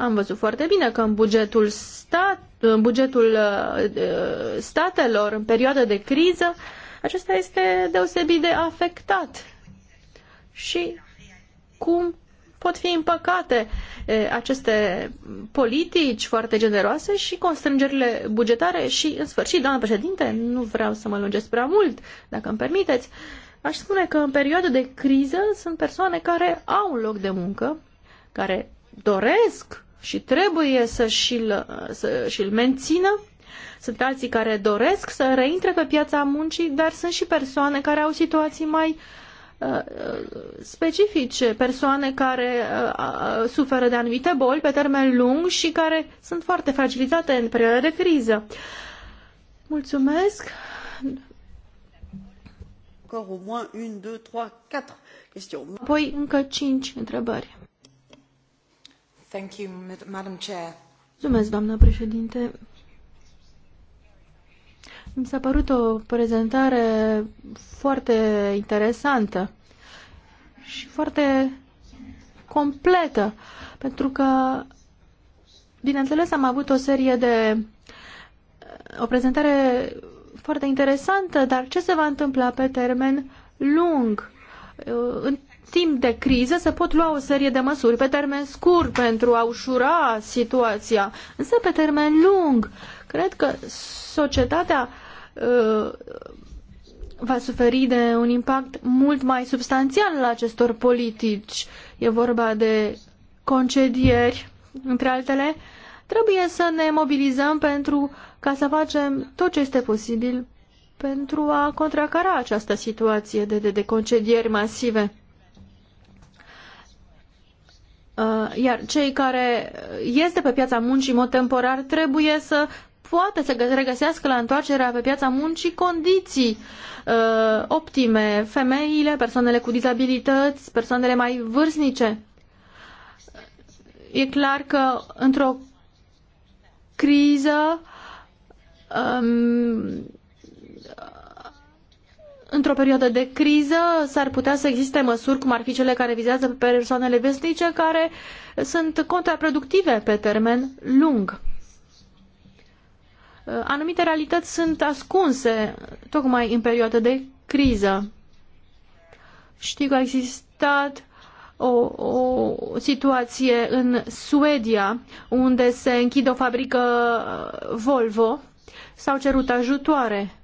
Am văzut foarte bine că în bugetul, stat, în bugetul uh, uh, statelor, în perioada de criză, acesta este deosebit de afectat. Și cum pot fi împăcate uh, aceste politici foarte generoase și constrângerile bugetare și, în sfârșit, doamnă președinte, nu vreau să mă lungesc prea mult, dacă îmi permiteți, aș spune că în perioada de criză sunt persoane care au un loc de muncă, care doresc și trebuie să și-l, să și-l mențină. Sunt alții care doresc să reintre pe piața muncii, dar sunt și persoane care au situații mai uh, uh, specifice, persoane care uh, suferă de anumite boli pe termen lung și care sunt foarte fragilizate în perioada de criză. Mulțumesc! Apoi încă cinci întrebări. Thank you, Madam Chair. Mulțumesc, doamnă președinte. Mi s-a părut o prezentare foarte interesantă și foarte completă, pentru că, bineînțeles, am avut o serie de. o prezentare foarte interesantă, dar ce se va întâmpla pe termen lung? În timp de criză se pot lua o serie de măsuri pe termen scurt pentru a ușura situația, însă pe termen lung. Cred că societatea uh, va suferi de un impact mult mai substanțial la acestor politici. E vorba de concedieri, între altele. Trebuie să ne mobilizăm pentru ca să facem tot ce este posibil pentru a contracara această situație de, de, de concedieri masive. Uh, iar cei care uh, ies de pe piața muncii în mod temporar trebuie să poată să regăsească la întoarcerea pe piața muncii condiții uh, optime, femeile, persoanele cu dizabilități, persoanele mai vârstnice. E clar că într-o criză um, într-o perioadă de criză s-ar putea să existe măsuri, cum ar fi cele care vizează persoanele vestnice, care sunt contraproductive pe termen lung. Anumite realități sunt ascunse tocmai în perioadă de criză. Știu că a existat o, o situație în Suedia unde se închide o fabrică Volvo, s-au cerut ajutoare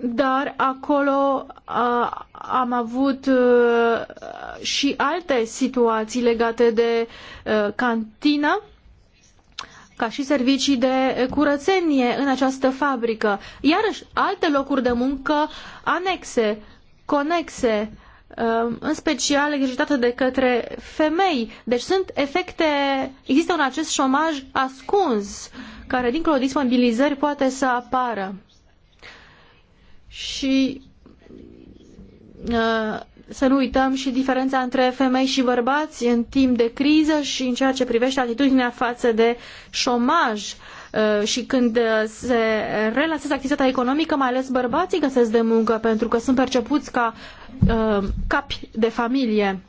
dar acolo a, am avut a, și alte situații legate de a, cantină ca și servicii de curățenie în această fabrică. Iarăși, alte locuri de muncă anexe, conexe, în special exercitate de către femei. Deci sunt efecte, există un acest șomaj ascuns, care dincolo de disponibilizări poate să apară și uh, să nu uităm și diferența între femei și bărbați în timp de criză și în ceea ce privește atitudinea față de șomaj uh, și când uh, se relansează activitatea economică, mai ales bărbații găsesc de muncă pentru că sunt percepuți ca capi de familie.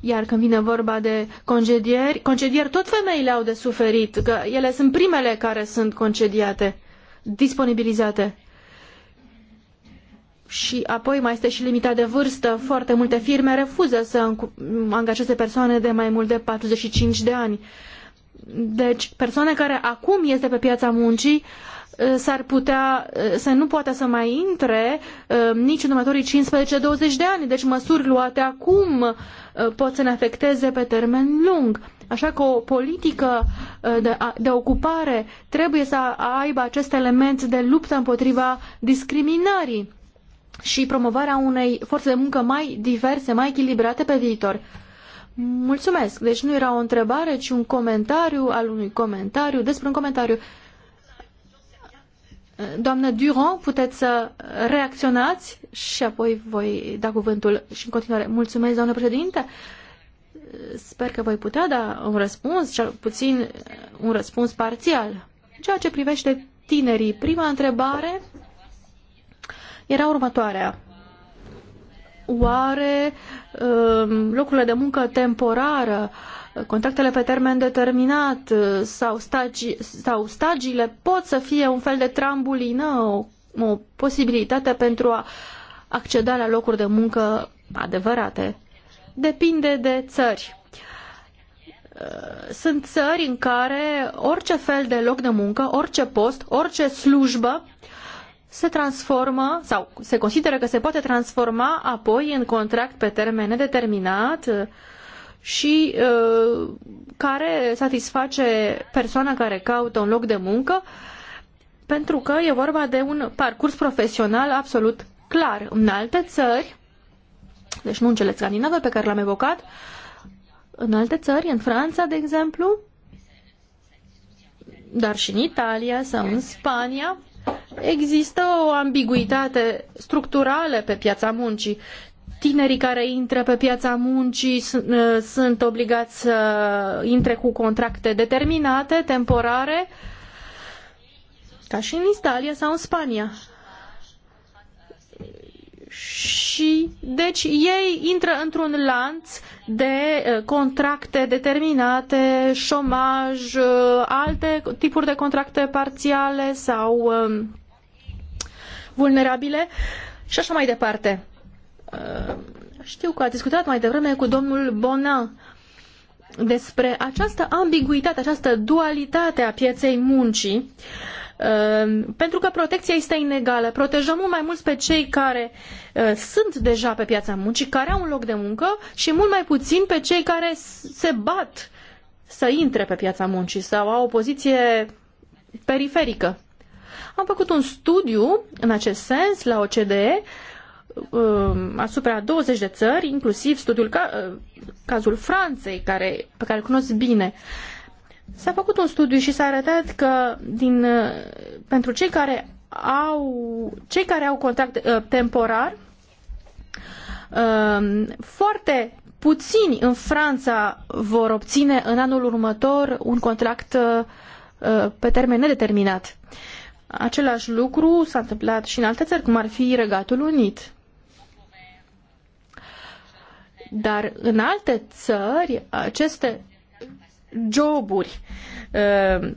Iar când vine vorba de concedieri, concedieri tot femeile au de suferit, că ele sunt primele care sunt concediate, disponibilizate și apoi mai este și limita de vârstă. Foarte multe firme refuză să angajeze persoane de mai mult de 45 de ani. Deci, persoane care acum este pe piața muncii eh, s-ar putea eh, să nu poată să mai intre eh, nici în următorii 15-20 de ani. Deci măsuri luate acum pot să ne afecteze pe termen lung. Așa că o politică de, de ocupare trebuie să aibă acest element de luptă împotriva discriminării și promovarea unei forțe de muncă mai diverse, mai echilibrate pe viitor. Mulțumesc! Deci nu era o întrebare, ci un comentariu al unui comentariu despre un comentariu. Doamnă Durand, puteți să reacționați și apoi voi da cuvântul și în continuare. Mulțumesc, doamnă președinte! Sper că voi putea da un răspuns, cel puțin un răspuns parțial. În ceea ce privește tinerii, prima întrebare era următoarea. Oare um, locurile de muncă temporară, contractele pe termen determinat uh, sau, stagi, sau stagiile pot să fie un fel de trambulină, o, o posibilitate pentru a acceda la locuri de muncă adevărate? Depinde de țări uh, sunt țări în care orice fel de loc de muncă, orice post, orice slujbă se transformă sau se consideră că se poate transforma apoi în contract pe termen nedeterminat și uh, care satisface persoana care caută un loc de muncă pentru că e vorba de un parcurs profesional absolut clar. În alte țări, deci nu în cele scandinave pe care l-am evocat, în alte țări, în Franța, de exemplu, dar și în Italia sau în Spania, există o ambiguitate structurală pe piața muncii. Tinerii care intră pe piața muncii ă, sunt obligați să intre cu contracte determinate, temporare, ca și în Italia sau în Spania. Și deci ei intră într-un lanț de ă, contracte determinate, șomaj, ă, alte tipuri de contracte parțiale sau vulnerabile și așa mai departe. Uh, știu că a discutat mai devreme cu domnul Bonan despre această ambiguitate, această dualitate a pieței muncii, uh, pentru că protecția este inegală. Protejăm mult mai mult pe cei care uh, sunt deja pe piața muncii, care au un loc de muncă și mult mai puțin pe cei care se bat să intre pe piața muncii sau au o poziție periferică. Am făcut un studiu în acest sens la OCDE um, asupra 20 de țări, inclusiv studiul ca, uh, cazul Franței, care, pe care îl cunosc bine. S-a făcut un studiu și s-a arătat că din, uh, pentru cei care au, cei care au contract uh, temporar, uh, foarte puțini în Franța vor obține în anul următor un contract uh, uh pe termen nedeterminat. Uh, Același lucru s-a întâmplat și în alte țări, cum ar fi Regatul Unit. Dar în alte țări, aceste joburi uh,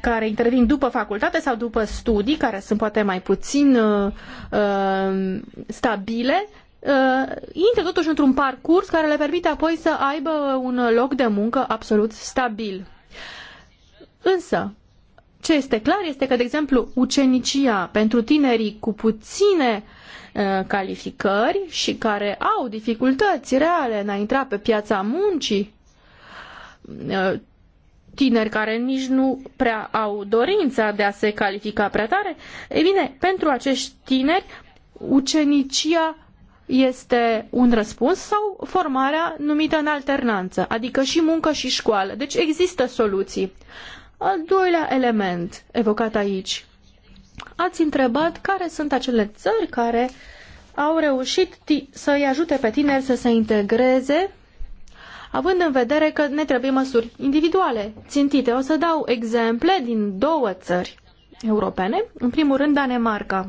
care intervin după facultate sau după studii, care sunt poate mai puțin uh, uh, stabile, intră totuși într-un parcurs care le permite apoi să aibă un loc de muncă absolut stabil. Însă, ce este clar este că, de exemplu, ucenicia pentru tinerii cu puține uh, calificări și care au dificultăți reale în a intra pe piața muncii, uh, tineri care nici nu prea au dorința de a se califica prea tare, e bine, pentru acești tineri, ucenicia este un răspuns sau formarea numită în alternanță, adică și muncă și școală. Deci există soluții. Al doilea element evocat aici. Ați întrebat care sunt acele țări care au reușit să-i ajute pe tineri să se integreze, având în vedere că ne trebuie măsuri individuale, țintite. O să dau exemple din două țări europene. În primul rând, Danemarca.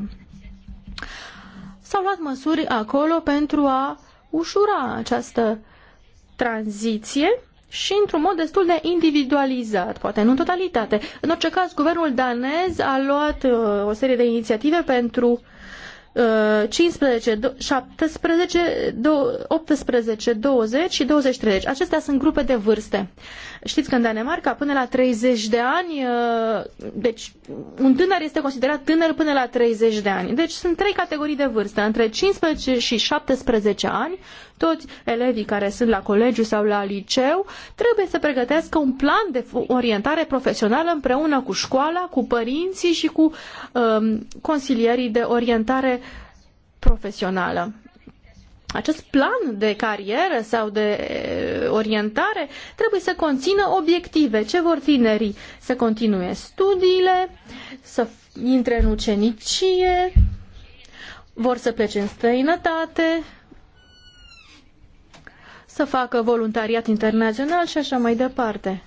S-au luat măsuri acolo pentru a ușura această tranziție și într-un mod destul de individualizat, poate nu în totalitate. În orice caz, guvernul danez a luat uh, o serie de inițiative pentru uh, 15, 17, 18, 20 și 23. Acestea sunt grupe de vârste. Știți că în Danemarca până la 30 de ani, uh, deci un tânăr este considerat tânăr până la 30 de ani. Deci sunt trei categorii de vârstă. Între 15 și 17 ani, toți elevii care sunt la colegiu sau la liceu trebuie să pregătească un plan de orientare profesională împreună cu școala, cu părinții și cu um, consilierii de orientare profesională acest plan de carieră sau de orientare trebuie să conțină obiective. Ce vor tinerii? Să continue studiile, să intre în ucenicie, vor să plece în străinătate, să facă voluntariat internațional și așa mai departe.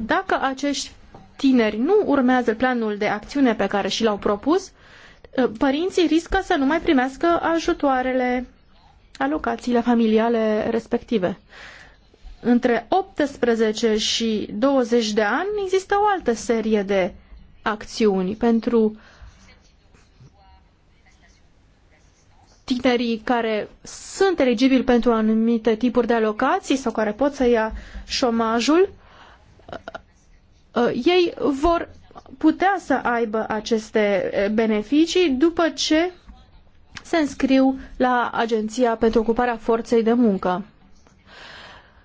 Dacă acești tineri nu urmează planul de acțiune pe care și l-au propus, părinții riscă să nu mai primească ajutoarele, alocațiile familiale respective. Între 18 și 20 de ani există o altă serie de acțiuni pentru tinerii care sunt eligibili pentru anumite tipuri de alocații sau care pot să ia șomajul, uh, ei vor putea să aibă aceste eh, beneficii după ce se înscriu la Agenția pentru Ocuparea Forței de Muncă.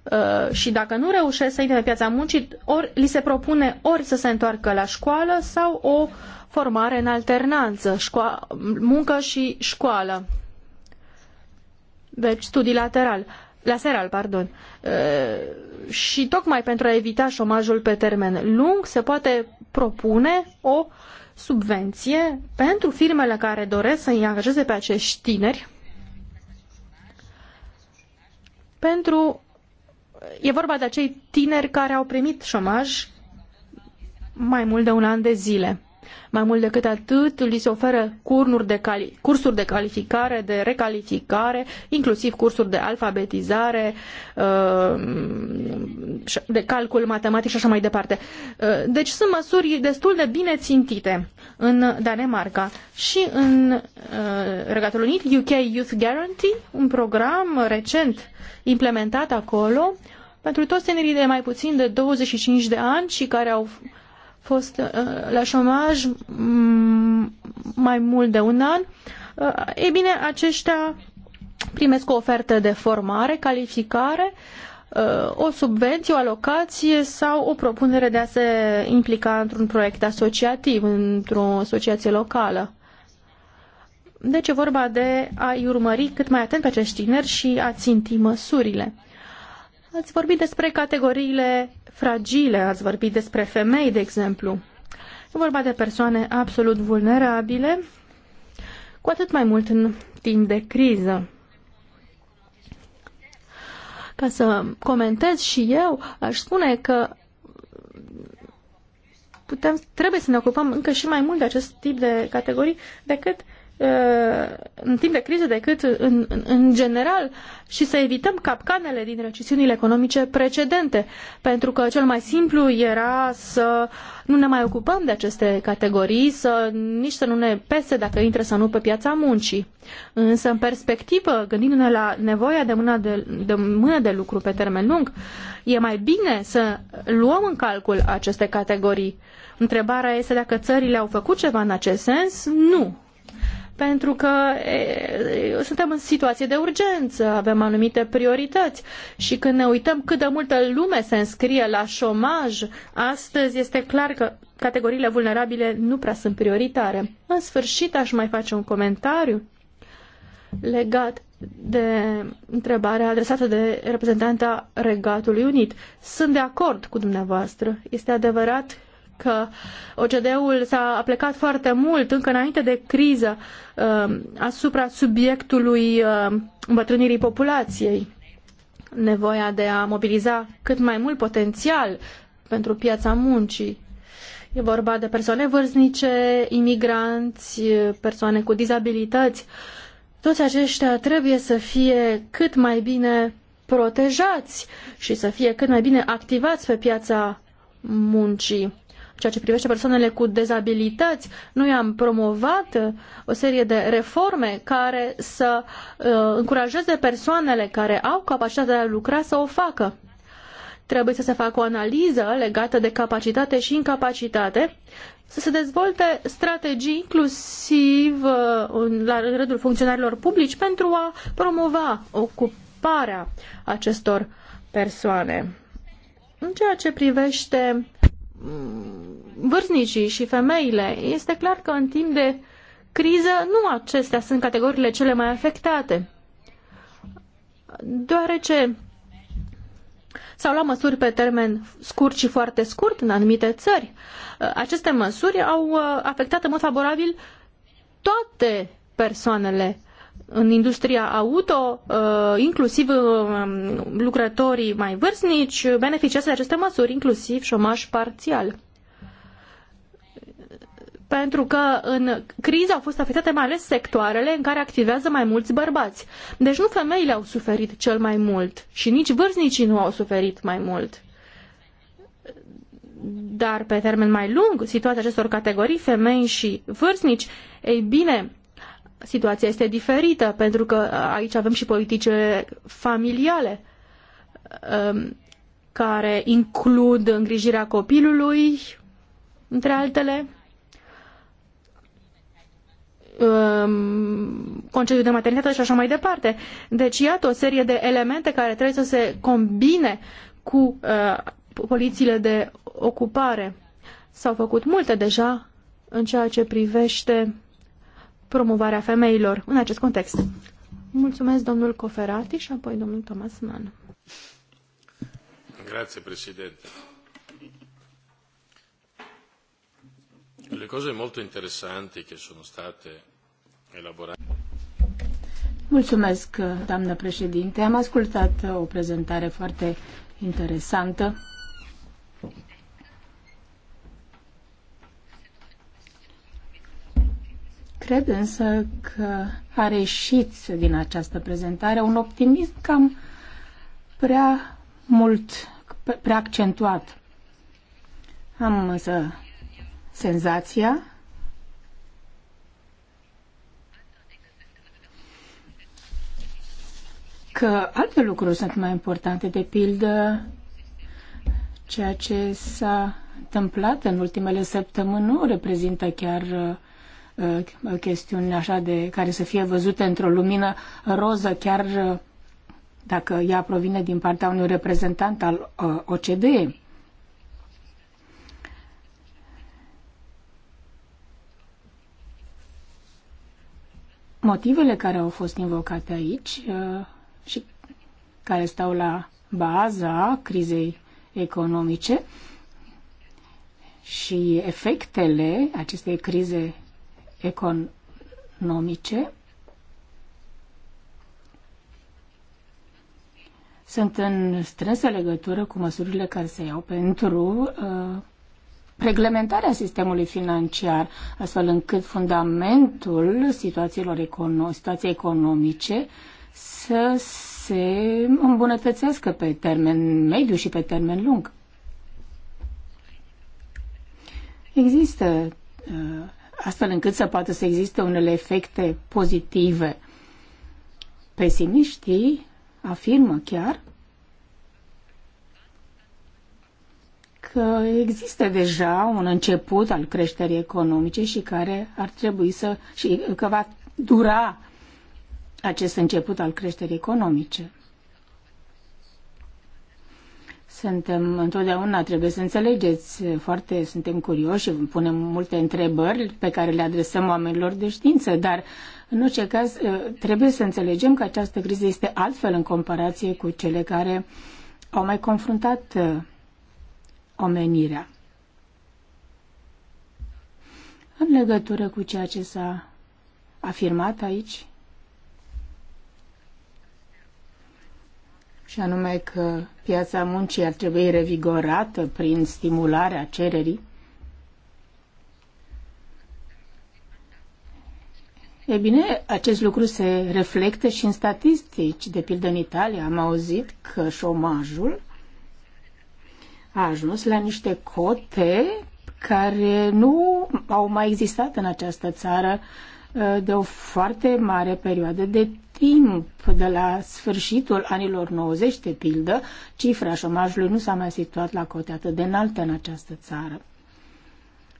Uh, și dacă nu reușesc să intre pe piața muncii, ori li se propune ori să se întoarcă la școală sau o formare în alternanță, muncă și școală deci studii lateral, laseral, pardon. Și tocmai pentru a evita șomajul pe termen lung se poate propune o subvenție pentru firmele care doresc să îi angajeze pe acești tineri pentru e vorba de acei tineri care au primit șomaj mai mult de un an de zile. Mai mult decât atât, li se oferă de cursuri de calificare, de recalificare, inclusiv cursuri de alfabetizare, uh, de calcul matematic și așa mai departe. Uh, deci sunt măsuri destul de bine țintite în Danemarca și în uh, Regatul Unit, UK Youth Guarantee, un program recent implementat acolo pentru toți tinerii de mai puțin de 25 de ani și care au fost uh, la șomaj mai mult de un an, uh, e bine, aceștia primesc o ofertă de formare, calificare, uh, o subvenție, o alocație sau o propunere de a se implica într-un proiect asociativ, într-o asociație locală. Deci e vorba de a-i urmări cât mai atent pe acești tineri și a ținti măsurile. Ați vorbit despre categoriile fragile, ați vorbit despre femei, de exemplu. E vorba de persoane absolut vulnerabile, cu atât mai mult în timp de criză. Ca să comentez și eu, aș spune că putem, trebuie să ne ocupăm încă și mai mult de acest tip de categorii decât Uh, în timp de criză decât în, în, în general și să evităm capcanele din recesiunile economice precedente, pentru că cel mai simplu era să nu ne mai ocupăm de aceste categorii, să nici să nu ne pese dacă intră sau nu pe piața muncii. Însă, în perspectivă, gândindu-ne la nevoia de mână de, de mână de lucru pe termen lung, e mai bine să luăm în calcul aceste categorii. Întrebarea este dacă țările au făcut ceva în acest sens? Nu pentru că e, suntem în situație de urgență, avem anumite priorități și când ne uităm cât de multă lume se înscrie la șomaj, astăzi este clar că categoriile vulnerabile nu prea sunt prioritare. În sfârșit, aș mai face un comentariu legat de întrebarea adresată de reprezentanta Regatului Unit. Sunt de acord cu dumneavoastră. Este adevărat că OCDE-ul s-a aplicat foarte mult încă înainte de criză um, asupra subiectului um, îmbătrânirii populației. Nevoia de a mobiliza cât mai mult potențial pentru piața muncii. E vorba de persoane vârstnice, imigranți, persoane cu dizabilități. Toți aceștia trebuie să fie cât mai bine protejați și să fie cât mai bine activați pe piața muncii ceea ce privește persoanele cu dezabilități, noi am promovat uh, o serie de reforme care să uh, încurajeze persoanele care au capacitatea de a lucra să o facă trebuie să se facă o analiză legată de capacitate și incapacitate, să se dezvolte strategii inclusiv uh, la rândul funcționarilor publici pentru a promova ocuparea acestor persoane. În ceea ce privește Mm, vârstnicii și femeile. Este clar că în timp de criză nu acestea sunt categoriile cele mai afectate, deoarece s-au luat măsuri pe termen scurt și foarte scurt în anumite țări. Uh, aceste măsuri au uh, afectat în mod favorabil toate persoanele în industria auto, uh, inclusiv um, lucrătorii mai vârstnici, beneficiază de aceste măsuri, inclusiv șomaj parțial. Pentru că în criză au fost afectate mai ales sectoarele în care activează mai mulți bărbați. Deci nu femeile au suferit cel mai mult și nici vârstnicii nu au suferit mai mult dar pe termen mai lung situația acestor categorii, femei și vârstnici, ei bine, situația este diferită, pentru că uh, aici avem și politice familiale um, care includ îngrijirea copilului, între altele, um, concediu de maternitate și așa mai departe. Deci, iată o serie de elemente care trebuie să se combine cu uh, polițiile de ocupare. S-au făcut multe deja în ceea ce privește promovarea femeilor în acest context. Mulțumesc domnul Coferati și apoi domnul Thomas Mann. Grazie, președinte. Le cose molto interessanti che sono state elaborate. Mulțumesc, doamnă președinte. Am ascultat o prezentare foarte interesantă. Cred însă că a reșit din această prezentare un optimism cam prea mult, prea accentuat. Am însă senzația că alte lucruri sunt mai importante, de pildă ceea ce s-a întâmplat în ultimele săptămâni nu reprezintă chiar uh, Uh, chestiuni așa de care să fie văzute într-o lumină roză, chiar uh, dacă ea provine din partea unui reprezentant al uh, OCDE. Motivele care au fost invocate aici și care stau la baza crizei economice și efectele acestei crize economice sunt în strânsă legătură cu măsurile care se iau pentru uh, reglementarea sistemului financiar, astfel încât fundamentul situațiilor econo- situației economice să se îmbunătățească pe termen mediu și pe termen lung. Există uh, astfel încât să poată să existe unele efecte pozitive. Pesimiștii afirmă chiar că există deja un început al creșterii economice și care ar trebui să și că va dura acest început al creșterii economice. Suntem întotdeauna, trebuie să înțelegeți, foarte suntem curioși și punem multe întrebări pe care le adresăm oamenilor de știință, dar în orice caz eh, trebuie să înțelegem că această criză este altfel în comparație cu cele care au mai confruntat eh, omenirea. În legătură cu ceea ce s-a afirmat aici, și anume că piața muncii ar trebui revigorată prin stimularea cererii, E bine, acest lucru se reflectă și în statistici. De pildă în Italia am auzit că șomajul a ajuns la niște cote care nu au mai existat în această țară uh, de o foarte mare perioadă de timp, de la sfârșitul anilor 90, de pildă, cifra șomajului nu s-a mai situat la cote atât de înaltă în această țară.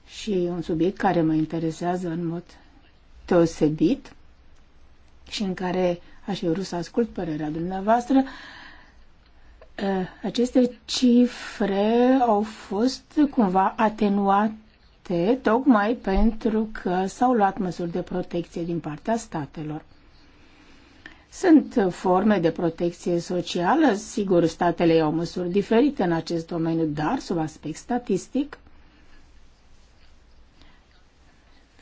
Și un subiect care mă interesează în mod deosebit și în care aș fi vrut să ascult părerea dumneavoastră. Ă, aceste cifre au fost cumva atenuate tocmai pentru că s-au luat măsuri de protecție din partea statelor. Sunt forme de protecție socială, sigur, statele au măsuri diferite în acest domeniu, dar sub aspect statistic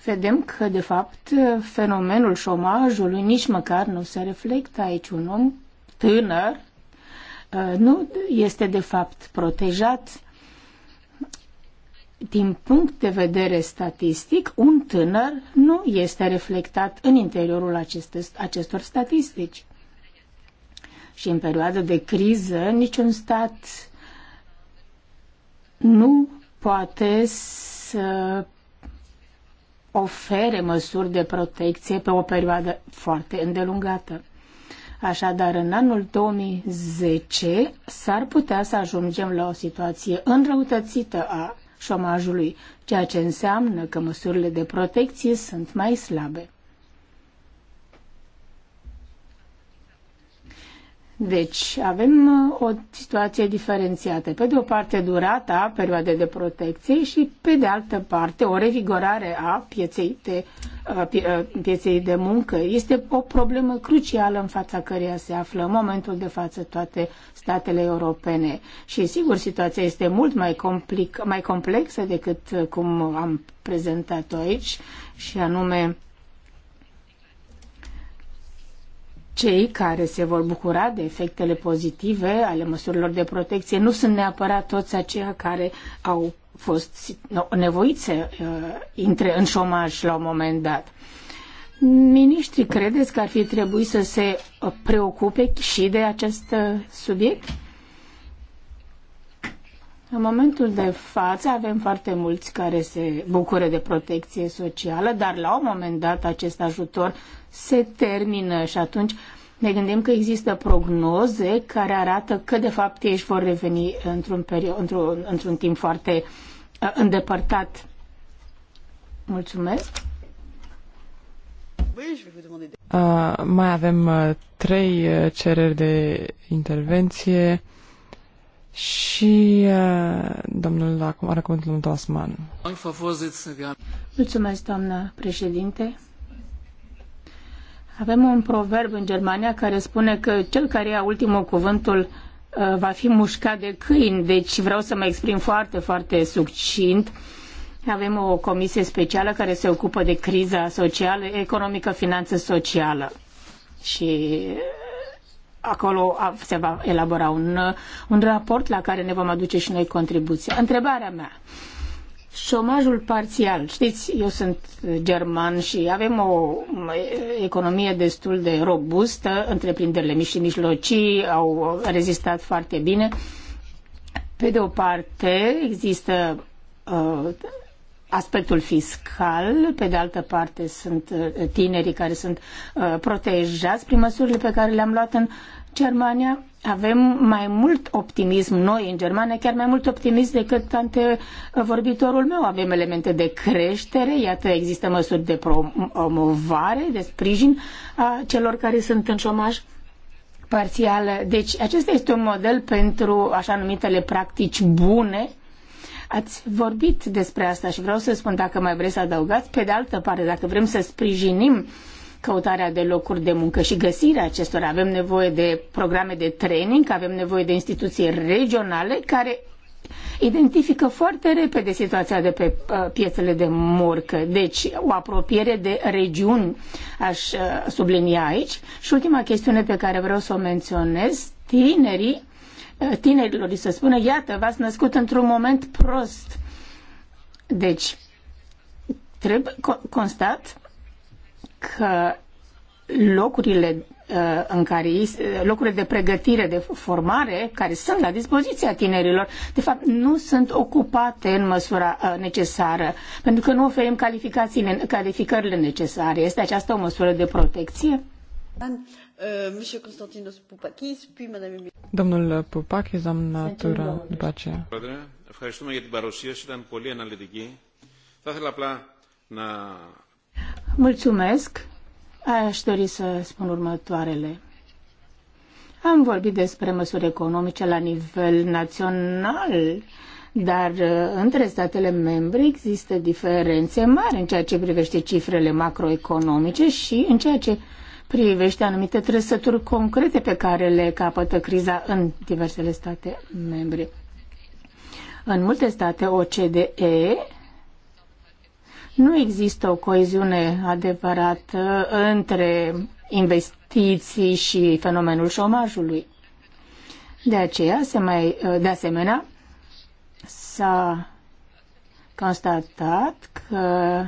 vedem că, de fapt, fenomenul șomajului nici măcar nu se reflectă aici. Un om tânăr uh, nu este, de fapt, protejat din punct de vedere statistic, un tânăr nu este reflectat în interiorul aceste, acestor statistici. Și în perioada de criză, niciun stat nu poate să ofere măsuri de protecție pe o perioadă foarte îndelungată. Așadar, în anul 2010 s-ar putea să ajungem la o situație înrăutățită a șomajului, ceea ce înseamnă că măsurile de protecție sunt mai slabe. Deci avem uh, o situație diferențiată. Pe de o parte durata perioadei de protecție și pe de altă parte o revigorare a pieței de, uh, uh, pieței de muncă. Este o problemă crucială în fața căreia se află în momentul de față toate statele europene. Și sigur situația este mult mai, complic, mai complexă decât cum am prezentat-o aici și anume cei care se vor bucura de efectele pozitive ale măsurilor de protecție nu sunt neapărat toți aceia care au fost nevoiți să uh, intre în șomaj la un moment dat. Ministrii, credeți că ar fi trebuit să se preocupe și de acest uh, subiect? În momentul de față avem foarte mulți care se bucură de protecție socială, dar la un moment dat acest ajutor se termină și atunci ne gândim că există prognoze care arată că de fapt ei își vor reveni într-un, perio- într-un, într-un timp foarte uh, îndepărtat. Mulțumesc! Uh, mai avem uh, trei uh, cereri de intervenție. Și uh, domnul, acum are cuvântul domnul Tosman. Mulțumesc, doamnă președinte. Avem un proverb în Germania care spune că cel care ia ultimul cuvântul uh, va fi mușcat de câini, deci vreau să mă exprim foarte, foarte succint. Avem o comisie specială care se ocupă de criza socială, economică, finanță socială. Și acolo se va elabora un, un raport la care ne vom aduce și noi contribuția. Întrebarea mea. Șomajul parțial. Știți, eu sunt german și avem o economie destul de robustă, întreprinderile mici și mijlocii au rezistat foarte bine. Pe de o parte, există uh, aspectul fiscal, pe de altă parte sunt uh, tinerii care sunt uh, protejați prin măsurile pe care le-am luat în Germania. Avem mai mult optimism noi în Germania, chiar mai mult optimism decât ante uh, vorbitorul meu. Avem elemente de creștere, iată există măsuri de promovare, de sprijin a celor care sunt în șomaj parțial. Deci acesta este un model pentru așa numitele practici bune Ați vorbit despre asta și vreau să spun dacă mai vreți să adăugați. Pe de altă parte, dacă vrem să sprijinim căutarea de locuri de muncă și găsirea acestora, avem nevoie de programe de training, avem nevoie de instituții regionale care identifică foarte repede situația de pe uh, piețele de morcă. Deci, o apropiere de regiuni aș uh, sublinia aici. Și ultima chestiune pe care vreau să o menționez, tinerii Eh, tinerilor, îi se spune, iată, v-ați născut într-un moment prost. Deci, trebuie constat că locurile eh, în care locurile de pregătire, de formare care sunt la dispoziția tinerilor, de fapt nu sunt ocupate în măsura eh, necesară, pentru că nu oferim calificațiile, calificările necesare. Este aceasta o măsură de protecție? Euh, Monsieur Constantinos Poupakis, puis Madame Domnul Poupakis, doamna Tura, după aceea. Ευχαριστούμε για την παρουσίαση, ήταν πολύ αναλυτική. Θα ήθελα απλά να... Mulțumesc. Aș dori să spun următoarele. Am vorbit despre măsuri economice la nivel național, dar uh, între statele membre există diferențe mari în ceea ce privește cifrele macroeconomice și în ceea ce privește anumite trăsături concrete pe care le capătă criza în diversele state membre. În multe state OCDE nu există o coeziune adevărată între investiții și fenomenul șomajului. De aceea, se mai, de asemenea, s-a constatat că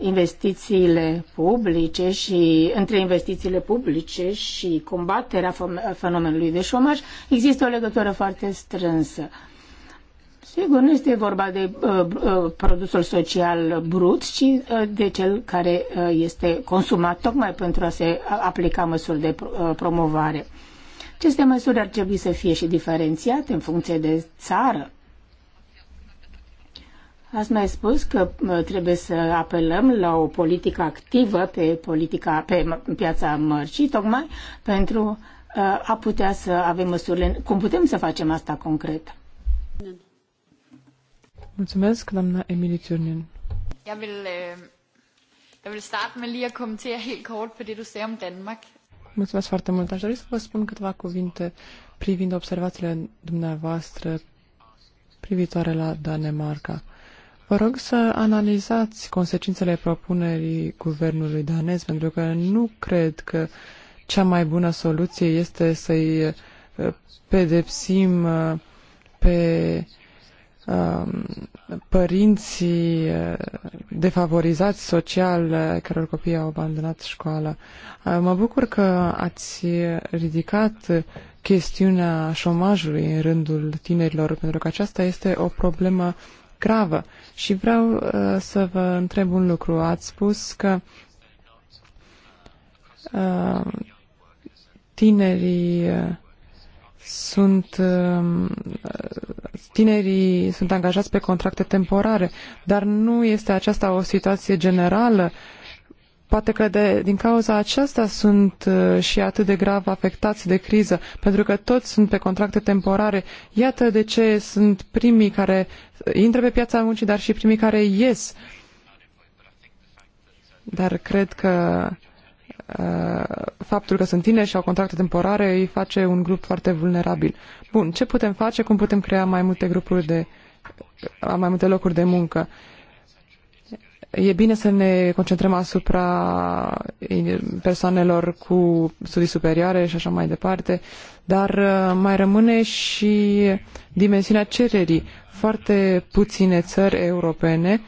investițiile publice și între investițiile publice și combaterea fenomenului de șomaj există o legătură foarte strânsă. Sigur, nu este vorba de uh, uh, produsul social brut, ci uh, de cel care uh, este consumat tocmai pentru a se aplica măsuri de uh, promovare. Aceste măsuri ar trebui să fie și diferențiate în funcție de țară Ați mai spus că trebuie să apelăm la o politică activă pe, politica, pe piața mărcii, tocmai pentru ă, a putea să avem măsurile. Cum putem să facem asta concret? Mulțumesc, doamna Emilie Tyrnin. Øh, jeg vil starte med lige at kommentere helt kort på det, du sagde om Danmark. Mulțumesc foarte mult. Aș dori să vă spun câteva cuvinte privind observațiile dumneavoastră privitoare la Danemarca. Vă rog să analizați consecințele propunerii guvernului danez, pentru că nu cred că cea mai bună soluție este să-i uh, pedepsim uh, pe um, părinții uh, defavorizați social căror copii au abandonat școala. Mă bucur că ați ridicat chestiunea șomajului în rândul tinerilor, pentru că aceasta este o problemă gravă. Și vreau uh, să vă întreb un lucru. Ați spus că uh, tinerii uh, sunt um, uh, tinerii sunt angajați pe contracte temporare, dar nu este aceasta o situație generală Poate că de, din cauza aceasta sunt uh, și atât de grav afectați de criză, pentru că toți sunt pe contracte temporare. Iată de ce sunt primii care uh, intră pe piața muncii, dar și primii care ies. Dar cred că uh, faptul că sunt tineri și au contracte temporare îi face un grup foarte vulnerabil. Bun, ce putem face? Cum putem crea mai multe grupuri de mai multe locuri de muncă? Uh, e bine să ne concentrăm asupra persoanelor cu studii superioare și așa mai departe, dar uh, mai rămâne și dimensiunea cererii. Foarte puține țări europene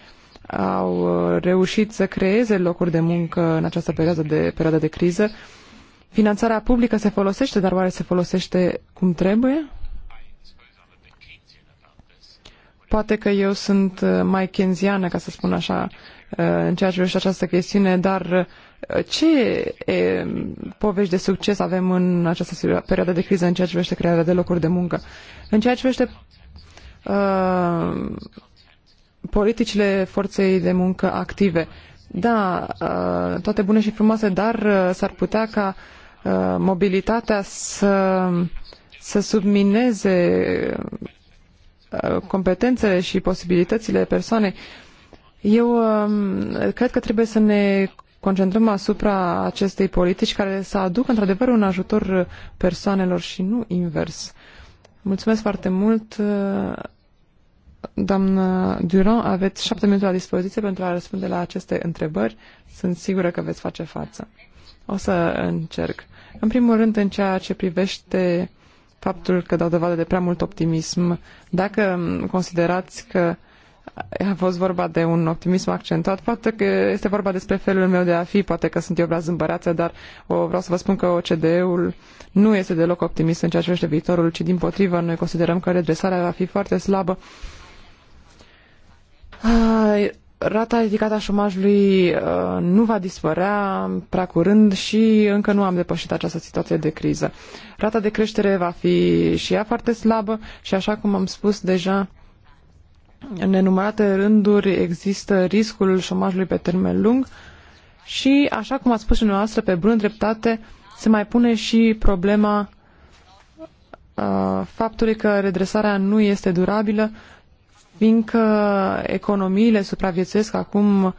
au uh, reușit să creeze locuri de muncă în această perioadă de, perioadă de criză. Finanțarea publică se folosește, dar oare se folosește cum trebuie? Poate că eu sunt uh, mai kenziană, ca să spun așa, uh, în ceea ce privește această chestiune, dar uh, ce e, povești de succes avem în această perioadă de criză în ceea ce privește crearea de locuri de muncă? În ceea ce privește uh, politicile forței de muncă active, da, uh, toate bune și frumoase, dar uh, s-ar putea ca uh, mobilitatea să, să submineze Uh, competențele și posibilitățile persoanei. Eu um, cred că trebuie să ne concentrăm asupra acestei politici care să aducă într-adevăr un ajutor persoanelor și nu invers. Mulțumesc foarte mult. Uh, doamnă Durand, aveți șapte minute la dispoziție pentru a răspunde la aceste întrebări. Sunt sigură că veți face față. O să încerc. În primul rând, în ceea ce privește faptul că dau dovadă de prea mult optimism. Dacă considerați că a fost vorba de un optimism accentuat, poate că este vorba despre felul meu de a fi, poate că sunt eu prea zâmbărață, dar o, vreau să vă spun că OCDE-ul nu este deloc optimist în ceea ce privește viitorul, ci din potrivă noi considerăm că redresarea va fi foarte slabă rata ridicată a șomajului uh, nu va dispărea prea curând și încă nu am depășit această situație de criză. Rata de creștere va fi și ea foarte slabă și așa cum am spus deja, în nenumărate rânduri există riscul șomajului pe termen lung și, așa cum a spus și noastră, pe bună dreptate, se mai pune și problema uh, faptului că redresarea nu este durabilă fiindcă economiile supraviețuiesc acum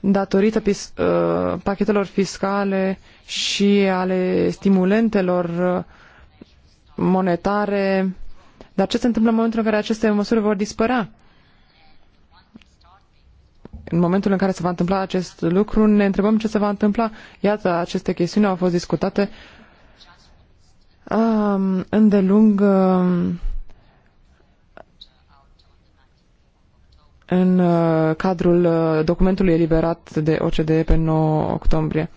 datorită pis, uh, pachetelor fiscale și ale stimulentelor uh, monetare. Dar ce se întâmplă în momentul în care aceste măsuri vor dispărea? În momentul în care se va întâmpla acest lucru, ne întrebăm ce se va întâmpla. Iată, aceste chestiuni au fost discutate um, îndelung um, în uh, cadrul uh, documentului eliberat de OCDE pe 9 octombrie.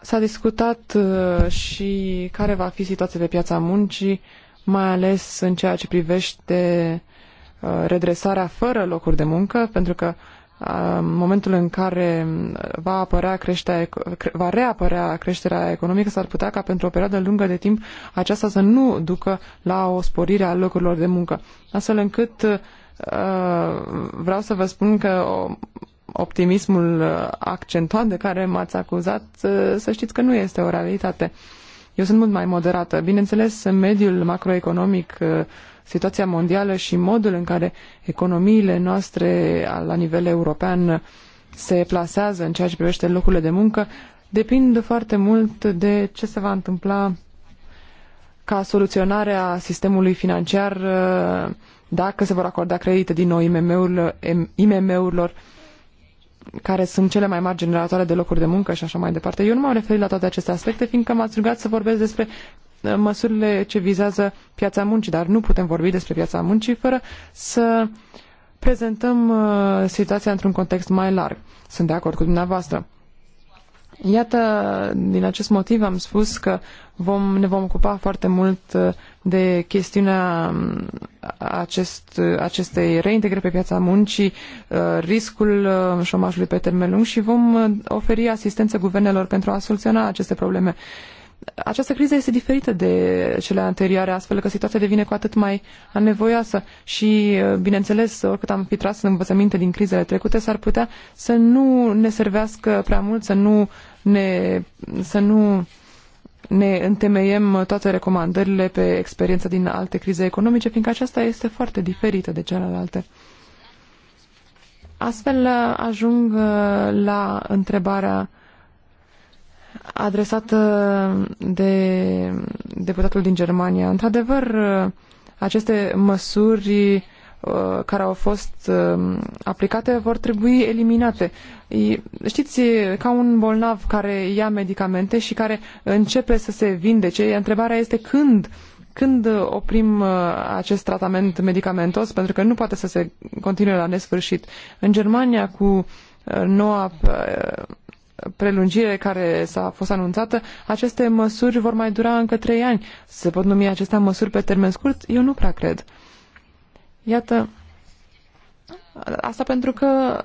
S-a discutat uh, și care va fi situația pe piața muncii, mai ales în ceea ce privește redresarea fără locuri de muncă, pentru că în momentul în care va, apărea creșterea, va reapărea creșterea economică, s-ar putea ca pentru o perioadă lungă de timp aceasta să nu ducă la o sporire a locurilor de muncă, astfel încât Uh, vreau să vă spun că optimismul accentuat de care m-ați acuzat, uh, să știți că nu este o realitate. Eu sunt mult mai moderată. Bineînțeles, mediul macroeconomic, uh, situația mondială și modul în care economiile noastre la nivel european se plasează în ceea ce privește locurile de muncă depind foarte mult de ce se va întâmpla ca soluționare a sistemului financiar dacă se vor acorda credite din nou IMM-urilor, care sunt cele mai mari generatoare de locuri de muncă și așa mai departe. Eu nu m-am referit la toate aceste aspecte, fiindcă m-ați rugat să vorbesc despre uh, măsurile ce vizează piața muncii, dar nu putem vorbi despre piața muncii fără să prezentăm uh, situația într-un context mai larg. Sunt de acord cu dumneavoastră. Iată, din acest motiv am spus că vom, ne vom ocupa foarte mult uh, de chestiunea um, acest, uh, acestei reintegre pe piața muncii, uh, riscul șomajului pe termen lung și vom oferi asistență guvernelor pentru a soluționa aceste probleme. Această criză este diferită de cele anterioare, astfel că situația devine cu atât mai anevoioasă și, bineînțeles, oricât am fi tras învățăminte din crizele trecute, s-ar putea să nu ne servească prea mult, să nu ne, să nu ne întemeiem toate recomandările pe experiența din alte crize economice, fiindcă aceasta este foarte diferită de celelalte. Astfel ajung uh, la întrebarea adresată de deputatul din Germania. Într-adevăr, aceste măsuri uh, care au fost um, aplicate vor trebui eliminate. Știți, ca un bolnav care ia medicamente și care începe să se vindece, întrebarea este când când oprim uh, acest tratament medicamentos, pentru că nu poate să se continue la nesfârșit. În Germania, cu uh, noua prelungire care s-a fost anunțată, aceste măsuri vor mai dura încă trei ani. Se pot numi acestea măsuri pe termen scurt? Eu nu prea cred. Iată, asta pentru că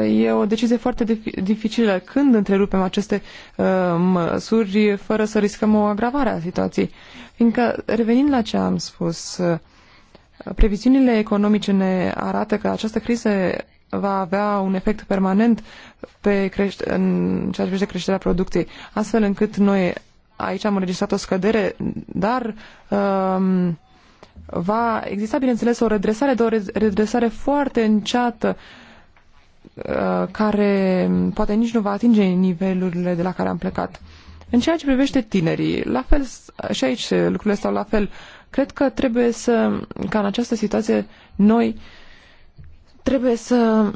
uh, e o decizie foarte dificilă. Când întrerupem aceste uh, măsuri fără să riscăm o agravare a situației? Fiindcă, revenind la ce am spus, uh, previziunile economice ne arată că această criză va avea un efect permanent pe creșt- în ceea ce privește creșterea producției, astfel încât noi aici am înregistrat o scădere, dar um, va exista, bineînțeles, o redresare, dar o redresare foarte înceată uh, care poate nici nu va atinge nivelurile de la care am plecat. În ceea ce privește tinerii, la fel și aici lucrurile stau la fel. Cred că trebuie să, ca în această situație, noi uh, Trebuie să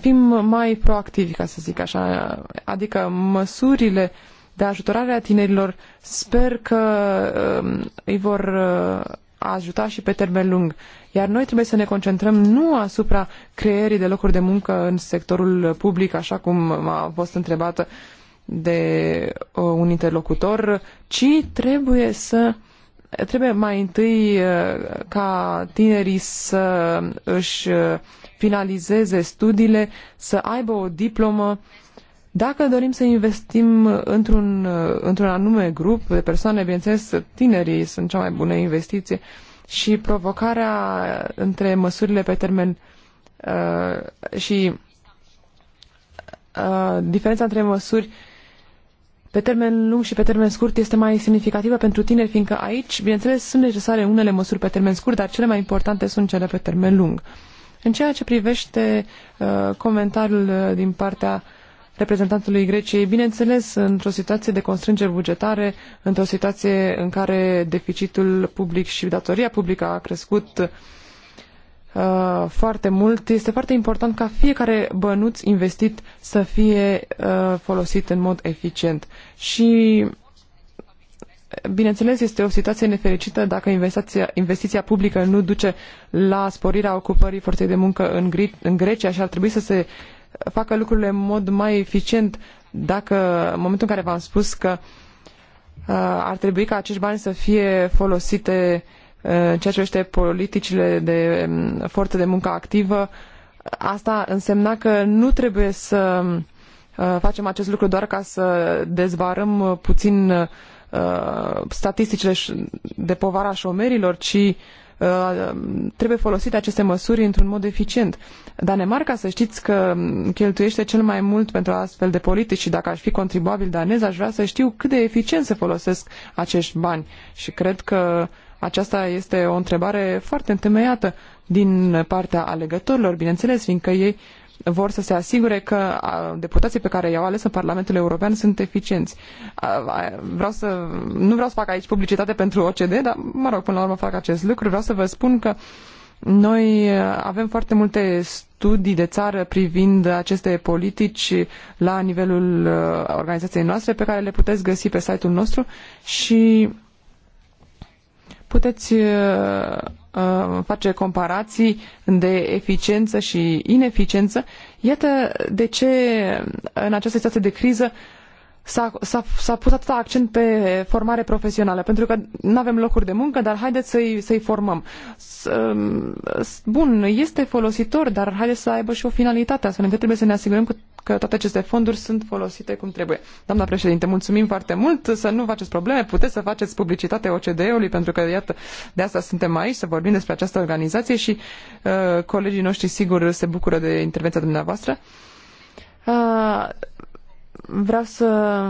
fim mai proactivi, ca să zic așa, adică măsurile de ajutorare a tinerilor sper că um, îi vor uh, ajuta și pe termen lung. Iar noi trebuie să ne concentrăm nu asupra creierii de locuri de muncă în sectorul public, așa cum a fost întrebată de uh, un interlocutor, ci trebuie să uh, trebuie mai întâi uh, ca tinerii să își uh, finalizeze studiile, să aibă o diplomă. Dacă dorim să investim într-un, uh, într-un anume grup de persoane, bineînțeles, tinerii sunt cea mai bună investiție și provocarea între măsurile pe termen uh, și uh, diferența între măsuri uh, pe termen lung și pe termen scurt este mai semnificativă pentru tineri, fiindcă aici, bineînțeles, sunt necesare unele măsuri pe termen scurt, dar cele mai importante sunt cele pe termen lung. În ceea ce privește uh, comentariul uh, din partea reprezentantului Greciei, bineînțeles, într-o situație de constrângeri bugetare, într-o situație în care deficitul public și datoria publică a crescut uh, uh, foarte mult, este foarte important ca fiecare bănuț investit să fie uh, folosit în mod eficient. Și bineînțeles, este o situație nefericită dacă investiția, investiția publică nu duce la sporirea ocupării forței de muncă în, Gre- în Grecia și ar trebui să se facă lucrurile în mod mai eficient dacă, în momentul în care v-am spus că uh, ar trebui ca acești bani să fie folosite uh, ceea ce este politicile de mm, forță de muncă activă, asta însemna că nu trebuie să mm, uh, facem acest lucru doar ca să dezvarăm uh, puțin uh, statisticile de povara șomerilor, ci trebuie folosite aceste măsuri într-un mod eficient. Danemarca, să știți că mm, cheltuiește cel mai mult pentru astfel de politici și dacă aș fi contribuabil danez, aș vrea să știu cât de eficient se folosesc acești bani. Și cred că aceasta este o întrebare foarte întemeiată din partea alegătorilor, bineînțeles, fiindcă ei vor să se asigure că deputații pe care i-au ales în Parlamentul European sunt eficienți. Vreau să, nu vreau să fac aici publicitate pentru OCD, dar, mă rog, până la urmă fac acest lucru. Vreau să vă spun că noi avem foarte multe studii de țară privind aceste politici la nivelul uh, organizației noastre pe care le puteți găsi pe site-ul nostru și puteți uh, uh, face comparații de eficiență și ineficiență. Iată de ce în această situație de criză s-a, pus atâta accent pe formare profesională, pentru că nu avem locuri de muncă, dar haideți să-i, să-i formăm. Um, s, bun, este folositor, dar haideți să aibă și o finalitate, astfel încât trebuie să ne asigurăm că, că toate aceste fonduri sunt folosite cum trebuie. Doamna președinte, mulțumim foarte mult, să nu faceți probleme, puteți să faceți publicitate OCDE-ului, pentru că, iată, de asta suntem aici, să vorbim despre această organizație și uh, colegii noștri, sigur, se bucură de intervenția dumneavoastră. Uh, vreau să